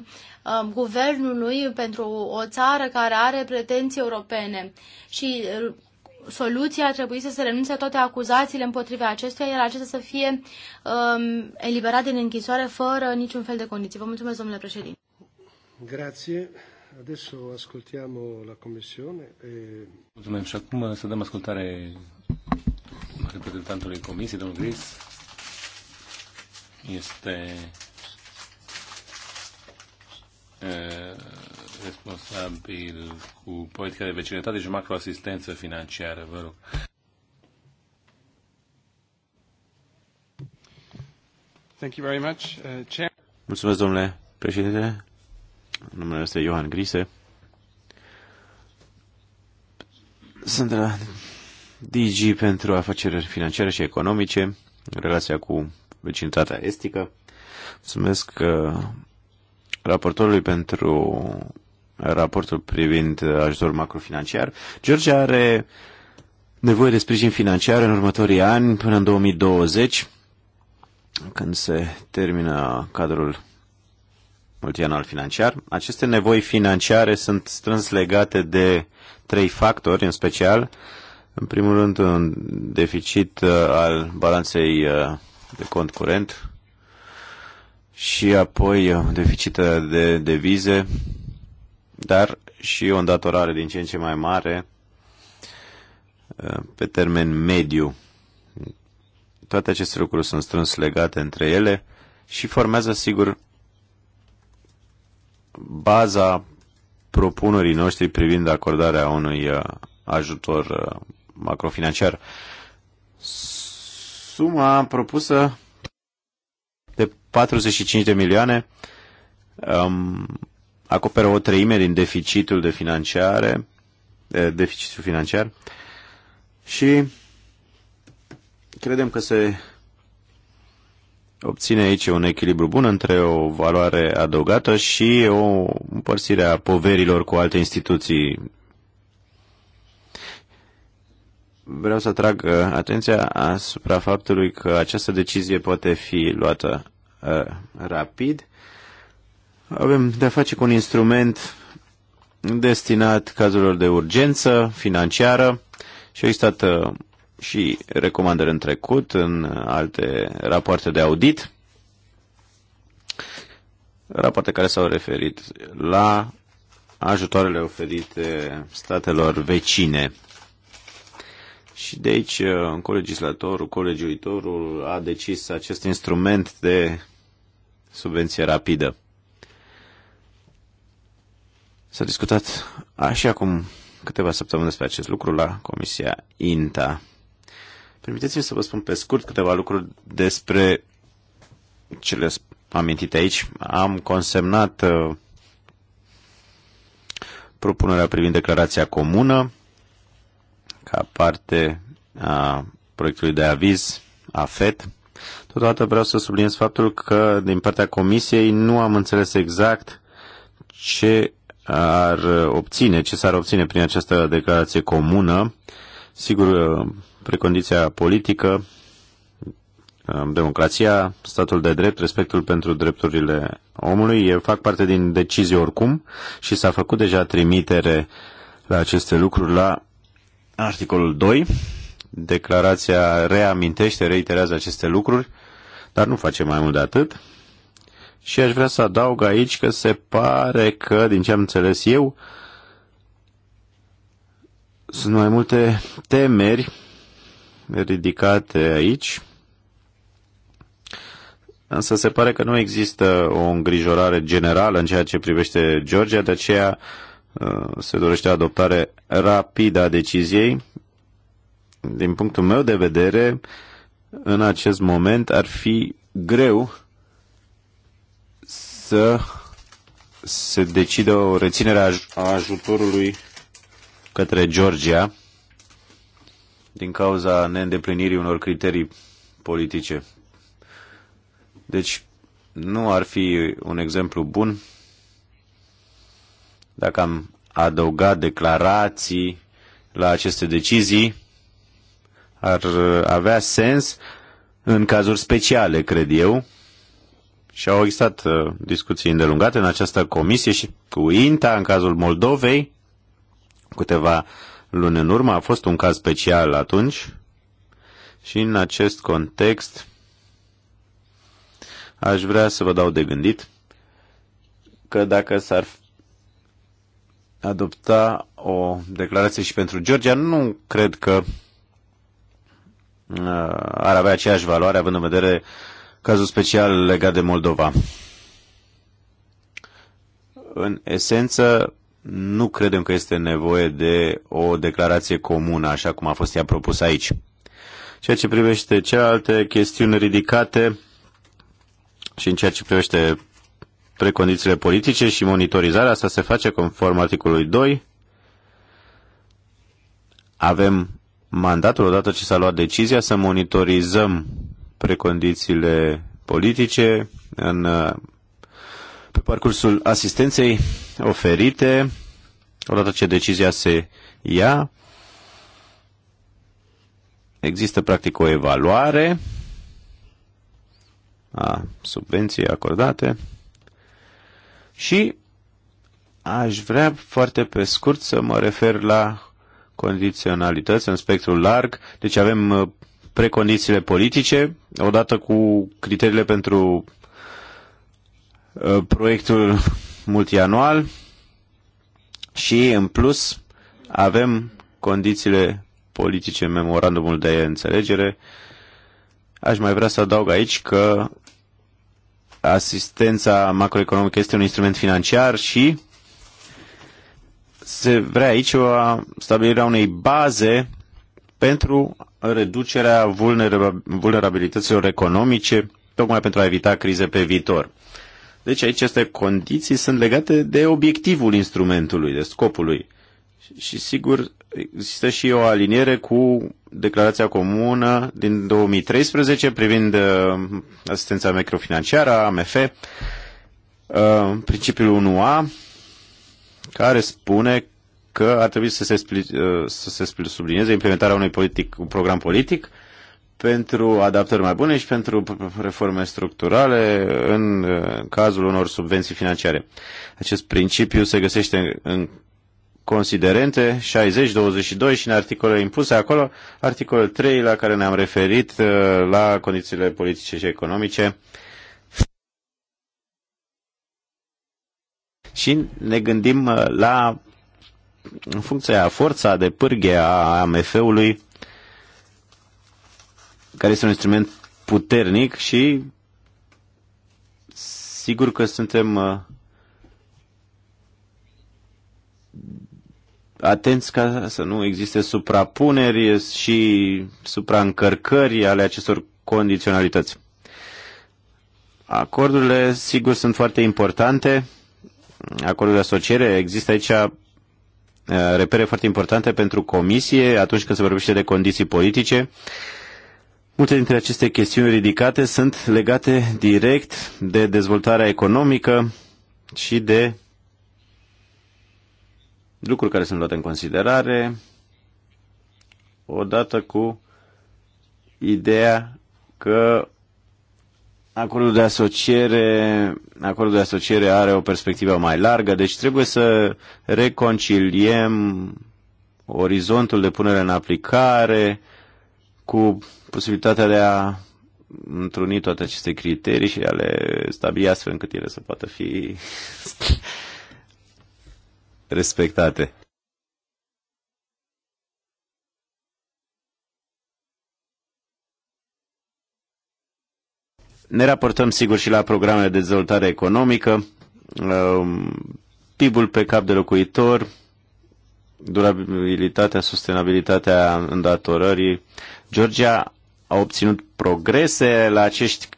S3: um, guvernului pentru o țară care are pretenții europene. Și uh, soluția ar trebui să se renunțe toate acuzațiile împotriva acestuia, iar acesta să fie um, eliberat din închisoare fără niciun fel de condiții. Vă mulțumesc, domnule președinte.
S1: Grazie. Adesso ascoltiamo la Commissione. E... Mulțumim
S2: și acum să dăm ascultare reprezentantului Comisiei, domnul Gris. Este responsabil cu politica de vecinătate și macroasistență financiară.
S1: Vă rog. Thank you very much, uh, Chair.
S4: Mulțumesc, domnule președinte. Numele este Johan Grise. Sunt de la DG pentru afaceri financiare și economice, în relația cu vecinătatea estică. Mulțumesc uh, raportorului pentru raportul privind ajutorul macrofinanciar. George are nevoie de sprijin financiar în următorii ani, până în 2020, când se termină cadrul multianual financiar. Aceste nevoi financiare sunt strâns legate de trei factori, în special, în primul rând, un deficit uh, al balanței uh, de cont curent și apoi uh, un deficit de devize, dar și o îndatorare din ce în ce mai mare pe termen mediu. Toate aceste lucruri sunt strâns legate între ele și formează, sigur, baza propunerii noștri privind acordarea unui uh, ajutor uh, macrofinanciar. Suma propusă de 45 de milioane um, acoperă o treime din deficitul de financiare, de deficitul financiar și credem că se obține aici un echilibru bun între o valoare adăugată și o împărțire a poverilor cu alte instituții. Vreau să trag uh, atenția asupra faptului că această decizie poate fi luată uh, rapid. Avem de-a face cu un instrument destinat cazurilor de urgență financiară și a existat uh, și recomandări în trecut, în alte rapoarte de audit, rapoarte care s-au referit la ajutoarele oferite statelor vecine. Și de aici uh, colegislatorul, colegiuitorul a decis acest instrument de subvenție rapidă. S-a discutat așa acum câteva săptămâni despre acest lucru la Comisia INTA. Permiteți-mi să vă spun pe scurt câteva lucruri despre ce le-am amintit aici. Am consemnat uh, propunerea privind declarația comună ca parte a proiectului de aviz a Fed. Totodată vreau să subliniez faptul că din partea Comisiei nu am înțeles exact ce ar obține, ce s-ar obține prin această declarație comună. Sigur, uh, precondiția politică, uh, democrația, statul de drept, respectul pentru drepturile omului Eu fac parte din decizii oricum și s-a făcut deja trimitere la aceste lucruri la articolul 2. Declarația reamintește, reiterează aceste lucruri, dar nu face mai mult de atât. Și aș vrea să adaug aici că se pare că, din ce am înțeles eu, sunt mai multe temeri ridicate aici, însă se pare că nu există o îngrijorare generală în ceea ce privește Georgia, de aceea uh, se dorește adoptare rapidă a deciziei. Din punctul meu de vedere, în acest moment ar fi greu să se decide o reținere a ajutorului către Georgia din cauza neîndeplinirii unor criterii politice. Deci nu ar fi un exemplu bun dacă am adăugat declarații la aceste decizii, ar avea sens în cazuri speciale, cred eu. Și au existat uh, discuții îndelungate în această comisie și cu INTA, în cazul Moldovei, câteva luni în urmă. A fost un caz special atunci și în acest context aș vrea să vă dau de gândit că dacă s-ar adopta o declarație și pentru Georgia, nu cred că uh, ar avea aceeași valoare, având în vedere cazul special legat de Moldova. În esență, nu credem că este nevoie de o declarație comună, așa cum a fost ea propusă aici. Ceea ce privește celelalte chestiuni ridicate și în ceea ce privește precondițiile politice și monitorizarea, asta se face conform articolului 2. Avem mandatul, odată ce s-a luat decizia, să monitorizăm precondițiile politice în pe parcursul asistenței oferite, odată ce decizia se ia, există practic o evaluare a subvenției acordate și aș vrea foarte pe scurt să mă refer la condiționalități în spectrul larg. Deci avem uh, precondițiile politice, odată cu criteriile pentru Uh, proiectul multianual și, în plus, avem condițiile politice în memorandumul de înțelegere. Aș mai vrea să adaug aici că asistența macroeconomică este un instrument financiar și se vrea aici o stabilirea unei baze pentru reducerea vulnerabilităților economice, tocmai pentru a evita crize pe viitor. Deci aici aceste condiții sunt legate de obiectivul instrumentului, de scopului. Și sigur, există și o aliniere cu declarația comună din 2013 privind uh, asistența microfinanciară, AMF, uh, principiul 1A, care spune că ar trebui să se, uh, să se sublinieze implementarea unui politic, un program politic pentru adaptări mai bune și pentru reforme structurale în uh, cazul unor subvenții financiare. Acest principiu se găsește în considerente 60, 22 și în articole impuse acolo, articolul 3 la care ne-am referit uh, la condițiile politice și economice și ne gândim uh, la în funcție a forța de pârghe a AMF-ului care este un instrument puternic și sigur că suntem uh, atenți ca să nu existe suprapuneri și supraîncărcări ale acestor condiționalități. Acordurile, sigur, sunt foarte importante. Acordurile de asociere, există aici uh, repere foarte importante pentru comisie atunci când se vorbește de condiții politice. Uh, Multe dintre aceste chestiuni ridicate sunt legate direct de dezvoltarea economică și de lucruri care sunt luate în considerare odată cu ideea că acordul de asociere, acordul de asociere are o perspectivă mai largă, deci trebuie să reconciliem orizontul de punere în aplicare cu posibilitatea de a întruni toate aceste criterii și a le stabili astfel încât ele să poată fi [LAUGHS] respectate. Ne raportăm sigur și la programele de dezvoltare economică, um, PIB-ul pe cap de locuitor, durabilitatea, sustenabilitatea îndatorării. Georgia au obținut progrese la acești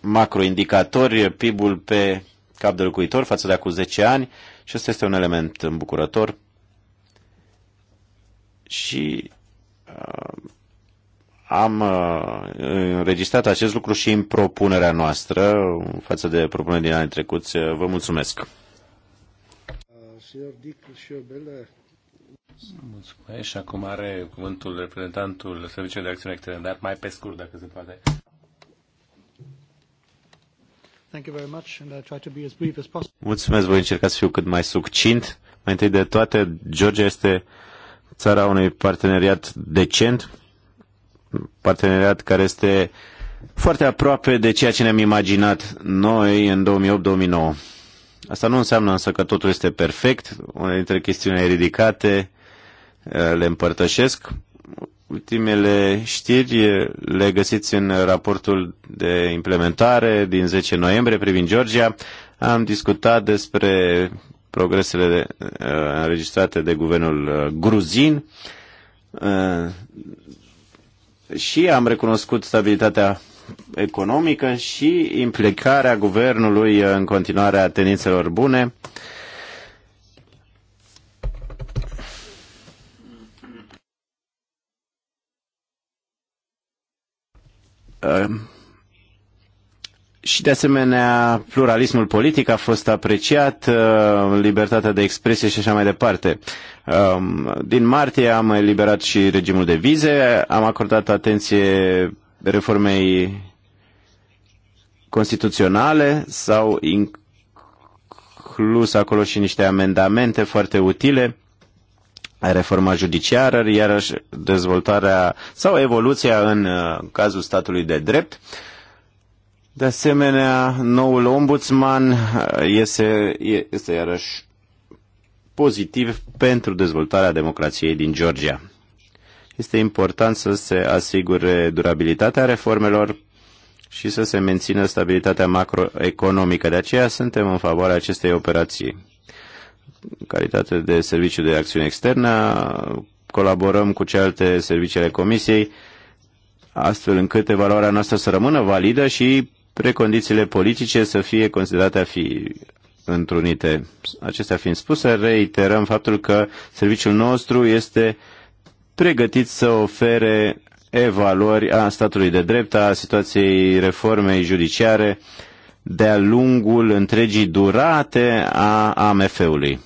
S4: macroindicatori, PIB-ul pe cap de locuitor față de acum 10 ani și ăsta este un element îmbucurător și uh, am uh, înregistrat acest lucru și în propunerea noastră față de propunerea din anii trecuți. Vă mulțumesc!
S1: Uh, Mulțumesc. Și acum are
S2: cuvântul reprezentantul Serviciului de Acțiune Externă, dar mai pe scurt, dacă se poate.
S4: Mulțumesc, voi încerca să fiu cât mai succint. Mai întâi de toate, Georgia este țara unui parteneriat decent, parteneriat care este foarte aproape de ceea ce ne-am imaginat noi în 2008-2009. Asta nu înseamnă însă că totul este perfect, unele dintre chestiunile ridicate le împărtășesc. Ultimele știri le găsiți în raportul de implementare din 10 noiembrie privind Georgia. Am discutat despre progresele uh, înregistrate de guvernul uh, gruzin uh, și am recunoscut stabilitatea economică și implicarea guvernului în continuarea tenințelor bune Ehm, și de asemenea pluralismul politic a fost apreciat, ehm, libertatea de expresie și așa mai departe. Ehm, din martie am eliberat și regimul de vize, am acordat atenție reformei constituționale, s-au inclus acolo și niște amendamente foarte utile reforma judiciară, iarăși dezvoltarea sau evoluția în uh, cazul statului de drept. De asemenea, noul ombudsman uh, este, este iarăși pozitiv pentru dezvoltarea democrației din Georgia. Este important să se asigure durabilitatea reformelor și să se mențină stabilitatea macroeconomică. De aceea suntem în favoarea acestei operații calitate de serviciu de acțiune externă, colaborăm cu celelalte servicii ale Comisiei, astfel încât evaluarea noastră să rămână validă și precondițiile politice să fie considerate a fi întrunite. Acestea fiind spuse, reiterăm faptul că serviciul nostru este pregătit să ofere evaluări a statului de drept, a situației reformei judiciare, de-a lungul întregii durate a AMF-ului.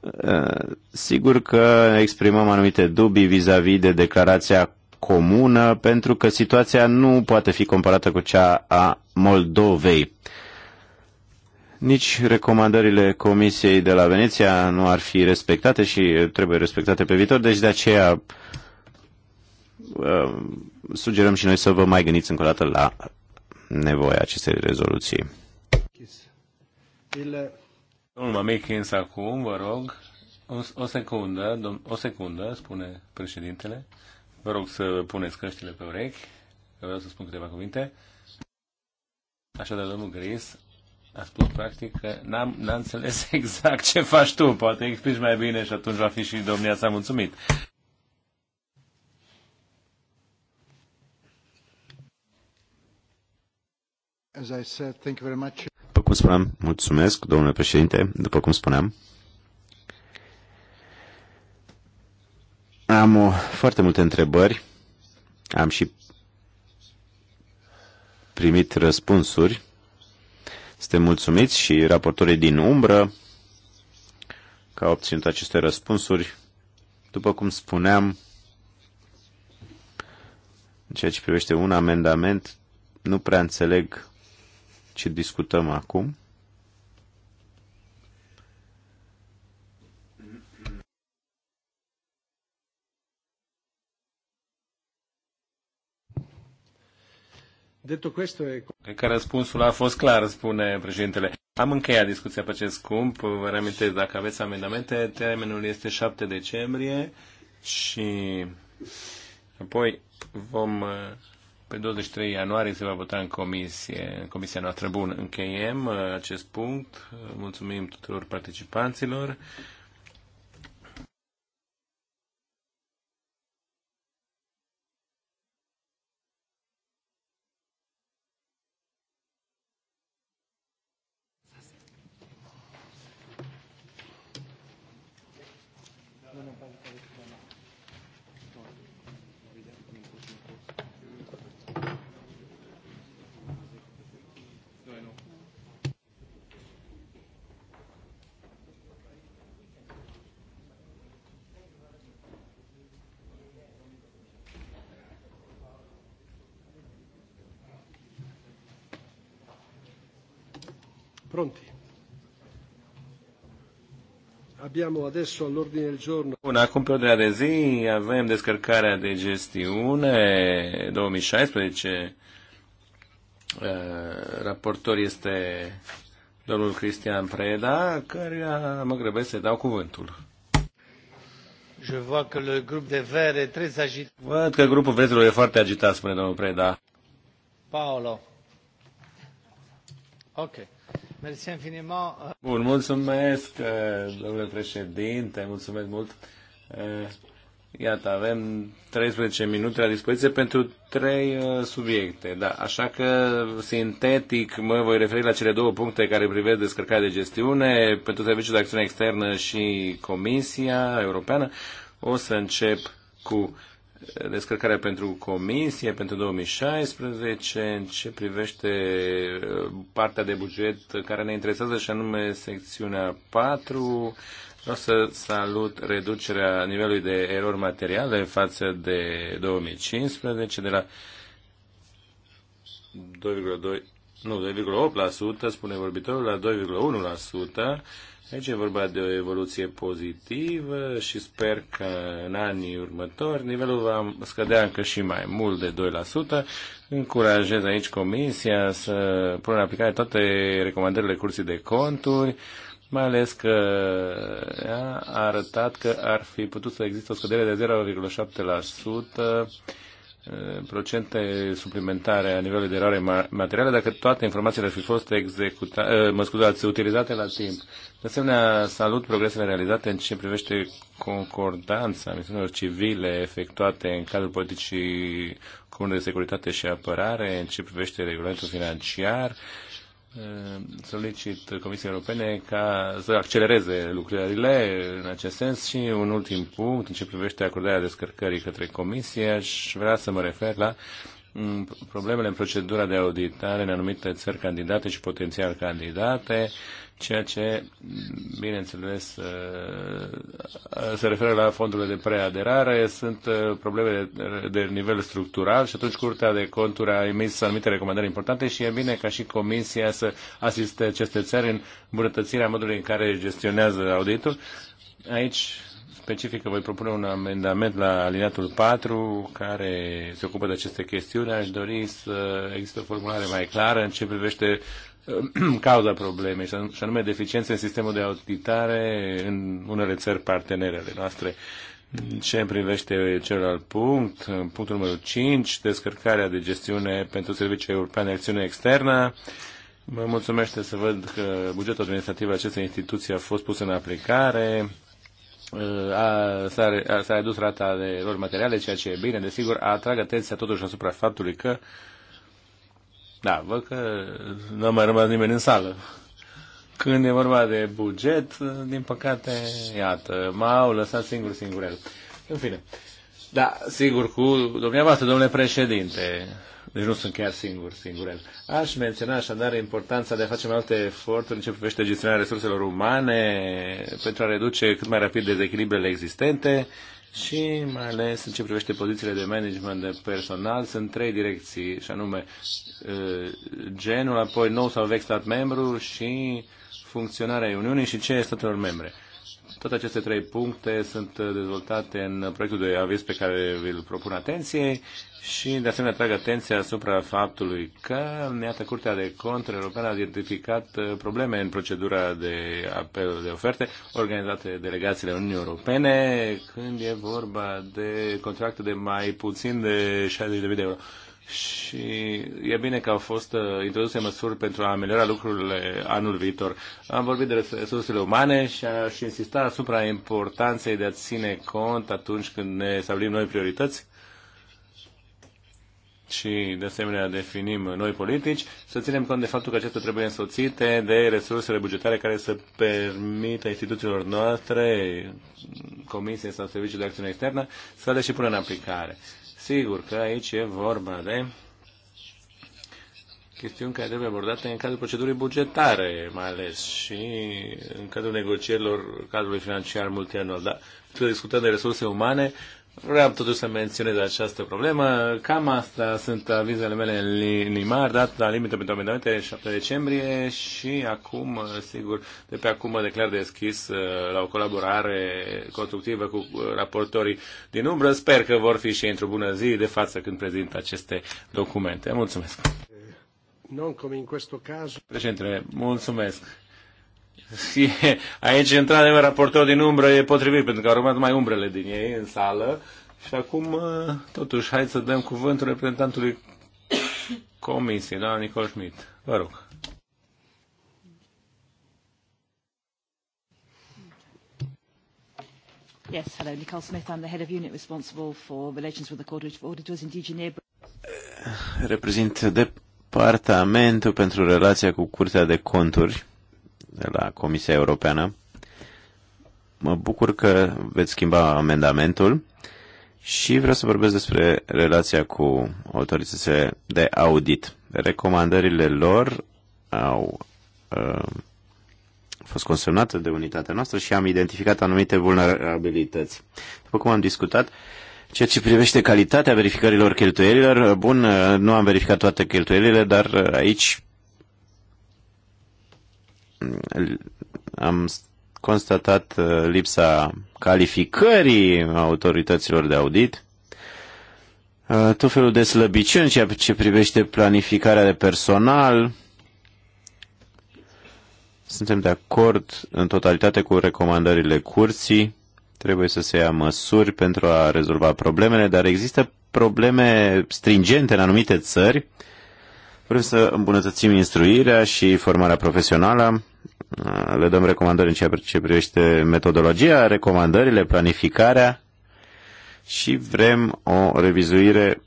S4: Uh, sigur că exprimăm anumite dubii vis-a-vis -vis de declarația comună, pentru că situația nu poate fi comparată cu cea a Moldovei. Nici recomandările Comisiei de la Veneția nu ar fi respectate și trebuie respectate pe viitor, deci de aceea uh, sugerăm și noi să vă mai gândiți încă o dată la nevoia acestei rezoluții.
S2: Domnul Mamichins, acum, vă rog, o, o secundă, o secundă, spune președintele. Vă rog să puneți căștile pe urechi. Vreau să spun câteva cuvinte. Așadar, domnul Gris a spus practic că n-am, n-am înțeles [LAUGHS] exact ce faci tu. Poate explici mai bine și atunci va fi și domnia s-a mulțumit.
S4: După cum spuneam, mulțumesc, domnule președinte, după cum spuneam, am o, foarte multe întrebări, am și primit răspunsuri, suntem mulțumiți și raportorii din umbră că au obținut aceste răspunsuri. După cum spuneam, în ceea ce privește un amendament, nu prea înțeleg ce discutăm acum.
S1: Detto questo
S2: Cred că răspunsul a fost clar, spune președintele. Am încheiat discuția pe acest scump. Vă reamintesc, dacă aveți amendamente, termenul este 7 decembrie și apoi vom pe 23 ianuarie se va vota în comisie, în comisia noastră. Bun, încheiem uh, acest punct. Mulțumim tuturor participanților.
S1: Abbiamo adesso all'ordine del giorno. Una
S2: compionea de zi avem descărcarea de gestiune 2016. Uh, raportor este domnul Cristian Preda, care uh, mă grăbesc să dau cuvântul. Je
S1: vois que le grup de vert très agit.
S2: Văd că grupul verzilor e foarte agitat, spune domnul Preda.
S1: Paolo. Okay. Uh.
S2: Bun, mulțumesc, uh, domnule președinte, mulțumesc mult. Uh, iată, avem 13 minute la dispoziție pentru trei subiecte, da, așa că sintetic mă voi referi la cele două puncte care privesc descărcarea de gestiune pentru Serviciul de Acțiune Externă și Comisia Europeană. O să încep cu descărcarea pentru comisie pentru 2016 în ce privește uh, partea de buget care ne interesează și anume secțiunea 4. Vreau să salut reducerea nivelului de erori materiale față de 2015 de la 2,2 nu, 2,8%, spune vorbitorul, la 2,1%. Aici e vorba de o evoluție pozitivă și sper că în anii următori nivelul va scădea încă și mai mult de 2%. Încurajez aici Comisia să pună în aplicare toate recomandările Curții de Conturi, mai ales că a arătat că ar fi putut să existe o scădere de 0,7% Uh, procente suplimentare a nivelului de eroare materială dacă toate informațiile ar fi fost executate, uh, mă scuzați, utilizate la timp. De asemenea, salut progresele realizate în ce privește concordanța misiunilor civile efectuate în cadrul politicii comune de securitate și apărare, în ce privește regulamentul financiar, Eh, solicit Comisiei Europene ca să accelereze lucrările în acest sens și un ultim punct în ce privește acordarea descărcării către Comisie, aș vrea să mă refer la mm, problemele în procedura de auditare în anumite țări candidate și potențial candidate ceea ce, bineînțeles, uh, uh, se referă la fondurile de preaderare, sunt uh, probleme de, de nivel structural și atunci Curtea de Conturi a emis anumite recomandări importante și e bine ca și Comisia să asiste aceste țări în îmbunătățirea modului în care gestionează auditul. Aici specific, voi propune un amendament la alineatul 4 care se ocupă de aceste chestiuni. Aș dori să există o formulare mai clară în ce privește [CLEARS THROAT] cauza problemei, și anume deficiențe în sistemul de auditare în unele țări partenerele noastre. Ce privește celălalt punct, punctul numărul 5, descărcarea de gestiune pentru Serviciul European de Acțiune Externă. Mă mulțumește să văd că bugetul administrativ acestei instituții a fost pus în aplicare, s-a redus rata de erori materiale, ceea ce e bine, desigur, atrag atenția totuși asupra faptului că uh, da, văd că nu a mai rămas nimeni în sală. Când e vorba de buget, din păcate, iată, m-au lăsat singur, el. În fine. Da, sigur, cu dumneavoastră, domnule președinte, deci nu sunt chiar singur, el. Aș menționa așadar importanța de a face mai multe eforturi în ce privește gestionarea resurselor umane pentru a reduce cât mai rapid dezechilibrele existente și mai ales în ce privește pozițiile de management de personal, sunt trei direcții, și anume genul, apoi nou sau vechi stat membru și funcționarea Uniunii și ce statelor membre. Toate aceste trei puncte sunt dezvoltate în proiectul de aviz pe care vi-l propun atenției și, de asemenea, trag atenția asupra faptului că, iată, Curtea de Conturi Europeană a identificat uh, probleme în procedura de apel de oferte organizate de delegațiile Uniunii Europene când e vorba de contracte de mai puțin de 60.000 de euro și e bine că au fost uh, introduse măsuri pentru a ameliora lucrurile anul viitor. Am vorbit de resursele umane și aș insista asupra importanței de a ține cont atunci când ne stabilim noi priorități și, de asemenea, definim noi politici, să ținem cont de faptul că acestea trebuie însoțite de resursele bugetare care să permită instituțiilor noastre, comisie sau serviciul de acțiune externă, să le și pună în aplicare. Sigur că aici e vorba de chestiuni care trebuie abordate în cadrul procedurii bugetare, mai ales, și în cadrul negocierilor cadrului financiar multianual. Dar când discutăm de resurse umane, vreau totuși să menționez această problemă. Cam asta sunt avizele mele în limar, la limită pentru amendamente 7 decembrie și acum, sigur, de pe acum mă declar deschis uh, la o colaborare constructivă cu uh, raportorii din umbră. Sper că vor fi și într-o bună zi de față când prezint aceste documente. Mulțumesc! Eh,
S1: non, in
S2: Președinte, mulțumesc! aici, într-adevăr, raportor din umbră e potrivit, pentru că au rămas mai umbrele din ei în sală. Și acum, uh, totuși, hai să dăm cuvântul reprezentantului comisiei, doamna Nicol Schmidt. Vă rog.
S1: Yes, hello, Nicole Smith. I'm the head of unit responsible for relations with the Court of Auditors in DG Neighbor.
S4: Reprezint departamentul pentru relația cu Curtea de Conturi de la Comisia Europeană. Mă bucur că veți schimba amendamentul și vreau să vorbesc despre relația cu autoritățile de audit. Recomandările lor au uh, fost consemnate de unitatea noastră și am identificat anumite vulnerabilități. După cum am discutat, ceea ce privește calitatea verificărilor cheltuielilor, bun, uh, nu am verificat toate cheltuielile, dar uh, aici am constatat uh, lipsa calificării autorităților de audit, uh, tot felul de slăbiciuni ceea ce privește planificarea de personal. Suntem de acord în totalitate cu recomandările curții. Trebuie să se ia măsuri pentru a rezolva problemele, dar există probleme stringente în anumite țări. Vrem să îmbunătățim instruirea și formarea profesională Ah, le dăm recomandări în ceea ce privește metodologia, recomandările, planificarea și vrem o revizuire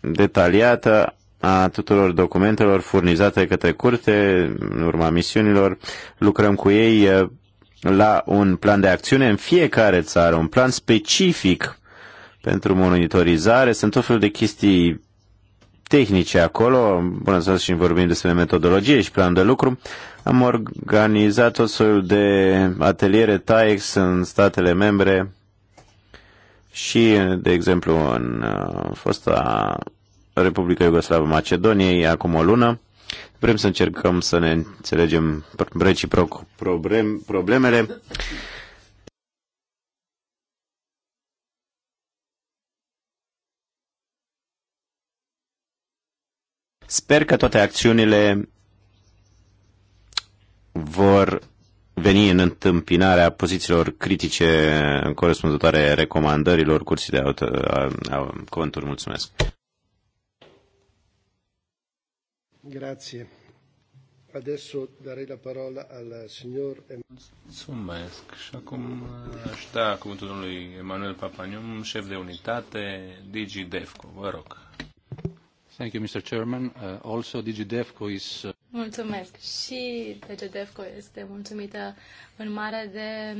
S4: detaliată a tuturor documentelor furnizate către curte în urma misiunilor. Lucrăm cu ei eh, la un plan de acțiune în fiecare țară, un plan specific pentru monitorizare. Sunt tot felul de chestii tehnice acolo, bună ziua și vorbim despre metodologie și plan de lucru. Am organizat o soiul de ateliere TAEX în statele membre și, de exemplu, în uh, fosta Republica Iugoslavă Macedoniei, acum o lună. Vrem să încercăm să ne înțelegem reciproc problem, problemele. Sper că toate acțiunile vor veni în întâmpinarea pozițiilor critice corespunzătoare recomandărilor curții de auto, a, a, conturi. Mulțumesc.
S1: Grazie. Adesso darei la parola al signor Mulțumesc. Și acum uh, aș
S2: da cuvântul domnului Emanuel Papaniu, șef de unitate DigiDevco. Vă rog.
S1: Uh, uh,
S3: Mulțumesc. Și DigiDefco este mulțumită în mare de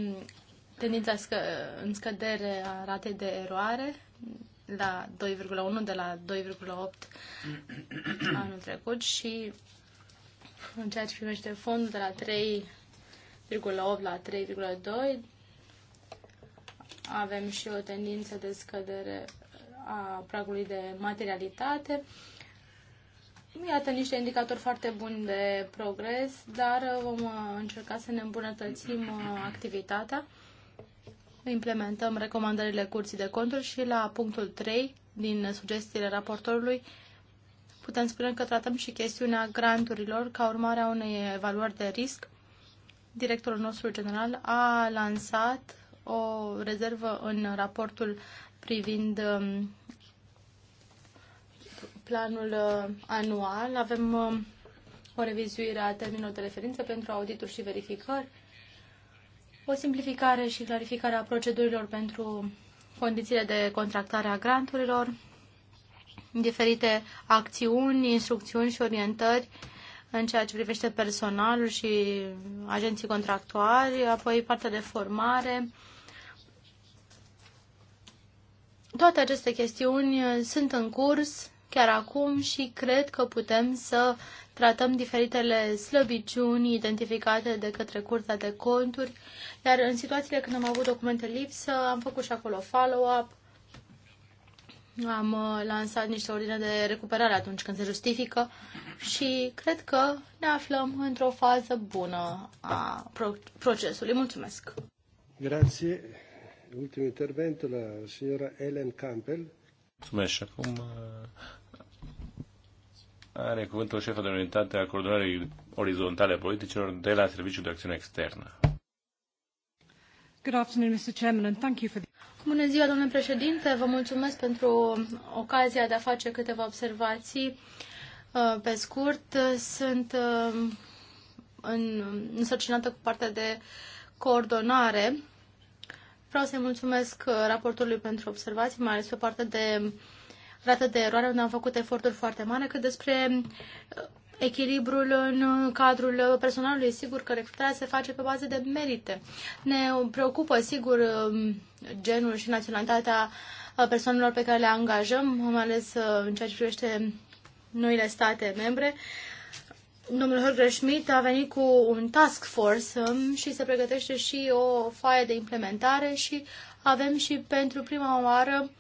S3: tendința scă în scădere a ratei de eroare la 2,1 de la 2,8 [COUGHS] anul trecut și în ceea ce primește fondul de la 3,8 la 3,2 avem și o tendință de scădere a pragului de materialitate. Iată niște indicatori foarte buni de progres, dar uh, vom uh, încerca să ne îmbunătățim uh, activitatea. Implementăm recomandările Curții de Conturi și la punctul 3 din sugestiile raportorului putem spune că tratăm și chestiunea granturilor ca urmare a unei evaluări de risc. Directorul nostru general a lansat o rezervă în raportul privind um, planul uh, anual. Avem um, o revizuire a termenilor de referință pentru audituri și verificări, o simplificare și clarificare a procedurilor pentru condițiile de contractare a granturilor, diferite acțiuni, instrucțiuni și orientări în ceea ce privește personalul și agenții contractuali, apoi partea de formare, toate aceste chestiuni uh, sunt în curs chiar acum și cred că putem să tratăm diferitele slăbiciuni identificate de către Curtea de Conturi, iar în situațiile când am avut documente lipsă, am făcut și acolo follow-up, am uh, lansat niște ordine de recuperare atunci când se justifică și cred că ne aflăm într-o fază bună a procesului. Mulțumesc!
S1: Grazie ultimul intervent la signora Ellen Campbell.
S2: Mulțumesc. Și acum uh, are cuvântul șefa de unitate a coordonării orizontale a politicilor de la Serviciul de Acțiune Externă.
S3: Good afternoon, Mr. Chairman, and thank you for the... Bună ziua, domnule președinte. Vă mulțumesc pentru ocazia de a face câteva observații. Uh, pe scurt, sunt uh, însărcinată cu partea de coordonare Vreau să-i mulțumesc uh, raportului pentru observații, mai ales pe partea de rată de eroare, unde am făcut eforturi foarte mari, cât despre uh, echilibrul în cadrul personalului. Sigur că recrutarea se face pe bază de merite. Ne preocupă, sigur, um, genul și naționalitatea uh, persoanelor pe care le angajăm, mai ales în ceea ce privește noile state membre. Domnul Holger Schmidt a venit cu un task force um, și se pregătește și o foaie de implementare și avem și pentru prima oară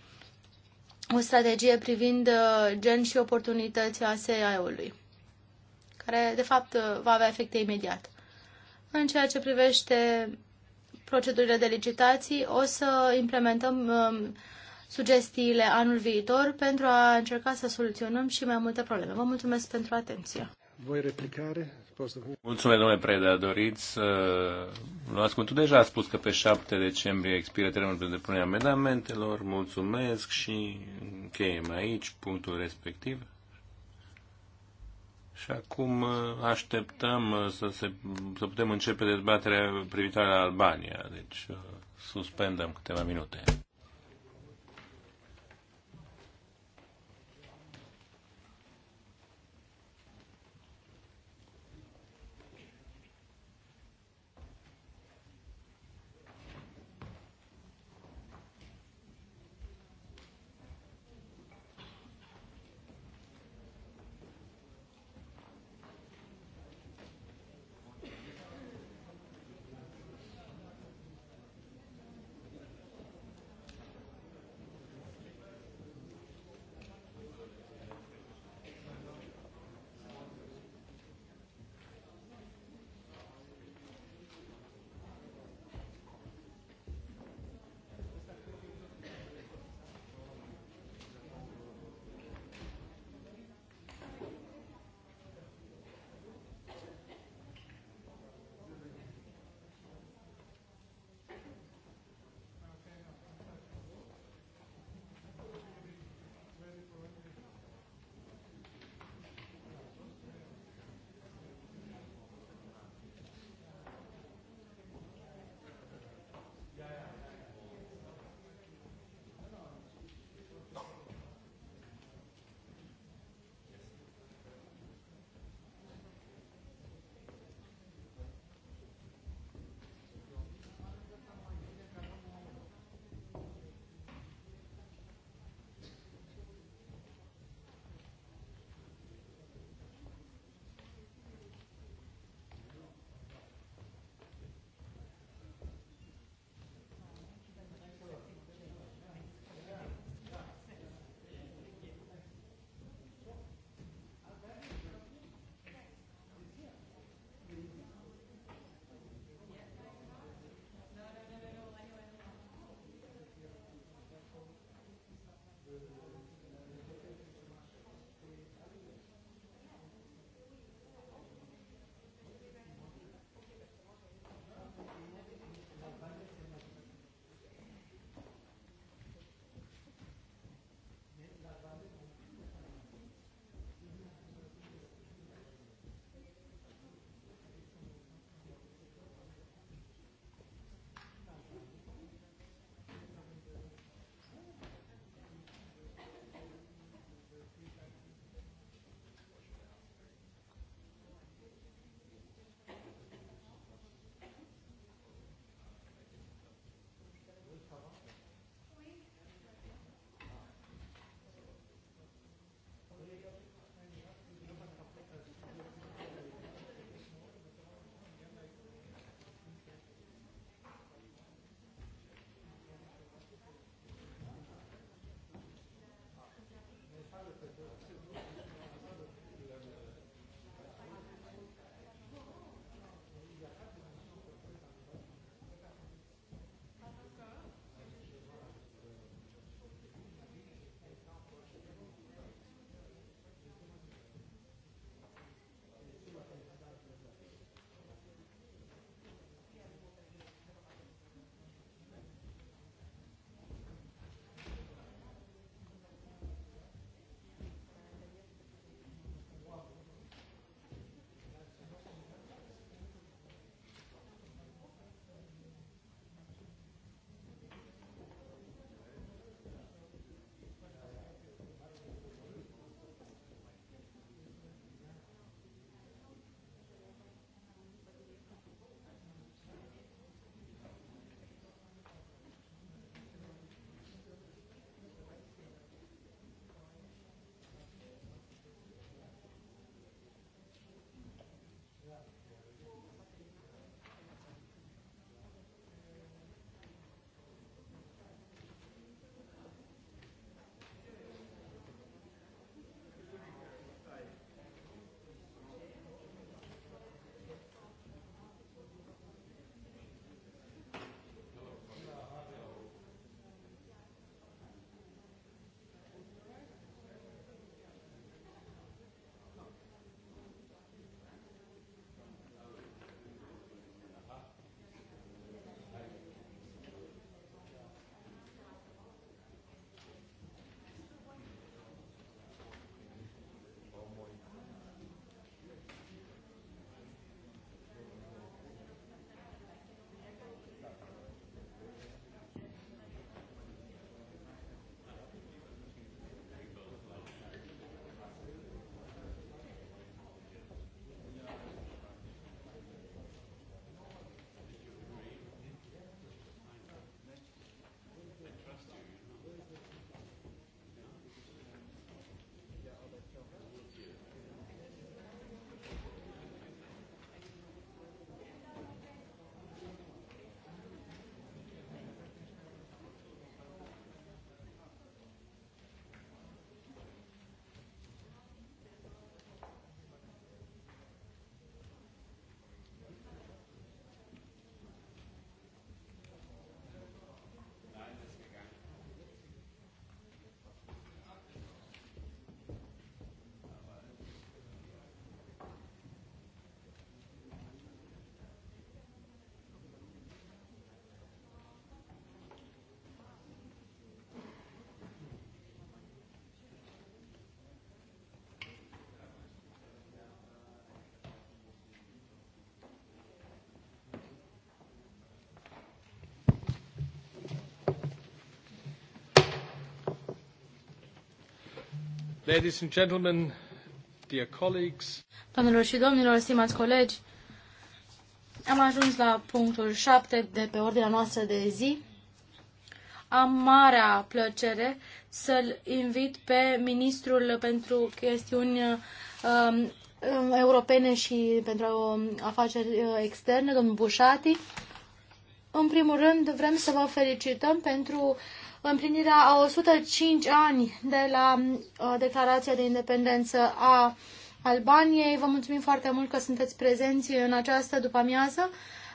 S3: o strategie privind uh, gen și oportunități a SEA-ului, care de fapt uh, va avea efecte imediat. În ceea ce privește procedurile de licitații, o să implementăm um, sugestiile anul viitor pentru a încerca să soluționăm și mai multe probleme. Vă mulțumesc pentru atenție.
S1: Voi replicare?
S2: Mulțumesc, domnule Preda. Doriți să luați cuvântul. Deja a spus că pe 7 decembrie expiră termenul pentru depunerea amendamentelor. Mulțumesc și încheiem aici punctul respectiv. Și acum uh, așteptăm uh, să, se, să putem începe dezbaterea privitoare la Albania. Deci uh, suspendăm câteva minute.
S1: Ladies and gentlemen, dear colleagues.
S3: Doamnelor și domnilor, stimați colegi, am ajuns la punctul 7 de pe ordinea noastră de zi. Am marea plăcere să-l invit pe ministrul pentru chestiuni um, um europene și pentru um, afaceri uh, externe, domnul Bușati. În primul rând, vrem să vă felicităm pentru uh, împlinirea a 105 ani de la uh, Declarația de Independență a Albaniei. Vă mulțumim foarte mult că sunteți prezenți în această după-amiază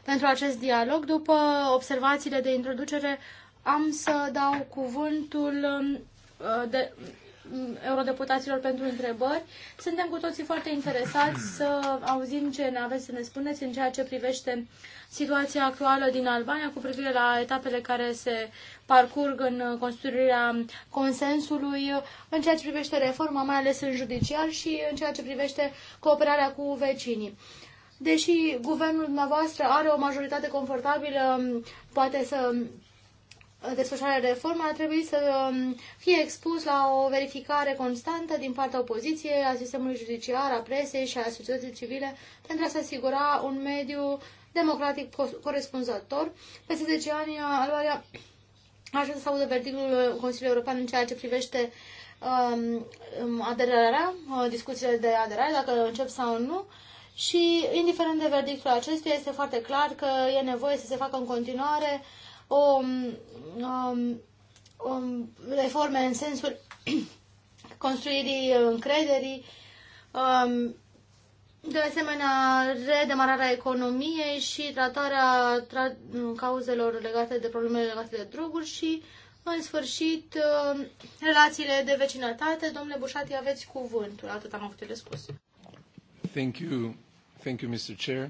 S3: pentru acest dialog. După observațiile de introducere, am să dau cuvântul uh, de, Mm, eurodeputaților pentru întrebări. Suntem cu toții foarte interesați să auzim ce ne aveți să ne spuneți în ceea ce privește situația actuală din Albania cu privire la etapele care se parcurg în construirea consensului, în ceea ce privește reforma, mai ales în judiciar și în ceea ce privește cooperarea cu vecinii deși guvernul dumneavoastră are o majoritate confortabilă, poate să desfășurarea reforme ar trebui să um, fie expus la o verificare constantă din partea opoziției, a sistemului judiciar, a presei și a societății civile pentru a se asigura un mediu democratic corespunzător. Peste 10 ani, uh, Albania așteaptă să audă verdictul uh, Consiliului European în ceea ce privește um, um aderarea, uh, discuțiile de aderare, dacă încep sau nu. Și, indiferent de verdictul acestuia, este foarte clar că e nevoie să se facă în continuare uh, o, um, o um, reforme în sensul [CLEARS THROAT] construirii încrederii, um, de asemenea redemararea economiei și tratarea tra- cauzelor legate de problemele legate de droguri și, în sfârșit, um, relațiile de vecinătate. Domnule Bușati, aveți cuvântul. Atât am avut de spus.
S1: Thank you. Thank you, Mr. Chair.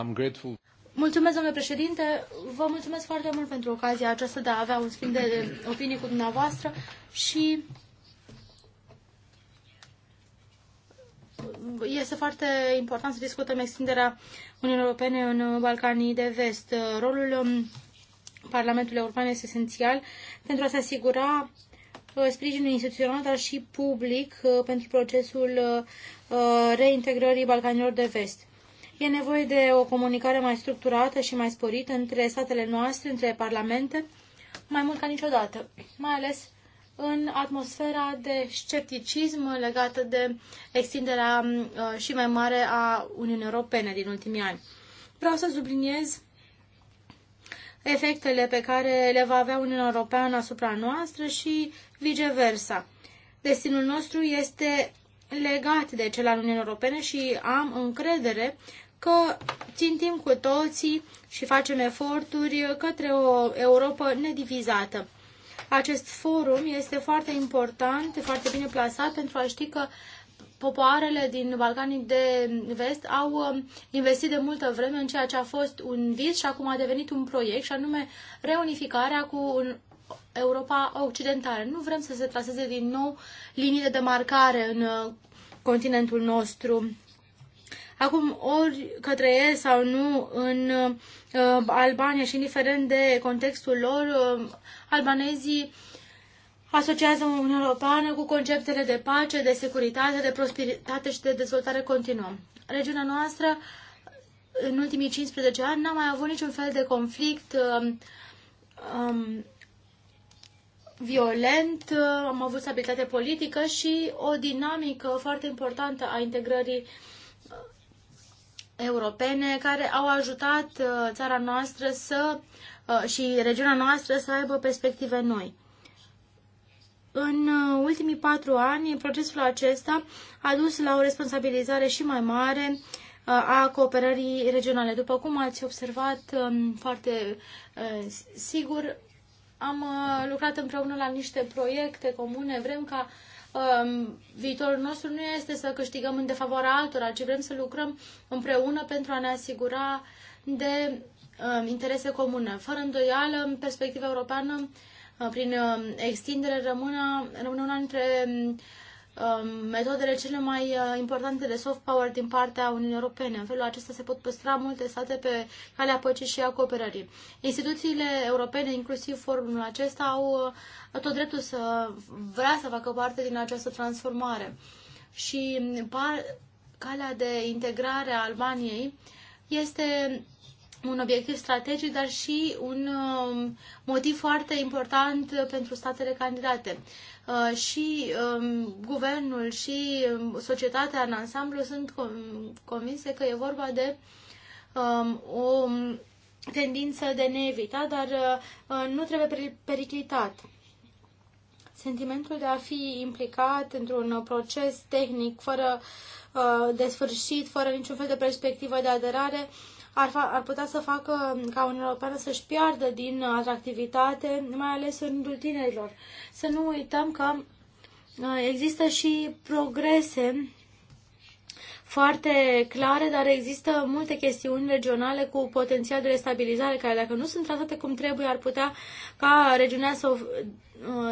S1: I'm grateful.
S3: Mulțumesc, domnule președinte. Vă mulțumesc foarte mult pentru ocazia aceasta de a avea un schimb de opinii cu dumneavoastră și este foarte important să discutăm extinderea Uniunii Europene în Balcanii de Vest. Rolul um, Parlamentului European este esențial pentru a se asigura uh, sprijinul instituțional, dar și public uh, pentru procesul uh, reintegrării Balcanilor de Vest. E nevoie de o comunicare mai structurată și mai sporită între statele noastre, între parlamente, mai mult ca niciodată, mai ales în atmosfera de scepticism legată de extinderea uh, și mai mare a Uniunii Europene din ultimii ani. Vreau să subliniez efectele pe care le va avea Uniunea Europeană asupra noastră și viceversa. Destinul nostru este legat de cel al Uniunii Europene și am încredere că țintim cu toții și facem eforturi către o Europa nedivizată. Acest forum este foarte important, foarte bine plasat pentru a ști că popoarele din Balcanii de vest au um, investit de multă vreme în ceea ce a fost un vis și acum a devenit un proiect și anume reunificarea cu un Europa Occidentală. Nu vrem să se traseze din nou linii de demarcare în uh, continentul nostru Acum, ori către el sau nu în uh, Albania și indiferent de contextul lor, uh, albanezii asociază Uniunea Europeană cu conceptele de pace, de securitate, de prosperitate și de dezvoltare continuă. Regiunea noastră, în ultimii 15 ani, n-a mai avut niciun fel de conflict uh, um, violent, uh, am avut stabilitate politică și o dinamică foarte importantă a integrării europene care au ajutat uh, țara noastră să uh, și regiunea noastră să aibă perspective noi. În uh, ultimii patru ani, procesul acesta a dus la o responsabilizare și mai mare a cooperării regionale. După cum ați observat um, foarte sigur, am lucrat împreună la niște proiecte comune. Vrem ca um, viitorul nostru nu este să câștigăm în defavoarea altora, ci vrem să lucrăm împreună pentru a ne asigura de um, interese comune. Fără îndoială, în perspectiva europeană, uh, prin um, extindere, rămâne, una dintre um, Um, metodele cele mai uh, importante de soft power din partea Uniunii Europene. În felul acesta se pot păstra multe state pe calea păcii și a cooperării. Instituțiile europene, inclusiv forumul acesta, au uh, tot dreptul să vrea să facă parte din această transformare. Și calea de integrare a Albaniei este un obiectiv strategic, dar și un um, motiv foarte important pentru statele candidate. Uh, și um, guvernul și um, societatea în ansamblu sunt convinse că e vorba de o tendință de neevitat, dar uh, uh, nu trebuie periclitat. Sentimentul de a fi implicat într-un proces tehnic fără de sfârșit, fără niciun fel de perspectivă de aderare, uh, ar, fa- ar putea să facă ca Uniunea Europeană să-și piardă din atractivitate, mai ales în rândul tinerilor. Să nu uităm că uh, există și progrese foarte clare, dar există multe chestiuni regionale cu potențial de restabilizare care, dacă nu sunt tratate cum trebuie, ar putea ca regiunea să uh,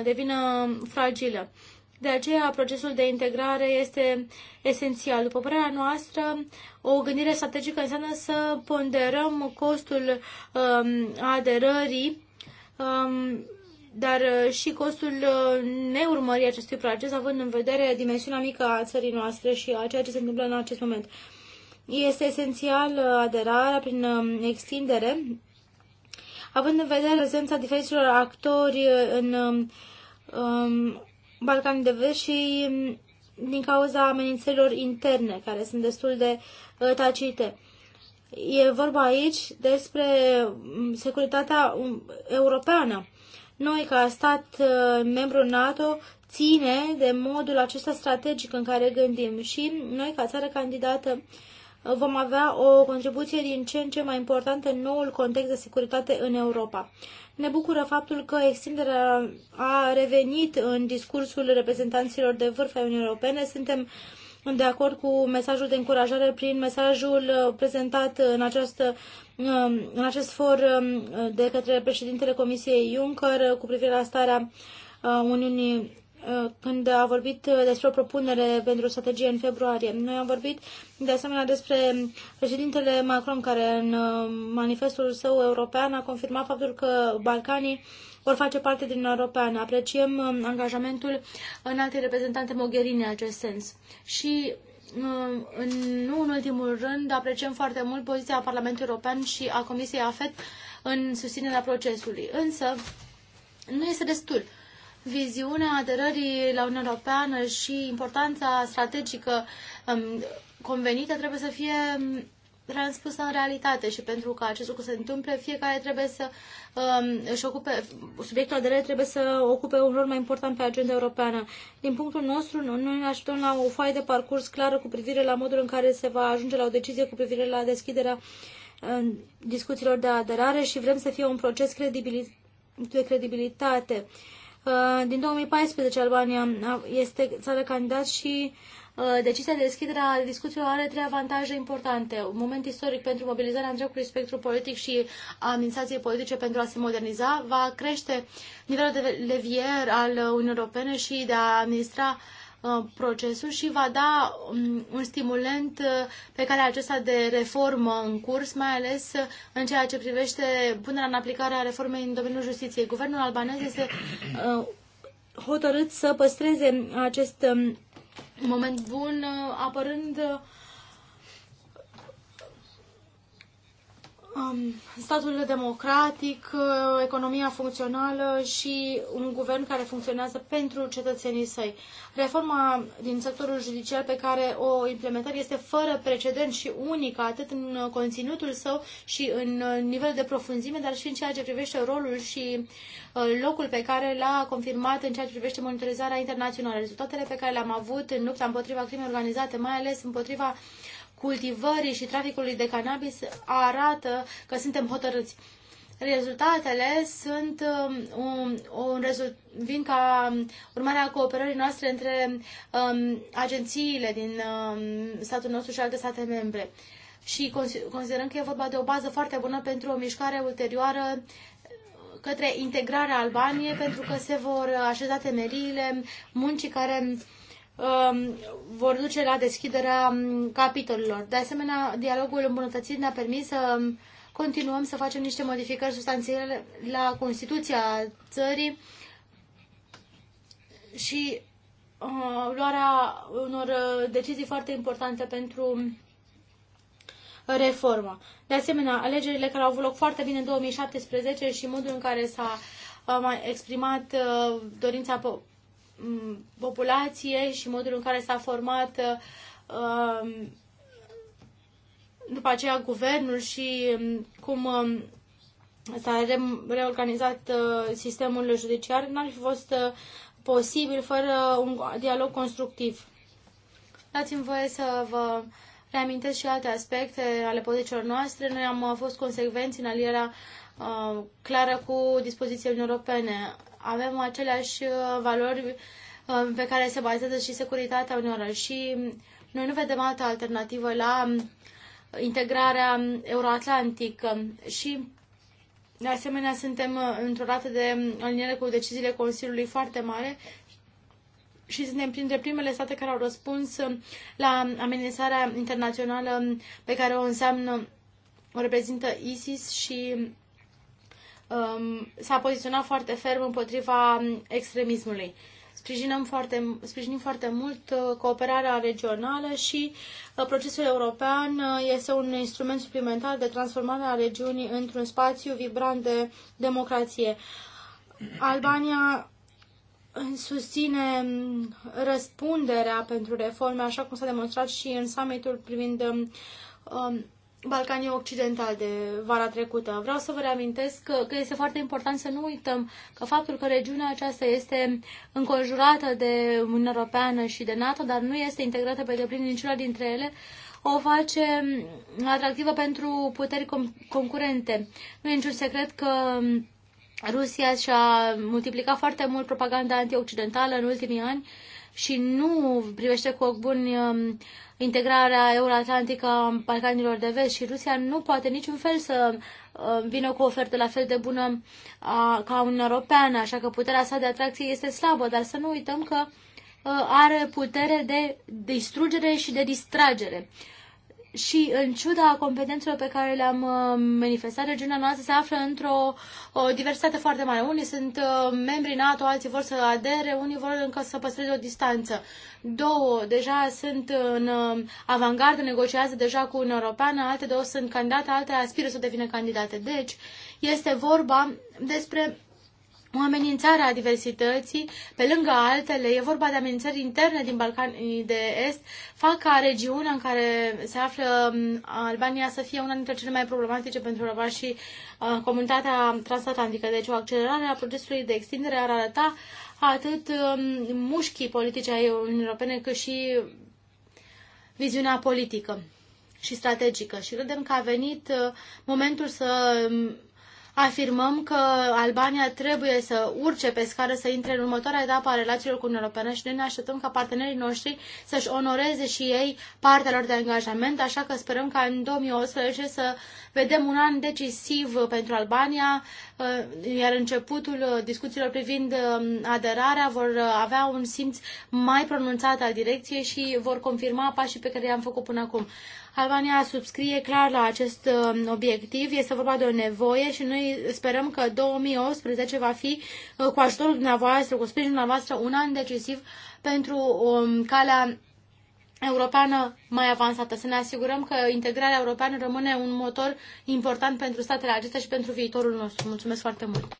S3: devină fragilă. De aceea, procesul de integrare este esențial. După părerea noastră, o gândire strategică înseamnă să ponderăm costul um, aderării, um, dar uh, și costul uh, neurmării acestui proces, având în vedere dimensiunea mică a țării noastre și a ceea ce se întâmplă în acest moment. Este esențial uh, aderarea prin um, extindere, având în vedere prezența diferiților actori în um, um Balcanii de Vest și mm, din cauza amenințărilor interne, care sunt destul de uh, tacite. E vorba aici despre mm, securitatea mm, europeană. Noi, ca stat uh, membru NATO, ține de modul acesta strategic în care gândim și noi, ca țară candidată, vom avea o contribuție din ce în ce mai importantă în noul context de securitate în Europa. Ne bucură faptul că extinderea a revenit în discursul reprezentanților de vârf ai Uniunii Europene. Suntem de acord cu mesajul de încurajare prin mesajul prezentat în, această, în acest for de către președintele Comisiei Juncker cu privire la starea uh, Uniunii Uh, când a vorbit uh, despre o propunere pentru o strategie în februarie. Noi am vorbit de asemenea despre președintele Macron, care în uh, manifestul său european a confirmat faptul că Balcanii vor face parte din European. Apreciem um, angajamentul în alte reprezentante Mogherini în acest sens. Și în, nu în ultimul rând, apreciem foarte mult poziția Parlamentului European și a Comisiei AFET în susținerea procesului. Însă, nu este destul. Uh, viziunea aderării la Uniunea Europeană și importanța strategică um, convenită trebuie să fie um, transpusă în realitate și pentru ca acest lucru să se întâmple, fiecare trebuie să um, își ocupe, subiectul aderării trebuie să ocupe un rol mai important pe agenda europeană. Din punctul nostru, noi ne așteptăm la o foaie de parcurs clară cu privire la modul în care se va ajunge la o decizie cu privire la deschiderea um, discuțiilor de aderare și vrem să fie un proces credibil, de credibilitate. Uh, Uh, din 2014 Albania este țară candidat și uh, decizia de deschidere a discuțiilor are trei avantaje importante. Un moment istoric pentru mobilizarea întregului spectru politic și administrației politice pentru a se moderniza va crește nivelul de levier al Uniunii Europene și de a administra uh, Uh, procesul și va da um, un stimulent uh, pe care acesta de reformă în curs, mai ales uh, în ceea ce privește punerea în aplicare a reformei în domeniul justiției. Guvernul albanez este hotărât să păstreze acest um, moment bun, apărând statul democratic, uh, economia funcțională și un guvern care funcționează pentru cetățenii săi. Reforma din sectorul judiciar pe care o implementare este fără precedent și unică atât în conținutul său și în uh, nivel de profunzime, dar și în ceea ce privește rolul și uh, locul pe care l-a confirmat în ceea ce privește monitorizarea internațională. Rezultatele pe care le-am avut în lupta împotriva crimei organizate, mai ales împotriva uh, cultivării și traficului de cannabis arată că suntem hotărâți. Rezultatele sunt um, un, un rezult, vin ca urmare a cooperării noastre între um, agențiile din um, statul nostru și alte state membre. Și considerăm că e vorba de o bază foarte bună pentru o mișcare ulterioară către integrarea Albaniei, pentru că se vor așeza temeriile muncii care Um, vor duce la deschiderea um, capitolilor. De asemenea, dialogul îmbunătățit ne-a permis să um, continuăm să facem niște modificări substanțiale la Constituția țării și uh, luarea unor uh, decizii foarte importante pentru reformă. De asemenea, alegerile care au avut loc foarte bine în 2017 și modul în care s-a uh, exprimat uh, dorința populație și modul în care s-a format um, după aceea guvernul și um, cum um, s-a reorganizat uh, sistemul judiciar, n-ar fi fost uh, posibil fără un dialog constructiv. Dați-mi voie să vă reamintesc și alte aspecte ale politicilor noastre. Noi am uh, fost consecvenți în alierea clară cu dispozițiile europene avem aceleași uh, valori uh, pe care se bazează și securitatea unor Și noi nu vedem altă alternativă la um, integrarea um, euroatlantică și de asemenea suntem uh, într-o rată de um, aliniere cu deciziile Consiliului foarte mare și suntem printre primele state care au răspuns la amenințarea internațională pe care o înseamnă o reprezintă ISIS și um, s-a poziționat foarte ferm împotriva um, extremismului. Sprijinăm foarte, sprijinim foarte mult uh, cooperarea regională și uh, procesul european uh, este un instrument suplimentar de transformare a regiunii într-un spațiu vibrant de democrație. Albania susține um, răspunderea pentru reforme, așa cum s-a demonstrat și în summitul privind um, Balcanii Occidentali de vara trecută. Vreau să vă reamintesc că, că este foarte important să nu uităm că faptul că regiunea aceasta este înconjurată de Uniunea Europeană și de NATO, dar nu este integrată pe deplin niciuna dintre ele, o face atractivă pentru puteri concurente. Nu e niciun secret că Rusia și-a multiplicat foarte mult propaganda antioccidentală în ultimii ani și nu privește cu ochi buni um, integrarea euroatlantică a Balcanilor de Vest și Rusia nu poate niciun fel să um, vină cu o ofertă la fel de bună ca un european, așa că puterea sa de atracție este slabă, dar să nu uităm că uh, are putere de distrugere și de distragere și în ciuda competențelor pe care le-am uh, manifestat, regiunea noastră se află într-o o diversitate foarte mare. Unii sunt uh, membri NATO, alții vor să adere, unii vor încă să păstreze o distanță. Două deja sunt în uh, avangardă, negociază deja cu Uniunea Europeană, alte două sunt candidate, alte aspiră să devină candidate. Deci este vorba despre o amenințare a diversității, pe lângă altele, e vorba de amenințări interne din Balcanii de Est, fac ca regiunea în care se află um, Albania să fie una dintre cele mai problematice pentru Europa și uh, comunitatea transatlantică. Deci o accelerare a procesului de extindere ar arăta atât um, mușchii politice ai Uniunii Europene, cât și viziunea politică și strategică. Și credem că a venit uh, momentul să um, afirmăm că Albania trebuie să urce pe scară, să intre în următoarea etapă a relațiilor cu Uniunea Europeană și noi ne așteptăm ca partenerii noștri să-și onoreze și ei partea lor de angajament, așa că sperăm ca în 2018 să vedem un an decisiv pentru Albania, uh, iar începutul discuțiilor privind um, aderarea vor avea un simț mai pronunțat al direcției și vor confirma pașii pe care i-am făcut până acum. Albania subscrie clar la acest um, obiectiv. Este vorba de o nevoie și noi sperăm că 2018 va fi uh, cu ajutorul dumneavoastră, cu sprijinul dumneavoastră, un an decisiv pentru um, calea europeană mai avansată, să ne asigurăm că integrarea europeană rămâne un motor important pentru statele acestea și pentru viitorul nostru. Mulțumesc foarte mult!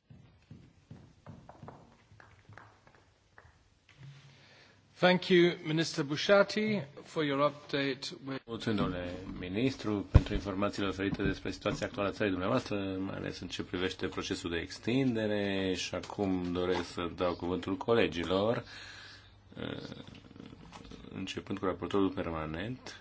S1: domnule
S2: ministru, pentru informațiile oferite despre situația actuală a țării dumneavoastră, mai ales în ce privește procesul de extindere și acum doresc să dau cuvântul colegilor, eh, începând cu raportorul permanent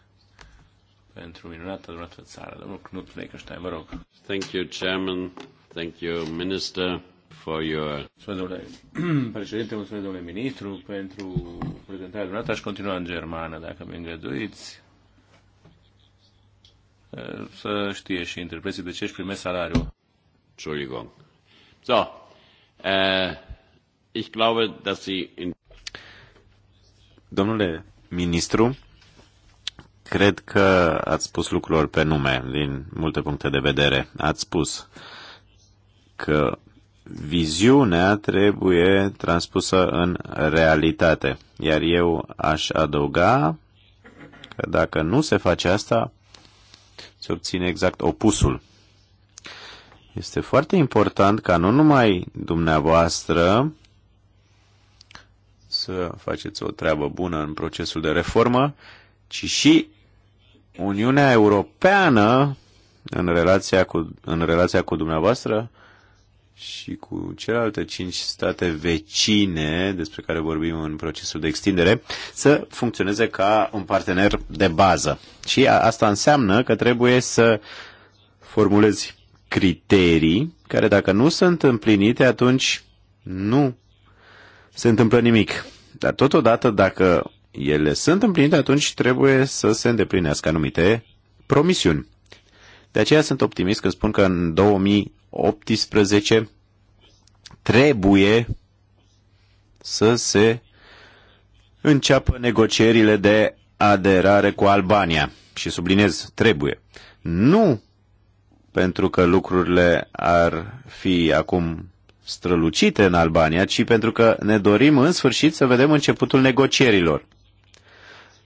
S2: pentru minunata dumneavoastră țară. Domnul Knut Fleckenstein, vă rog. Thank you, Chairman. Thank you, Minister for your... domnule [CLEARS THROAT] președinte, mulțumesc, domnule ministru, pentru prezentarea dumneavoastră. Aș continua în germană, dacă mi îngăduiți. Eh, să știe și interpreții de ce își primesc salariul.
S4: Entschuldigung. So, uh, ich glaube, dass Sie in... Domnule ministru, cred că ați spus lucrurilor pe nume din multe puncte de vedere. Ați spus că viziunea trebuie transpusă în realitate. Iar eu aș adăuga că dacă nu se face asta, se obține exact opusul. Este foarte important ca nu numai dumneavoastră să faceți o treabă bună în procesul de reformă, ci și Uniunea Europeană în relația cu, în relația cu dumneavoastră și cu celelalte cinci state vecine despre care vorbim în procesul de extindere să funcționeze ca un partener de bază. Și asta înseamnă că trebuie să formulezi criterii care dacă nu sunt împlinite, atunci nu se întâmplă nimic. Dar totodată, dacă ele sunt împlinite, atunci trebuie să se îndeplinească anumite promisiuni. De aceea sunt optimist că spun că în 2000 18 trebuie să se înceapă negocierile de aderare cu Albania. Și subliniez, trebuie. Nu pentru că lucrurile ar fi acum strălucite în Albania, ci pentru că ne dorim în sfârșit să vedem începutul negocierilor.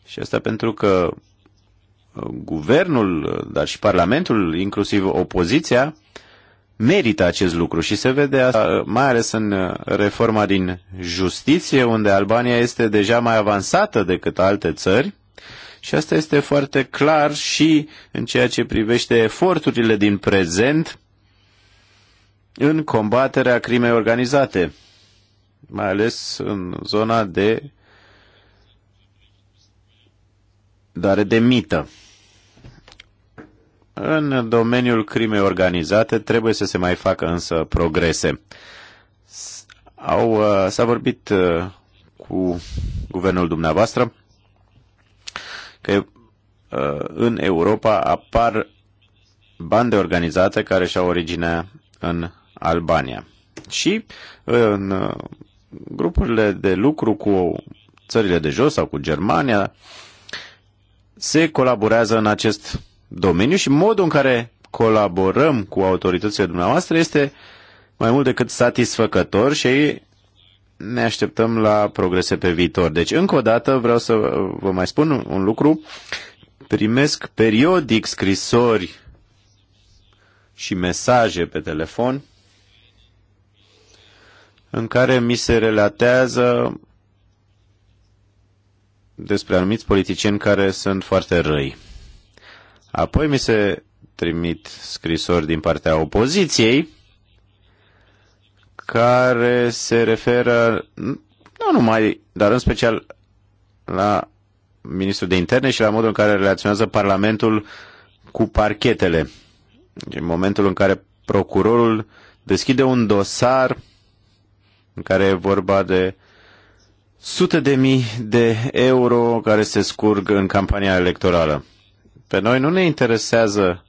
S4: Și asta pentru că guvernul, dar și parlamentul, inclusiv opoziția, merită acest lucru și se vede asta mai ales în uh, reforma din justiție, unde Albania este deja mai avansată decât alte țări și asta este foarte clar și în ceea ce privește eforturile din prezent în combaterea crimei organizate, mai ales în zona de dare de mită. În domeniul crimei organizate trebuie să se mai facă însă progrese. Au, uh, s-a vorbit uh, cu guvernul dumneavoastră că uh, în Europa apar bande organizate care și-au originea în Albania. Și în grupurile de lucru cu țările de jos sau cu Germania se colaborează în acest domeniu și modul în care colaborăm cu autoritățile dumneavoastră este mai mult decât satisfăcător și ne așteptăm la progrese pe viitor. Deci, încă o dată, vreau să vă mai spun un lucru. Primesc periodic scrisori și mesaje pe telefon în care mi se relatează despre anumiți politicieni care sunt foarte răi. Apoi mi se trimit scrisori din partea opoziției care se referă nu numai, dar în special la ministrul de interne și la modul în care relaționează Parlamentul cu parchetele. În momentul în care procurorul deschide un dosar în care e vorba de sute de mii de euro care se scurg în campania electorală. Pe noi nu ne interesează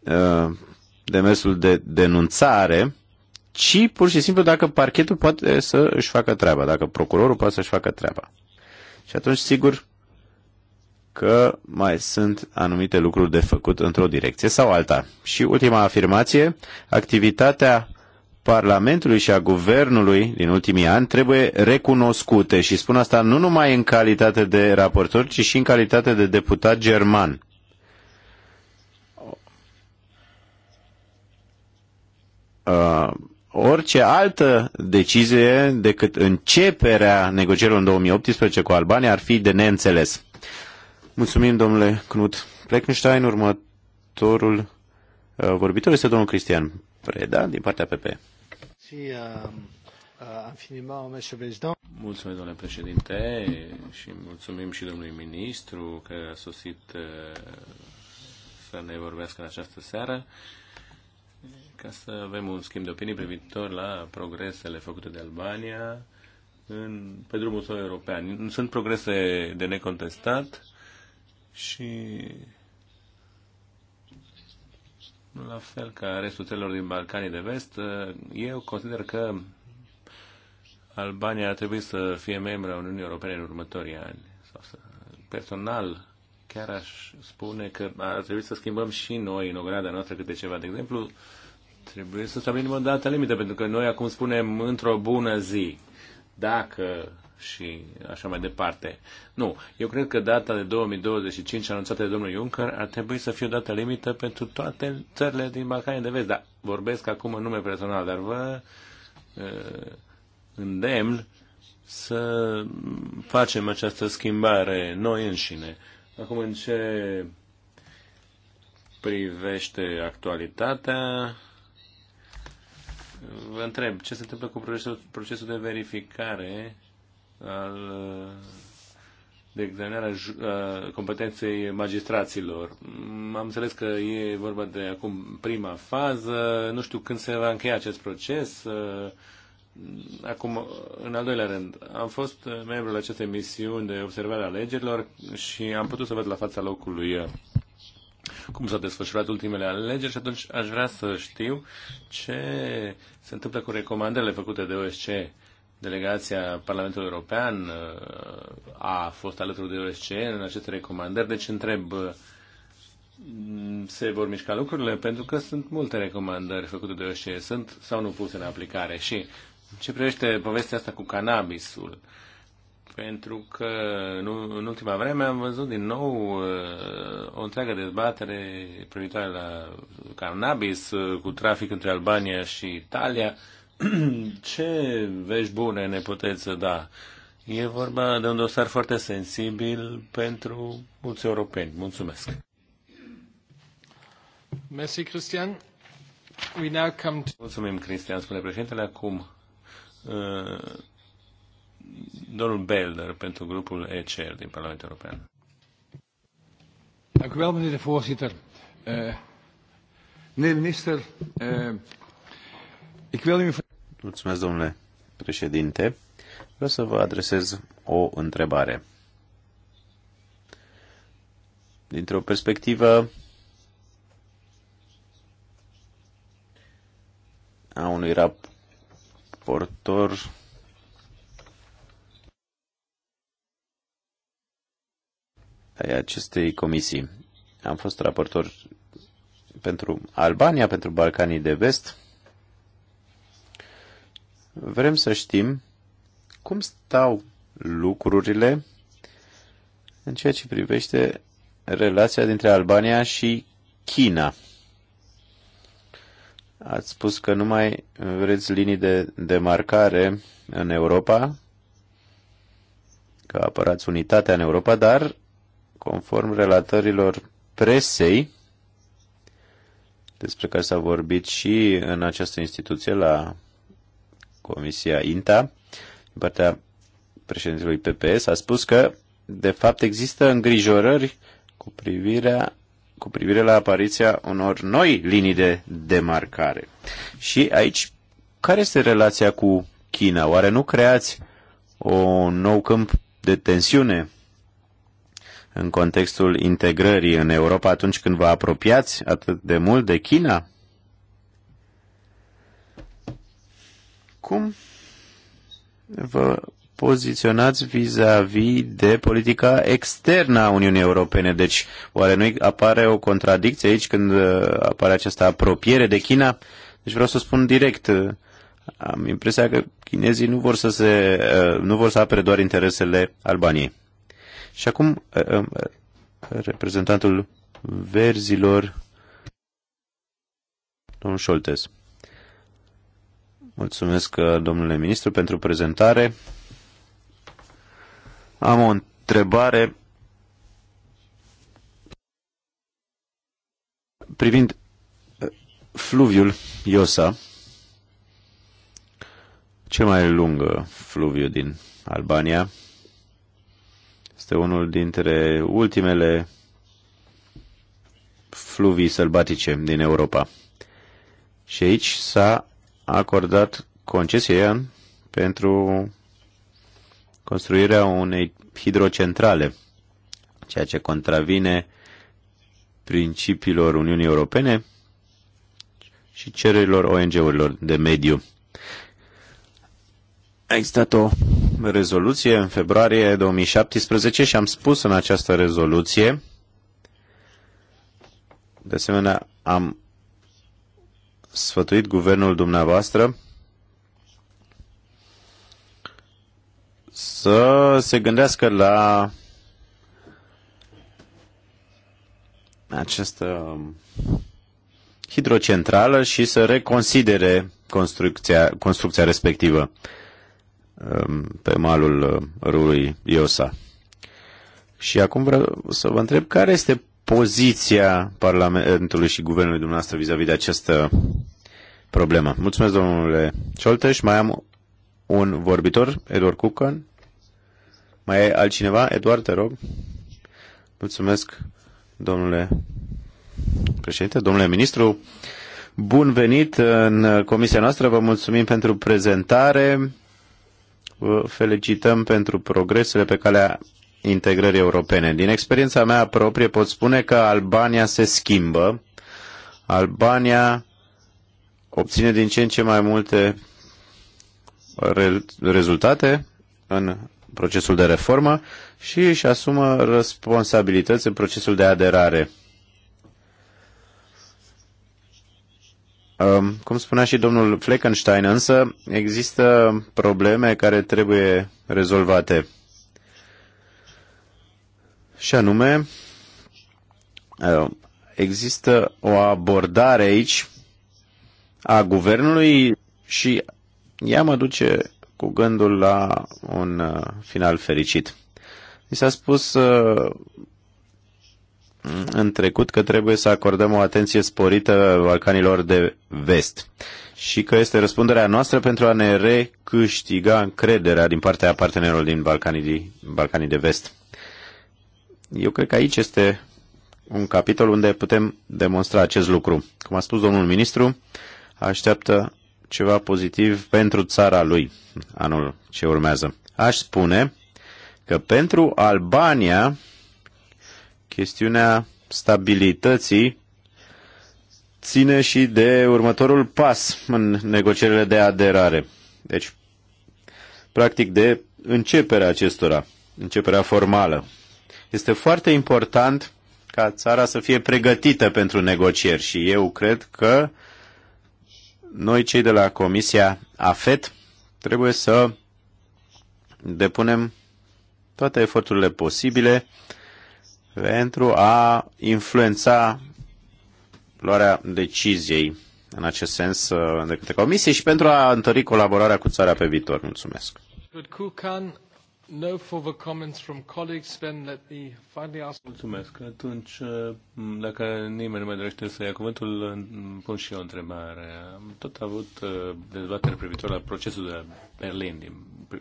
S4: uh, demersul de denunțare, ci pur și simplu dacă parchetul poate să își facă treaba, dacă procurorul poate să-și facă treaba. Și atunci, sigur, că mai sunt anumite lucruri de făcut într-o direcție sau alta. Și ultima afirmație, activitatea Parlamentului și a Guvernului din ultimii ani trebuie recunoscute și spun asta nu numai în calitate de raportor, ci și în calitate de deputat german. Uh, orice altă decizie decât începerea negocierilor în 2018 cu Albania ar fi de neînțeles. Mulțumim, domnule Knut Fleckenstein. Următorul uh, vorbitor este domnul Cristian Preda, din partea PP.
S1: Merci euh, euh, infiniment, Monsieur Président.
S2: Mulțumesc, domnule președinte, și mulțumim și domnului ministru că a sosit uh, să ne vorbească în această seară ca să avem un schimb de opinii privitor la progresele făcute de Albania în, pe drumul său european. Sunt progrese de necontestat și la fel ca restul țărilor din Balcanii de Vest, eh, eu consider că Albania ar trebui să fie membra Uniunii Europene în următorii ani. personal, chiar aș spune că ar trebui să schimbăm și noi în ograda noastră câte ceva. De exemplu, trebuie să stabilim o dată limită, pentru că noi acum spunem într-o bună zi. Dacă și așa mai departe. Nu, eu cred că data de 2025 anunțată de domnul Juncker ar trebui să fie o dată limită pentru toate țările din Balcanii de Vest. Dar vorbesc acum în nume personal, dar vă uh, îndemn să facem această schimbare noi înșine. Acum în ce privește actualitatea, vă întreb, ce se întâmplă cu procesul, procesul de verificare al de examinarea competenței magistraților. Am înțeles că e vorba de acum prima fază, nu știu când se va încheia acest proces. Acum, în al doilea rând, am fost membru la acestei misiuni de observare a alegerilor și am putut să văd la fața locului uh, cum s-au desfășurat ultimele alegeri și atunci aș vrea să știu ce se întâmplă cu recomandările făcute de OSCE Delegația Parlamentului European uh, a fost alături de OSCE în aceste recomandări, deci întreb uh, se vor mișca lucrurile pentru că sunt multe recomandări făcute de OSCE, sunt sau nu puse în aplicare și ce privește povestea asta cu cannabisul, pentru că nu, în ultima vreme am văzut din nou uh, o întreagă dezbatere privitoare la cannabis cu trafic între Albania și Italia [CLEARS THROAT] ce vești bune ne puteți da? E vorba de un dosar foarte sensibil pentru mulți europeni. Mulțumesc!
S1: Merci, Cristian.
S2: We now come to... Mulțumim, Cristian, spune președintele. Acum, uh, domnul Belder pentru grupul ECR din Parlamentul European.
S1: Dank u wel, meneer de voorzitter. Uh, meneer de minister, uh, ik wil u...
S4: Mulțumesc, domnule președinte. Vreau să vă adresez o întrebare. Dintr-o perspectivă a unui raportor ai acestei comisii. Am fost raportor pentru Albania, pentru Balcanii de Vest Vrem să știm cum stau lucrurile în ceea ce privește relația dintre Albania și China. Ați spus că nu mai vreți linii de demarcare în Europa, că apărați unitatea în Europa, dar, conform relatărilor presei, despre care s-a vorbit și în această instituție la Comisia INTA, din partea președintelui PPS, a spus că, de fapt, există îngrijorări cu privirea cu privire la apariția unor noi linii de demarcare. Și aici, care este relația cu China? Oare nu creați un nou câmp de tensiune în contextul integrării în Europa atunci când vă apropiați atât de mult de China? Cum vă poziționați vis-a-vis -vis de politica externă a Uniunii Europene? Deci, oare nu apare o contradicție aici când uh, apare această apropiere de China? Deci vreau să spun direct, uh, am impresia că chinezii nu vor să, se, uh, nu vor să apere doar interesele Albaniei. Și acum, reprezentantul verzilor, domnul Scholtes. Mulțumesc, uh, domnule ministru, pentru prezentare. Am o întrebare privind uh, fluviul Iosa, cel mai lung uh, fluviu din Albania. Este unul dintre ultimele fluvii sălbatice din Europa. Și aici s-a a acordat concesia pentru construirea unei hidrocentrale, ceea ce contravine principiilor Uniunii Europene și cererilor ONG-urilor de mediu. A existat o rezoluție în februarie 2017 și am spus în această rezoluție, de asemenea am sfătuit guvernul dumneavoastră să se gândească la această hidrocentrală și să reconsidere construcția, construcția respectivă um, pe malul uh, râului Iosa. Și acum vreau să vă întreb care este poziția Parlamentului și Guvernului dumneavoastră vis-a-vis de această problemă. Mulțumesc, domnule Ciolteș. Mai am un vorbitor, Eduard Cucan. Mai e altcineva? Eduard, te rog. Mulțumesc, domnule președinte, domnule ministru. Bun venit în comisia noastră, vă mulțumim pentru prezentare, vă felicităm pentru progresele pe care integrării europene. Din experiența mea proprie pot spune că Albania se schimbă. Albania obține din ce în ce mai multe re- rezultate în procesul de reformă și își asumă responsabilități în procesul de aderare. Um, cum spunea și domnul Fleckenstein, însă există probleme care trebuie rezolvate. Și anume, uh, există o abordare aici a guvernului și ea mă duce cu gândul la un uh, final fericit. Mi s-a spus uh, în trecut că trebuie să acordăm o atenție sporită Balcanilor de vest și că este răspunderea noastră pentru a ne recâștiga încrederea din partea partenerilor din Balcanii, Balcanii de vest. Eu cred că aici este un capitol unde putem demonstra acest lucru. Cum a spus domnul ministru, așteaptă ceva pozitiv pentru țara lui anul ce urmează. Aș spune că pentru Albania chestiunea stabilității ține și de următorul pas în negocierile de aderare. Deci, practic, de începerea acestora, începerea formală. Este foarte important ca țara să fie pregătită pentru negocieri și eu cred că noi cei de la Comisia AFET trebuie să depunem toate eforturile posibile pentru a influența luarea deciziei în acest sens uh, de către Comisie și pentru a întări colaborarea cu țara pe viitor. Mulțumesc.
S1: No further comments from colleagues, then let me finally ask...
S2: Mulțumesc. Atunci, dacă nimeni nu mai dorește să ia cuvântul, pun și eu o întrebare. Am tot avut uh, dezbatere privitor la procesul de la Berlin din,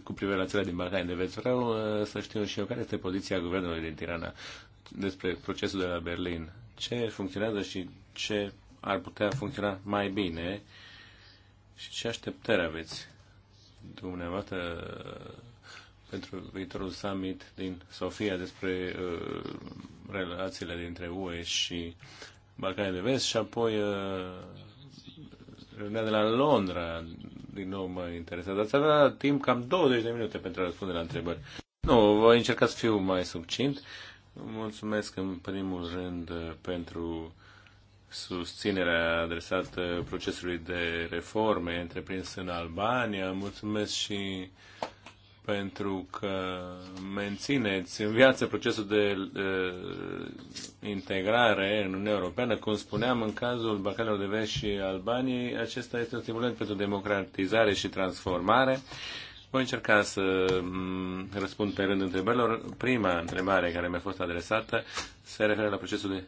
S2: cu privire la țările din Balcani de Vest. Vreau uh, să știu și eu care este poziția guvernului din Tirana despre procesul de la Berlin. Ce funcționează și ce ar putea funcționa mai bine și ce așteptări aveți dumneavoastră pentru viitorul summit din Sofia despre uh, relațiile dintre UE și Balcanii de Vest și apoi uh, reuniunea de la Londra, din nou mă interesează. Ați avea timp cam 20 de minute pentru a răspunde la întrebări. Nu, voi încerca să fiu mai subcint. Mulțumesc în primul rând uh, pentru susținerea adresată procesului de reforme întreprins în Albania. Mulțumesc și uh, pentru că mențineți în viață procesul de uh, integrare în Uniunea Europeană. Cum spuneam, în cazul Balcanilor de Vest și Albaniei, acesta este un stimulant pentru democratizare și transformare. Voi încerca să mm, răspund pe rând întrebărilor. Prima întrebare care mi-a fost adresată se referă la procesul de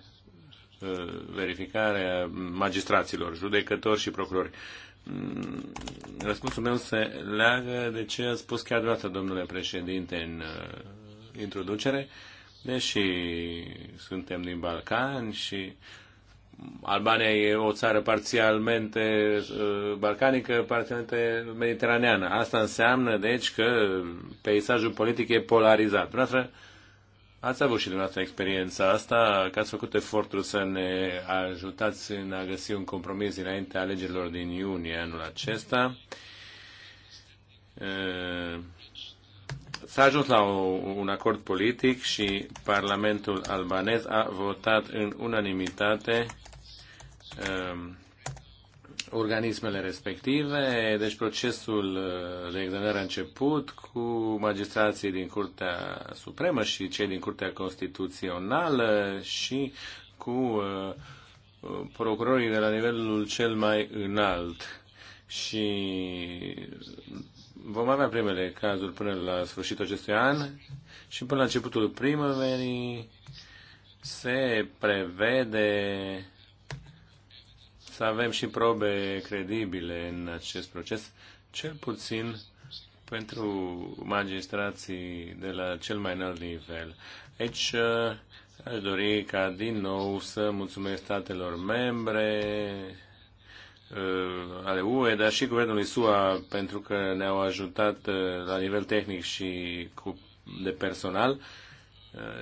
S2: uh, verificare a magistraților, judecători și procurori. Uh, Mm, răspunsul meu se leagă de ce a spus chiar dată domnule președinte în uh, introducere, deși suntem din Balcani și Albania e o țară parțialmente uh, balcanică, parțialmente mediteraneană. Asta înseamnă, deci, că peisajul politic e polarizat. Dumneavoastră, Ați avut și dumneavoastră experiența asta, că ați făcut efortul să ne ajutați în a găsi un compromis dinaintea alegerilor din iunie anul acesta. S-a ajuns la un acord politic și Parlamentul albanez a votat în unanimitate organismele respective, deci procesul uh, de examinare a început cu magistrații din Curtea Supremă și cei din Curtea Constituțională și cu uh, procurorii de la nivelul cel mai înalt. Și vom avea primele cazuri până la sfârșitul acestui an și până la începutul primăverii se prevede să avem și probe credibile în acest proces, cel puțin pentru magistrații de la cel mai înalt nivel. Aici uh, aș dori ca din nou să mulțumesc statelor membre uh, ale UE, dar și guvernului SUA pentru că ne-au ajutat uh, la nivel tehnic și cu, de personal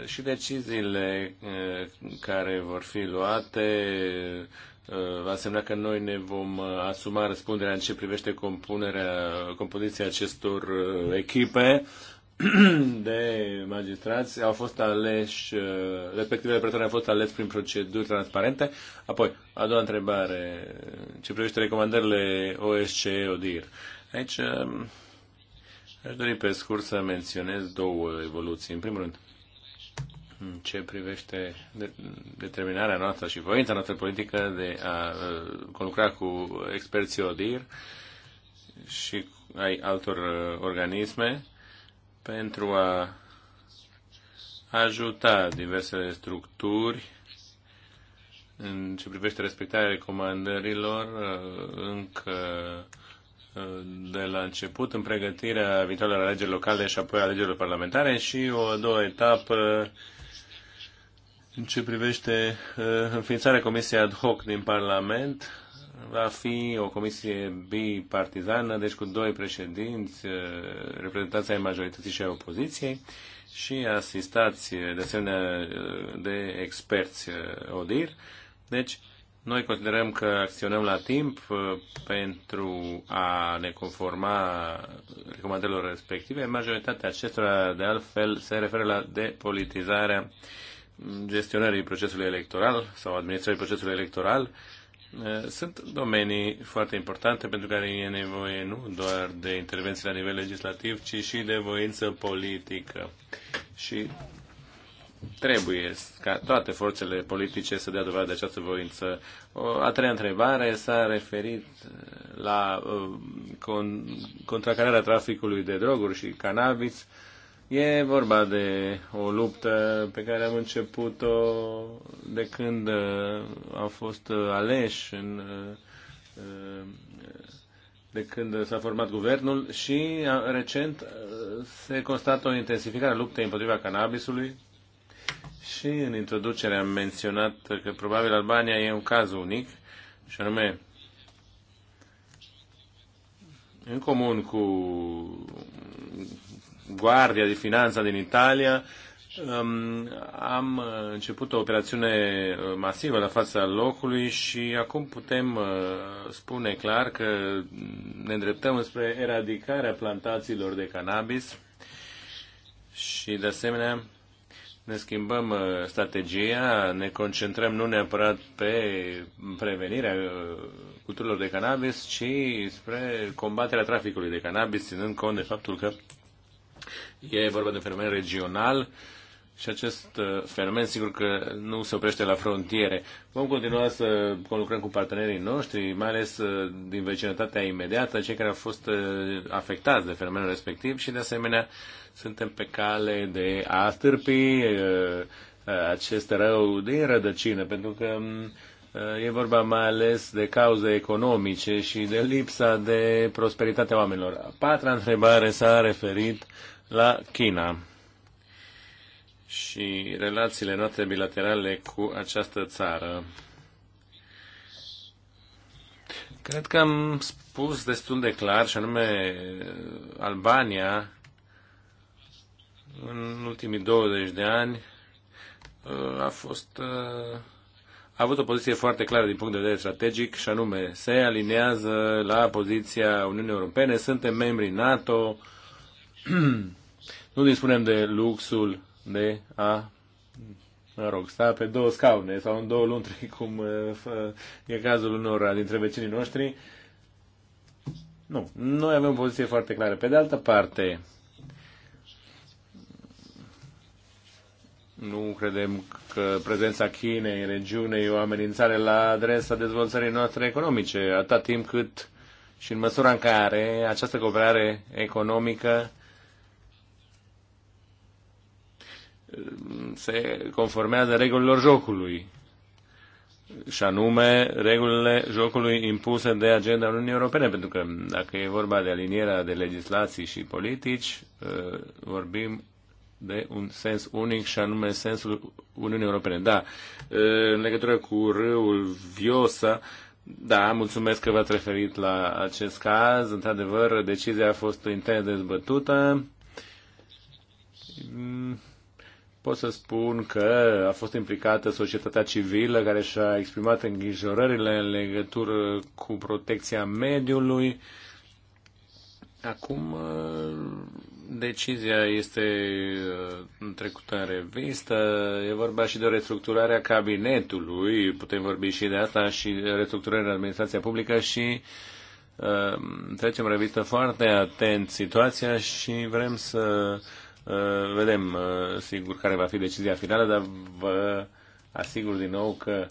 S2: și deciziile care vor fi luate Uh, va semna că noi ne vom uh, asuma răspunderea în ce privește compunerea, compoziția acestor uh, echipe [CLEARS THROAT] de magistrați. Au fost aleși, respectivele pretori au fost aleși prin proceduri transparente. Apoi, a doua întrebare, ce privește recomandările OSCE-ODIR. Aici Aș dori pe scurt să menționez două evoluții. În primul rând, în ce privește determinarea noastră și voința noastră politică de a conlucra cu experții ODIR și ai altor organisme pentru a ajuta diversele structuri în ce privește respectarea recomandărilor încă de la început în pregătirea viitoarelor alegeri locale și apoi alegerilor parlamentare și o a doua etapă în ce privește uh, înființarea comisiei ad hoc din Parlament, va fi o comisie bipartizană, deci cu doi președinți, uh, reprezentanți ai majorității și ai opoziției și asistați de asemenea uh, de experți ODIR. Deci, noi considerăm că acționăm la timp pentru a ne conforma recomandărilor respective. Majoritatea acestora, de altfel, se referă la depolitizarea uh, gestionării procesului electoral sau administrării procesului electoral, sunt domenii foarte importante pentru care e nevoie nu doar de intervenții la nivel legislativ, ci și de voință politică. Și trebuie ca toate forțele politice să dea dovadă de această voință. O a treia întrebare s-a referit la con, contracararea traficului de droguri și cannabis. Uh, E vorba de o luptă pe care am început-o de când uh, au fost uh, aleși în uh, de când s-a format guvernul și recent se constată o intensificare a luptei împotriva cannabisului și în introducere am menționat că probabil Albania e un caz unic și anume în comun cu Guardia di Finanza din Italia, am început o operațiune uh, masivă la fața locului și acum putem uh, spune clar că ne îndreptăm spre eradicarea plantațiilor de cannabis și de asemenea ne schimbăm uh, strategia, ne concentrăm nu neapărat pe prevenirea culturilor de cannabis, ci spre combaterea traficului de cannabis, ținând cont de faptul că E vorba de un fenomen regional și acest uh, fenomen sigur că nu se oprește la frontiere. Vom continua să conlucrăm cu partenerii noștri, mai ales uh, din vecinătatea imediată, cei care au fost uh, afectați de fenomenul respectiv și de asemenea suntem pe cale de a stârpi acest rău din rădăcină, pentru că um, E vorba mai ales de cauze economice și de lipsa de prosperitate a oamenilor. A patra întrebare s-a referit la China și relațiile noastre bilaterale cu această țară. Cred că am spus destul de clar, și anume Albania, în ultimii 20 de ani, a fost a avut o poziție foarte clară din punct de vedere strategic și anume se alinează la poziția Uniunii Europene, suntem membri NATO, [CLEARS THROAT] nu dispunem de luxul de a mă rog, sta pe două scaune sau în două luntri, [LAUGHS] cum uh, e cazul unor dintre vecinii noștri. Nu, noi avem o poziție foarte clară. Pe de altă parte, nu credem că prezența Chinei în regiune e o amenințare la adresa dezvoltării noastre economice, atât timp cât și în măsura în care această cooperare economică se conformează regulilor jocului și anume regulile jocului impuse de agenda Uniunii Europene, pentru că dacă e vorba de alinierea de legislații și politici, ă, vorbim de un sens unic și anume sensul Uniunii Europene. Da, ă, în legătură cu râul Viosa, da, mulțumesc că v-ați referit la acest caz. Într-adevăr, decizia a fost intens dezbătută pot să spun că a fost implicată societatea civilă care și-a exprimat îngrijorările în legătură cu protecția mediului. Acum uh, decizia este uh, trecută în revistă, e vorba și de o restructurare a cabinetului, putem vorbi și de asta, și restructurarea administrației publică și uh, trecem revistă foarte atent situația și vrem să uh, Uh, vedem, uh, sigur, care va fi decizia finală, dar vă asigur din nou că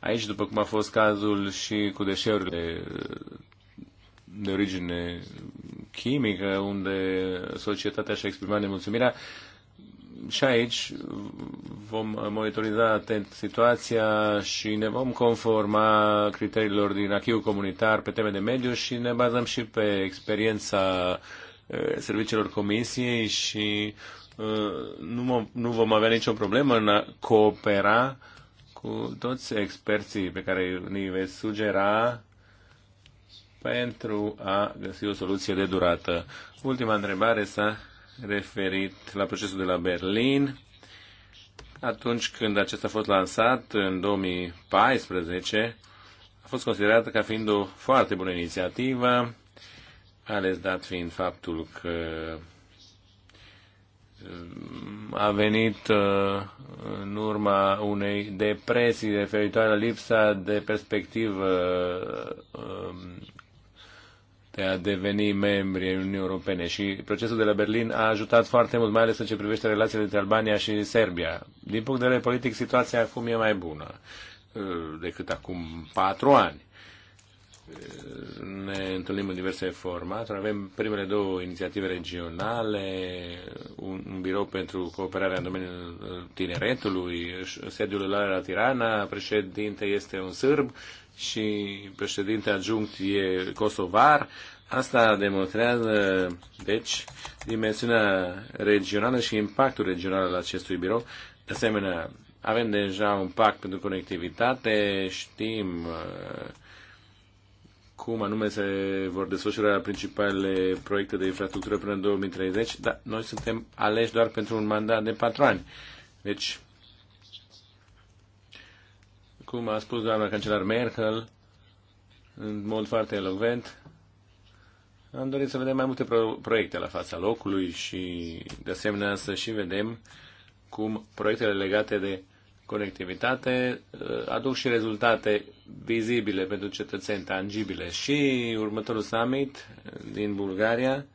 S2: aici, după cum a fost cazul și cu deșeurile de origine chimică, unde societatea și-a exprimat nemulțumirea, și aici vom monitoriza atent situația și ne vom conforma criteriilor din achiul comunitar pe teme de mediu și ne bazăm și pe experiența Eh, serviciilor comisiei și eh, nu, mă, nu vom avea nicio problemă în a coopera cu toți experții pe care ni veți sugera pentru a găsi o soluție de durată. Ultima întrebare s-a referit la procesul de la Berlin. Atunci când acesta a fost lansat, în 2014, a fost considerată ca fiind o foarte bună inițiativă ales dat fiind faptul că mm, a venit uh, în urma unei depresii referitoare la lipsa de perspectivă um, de a deveni membri ai Uniunii Europene și procesul de la Berlin a ajutat foarte mult, mai ales în ce privește relațiile dintre Albania și Serbia. Din punct de vedere politic, situația acum e mai bună uh, decât acum patru ani ne întâlnim în diverse formate. Avem primele două inițiative regionale, un, un birou pentru cooperarea în domeniul uh, tineretului, sediul la la Tirana, președinte este un sârb și președinte adjunct e kosovar. Asta demonstrează, deci, dimensiunea regională și impactul regional al acestui birou. De asemenea, avem deja un pact pentru conectivitate, știm uh, cum anume se vor desfășura principalele proiecte de infrastructură până în 2030, dar noi suntem aleși doar pentru un mandat de patru ani. Deci, cum a spus doamna cancelar Merkel, în mod foarte elocvent, am dorit să vedem mai multe pro- proiecte la fața locului și, de asemenea, să și vedem cum proiectele legate de conectivitate uh, aduc și rezultate vizibile pentru cetățeni, tangibile. Și următorul summit din Bulgaria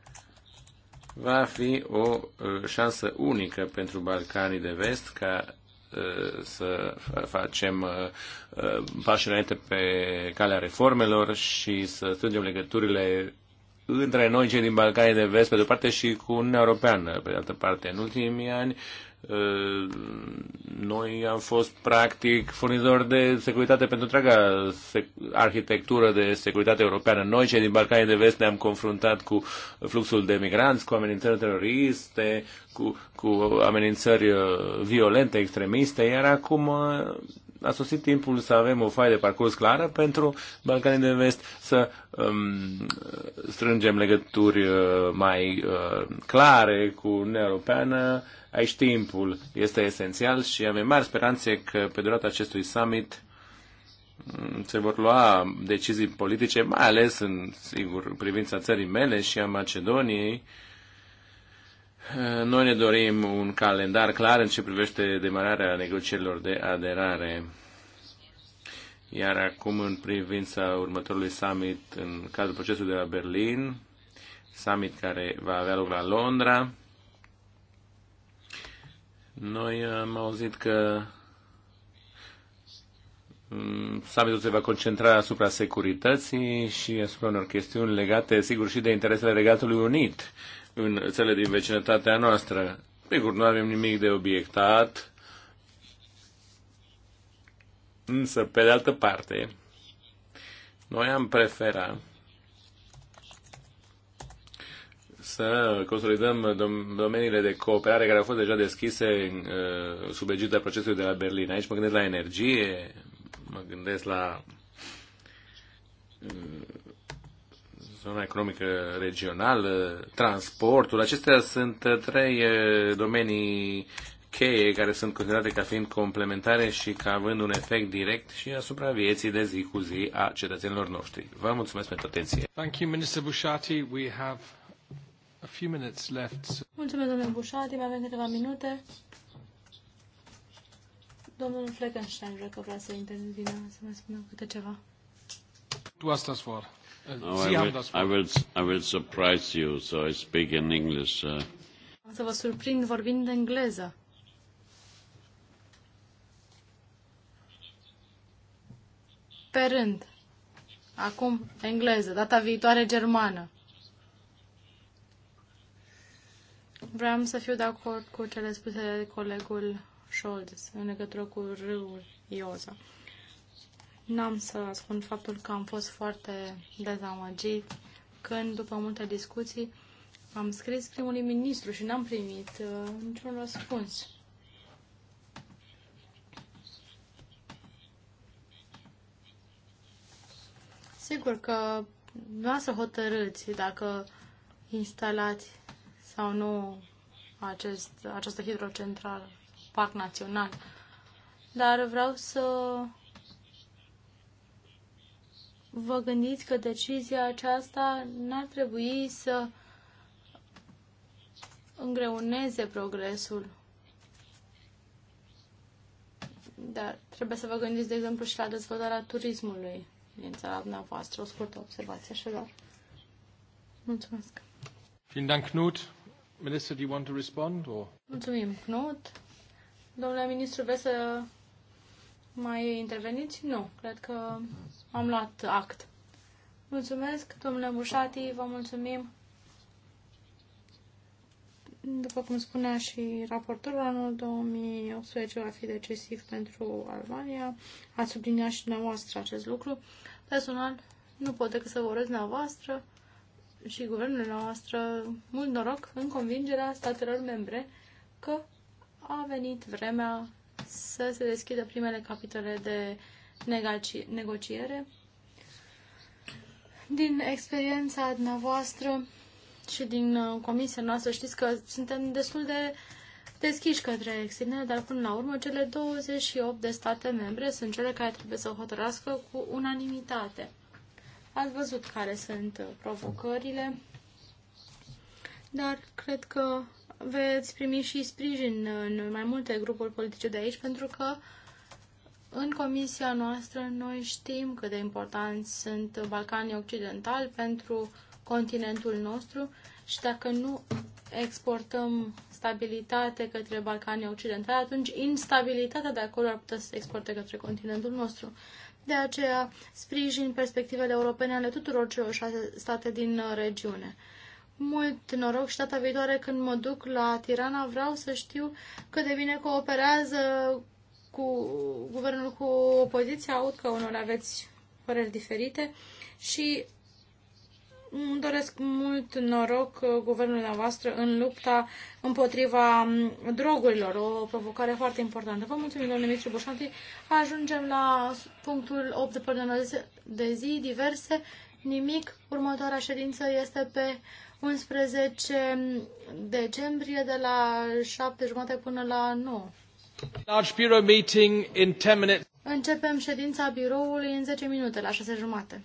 S2: va fi o uh, șansă unică pentru Balcanii de Vest ca uh, să facem pași înainte pe calea reformelor și să strângem legăturile între noi, cei din Balcanii de Vest, pe de-o parte, și cu Uniunea Europeană, pe de altă parte. În ultimii ani Ă, noi am fost practic furnizori de securitate pentru întreaga sec- arhitectură de securitate europeană. Noi, cei din Balcanii de Vest, ne-am confruntat cu fluxul de migranți, cu amenințări teroriste, cu, cu amenințări ă, violente, extremiste, iar acum ă, a sosit timpul să avem o faie de parcurs clară pentru Balcanii de Vest, să um, strângem legături mai uh, clare cu Uniunea Europeană, uh, Aici timpul este esențial și avem mari speranțe că pe durata acestui summit mm, se vor lua decizii politice, mai ales în, sigur, privința țării mele și a Macedoniei. Eh, noi ne dorim un calendar clar în ce privește demararea negocierilor de aderare. Iar acum, în privința următorului summit în cadrul procesului de la Berlin, summit care va avea loc la Londra, noi am auzit că mm, summitul se va concentra asupra securității și asupra unor chestiuni legate, sigur, și de interesele Regatului Unit în țările din vecinătatea noastră. Sigur, nu avem nimic de obiectat, însă, pe de altă parte, noi am preferat să consolidăm domeniile de cooperare care au fost deja deschise uh, sub egida procesului de la Berlin. Aici mă gândesc la energie, mă gândesc la uh, zona economică regională, transportul. Acestea sunt trei uh, domenii cheie care sunt considerate ca fiind complementare și ca având un efect direct și asupra vieții de zi cu zi a cetățenilor noștri. Vă mulțumesc pentru atenție.
S1: Thank you, Minister Bushati. We have a few minutes left.
S3: Mulțumesc, domnule Bușati. Mai avem câteva minute. Domnul Fleckenstein vrea că vrea să intervină, să mai spună câte ceva.
S1: Tu asta sfor. No, I, I,
S2: will, I will surprise
S4: you, so I speak in English. Uh...
S3: Am să vă surprind vorbind engleză. Pe rând. Acum engleză, data viitoare germană. Vreau să fiu de acord cu cele spuse de colegul Scholz în legătură cu râul Ioza. N-am să ascund faptul că am fost foarte dezamăgit când, după multe discuții, am scris primului ministru și n-am primit uh, niciun răspuns. Sigur că nu să hotărâți dacă instalați sau nu acest, această hidrocentrală, parc național. Dar vreau să vă gândiți că decizia aceasta n-ar trebui să îngreuneze progresul. Dar trebuie să vă gândiți, de exemplu, și la dezvoltarea turismului din țara dumneavoastră. O scurtă observație, așadar. Mulțumesc.
S1: Vielen Dank, Knut. Minister, do you want to respond? Or?
S3: Mulțumim, Knut. Domnule ministru, vreți să mai interveniți? Nu, cred că am luat act. Mulțumesc, domnule Mușati, vă mulțumim. După cum spunea și raportorul, anul 2018 va fi decisiv pentru Albania. Ați subliniat și dumneavoastră acest lucru. Personal, nu pot decât să vă urez dumneavoastră și guvernul noastră mult noroc în convingerea statelor membre că a venit vremea să se deschidă primele capitole de negoci negociere. Din experiența dumneavoastră și din uh, comisia noastră știți că suntem destul de deschiși către extindere, dar până la urmă cele 28 de state membre sunt cele care trebuie să hotărască cu unanimitate. Ați văzut care sunt uh, provocările, dar cred că veți primi și sprijin uh, în mai multe grupuri politice de aici, pentru că în comisia noastră noi știm cât de importanți sunt Balcanii Occidentali pentru continentul nostru și dacă nu exportăm stabilitate către Balcanii Occidentali, atunci instabilitatea de acolo ar putea să se exporte către continentul nostru. De aceea sprijin perspectivele europene ale tuturor celor șase state din uh, regiune. Mult noroc și data viitoare când mă duc la Tirana vreau să știu că de bine cooperează cu guvernul, cu opoziția. Aud că unor aveți păreri diferite și îmi doresc mult noroc uh, guvernului noastră în lupta împotriva um, drogurilor, o provocare foarte importantă. Vă mulțumim, domnule ministru Bușanti. Ajungem la punctul 8 de pe de zi, diverse, nimic. Următoarea ședință este pe 11 decembrie de la 7 jumate până la 9.
S1: Large bureau meeting in 10 minutes.
S3: Începem ședința biroului în 10 minute, la 6 jumate.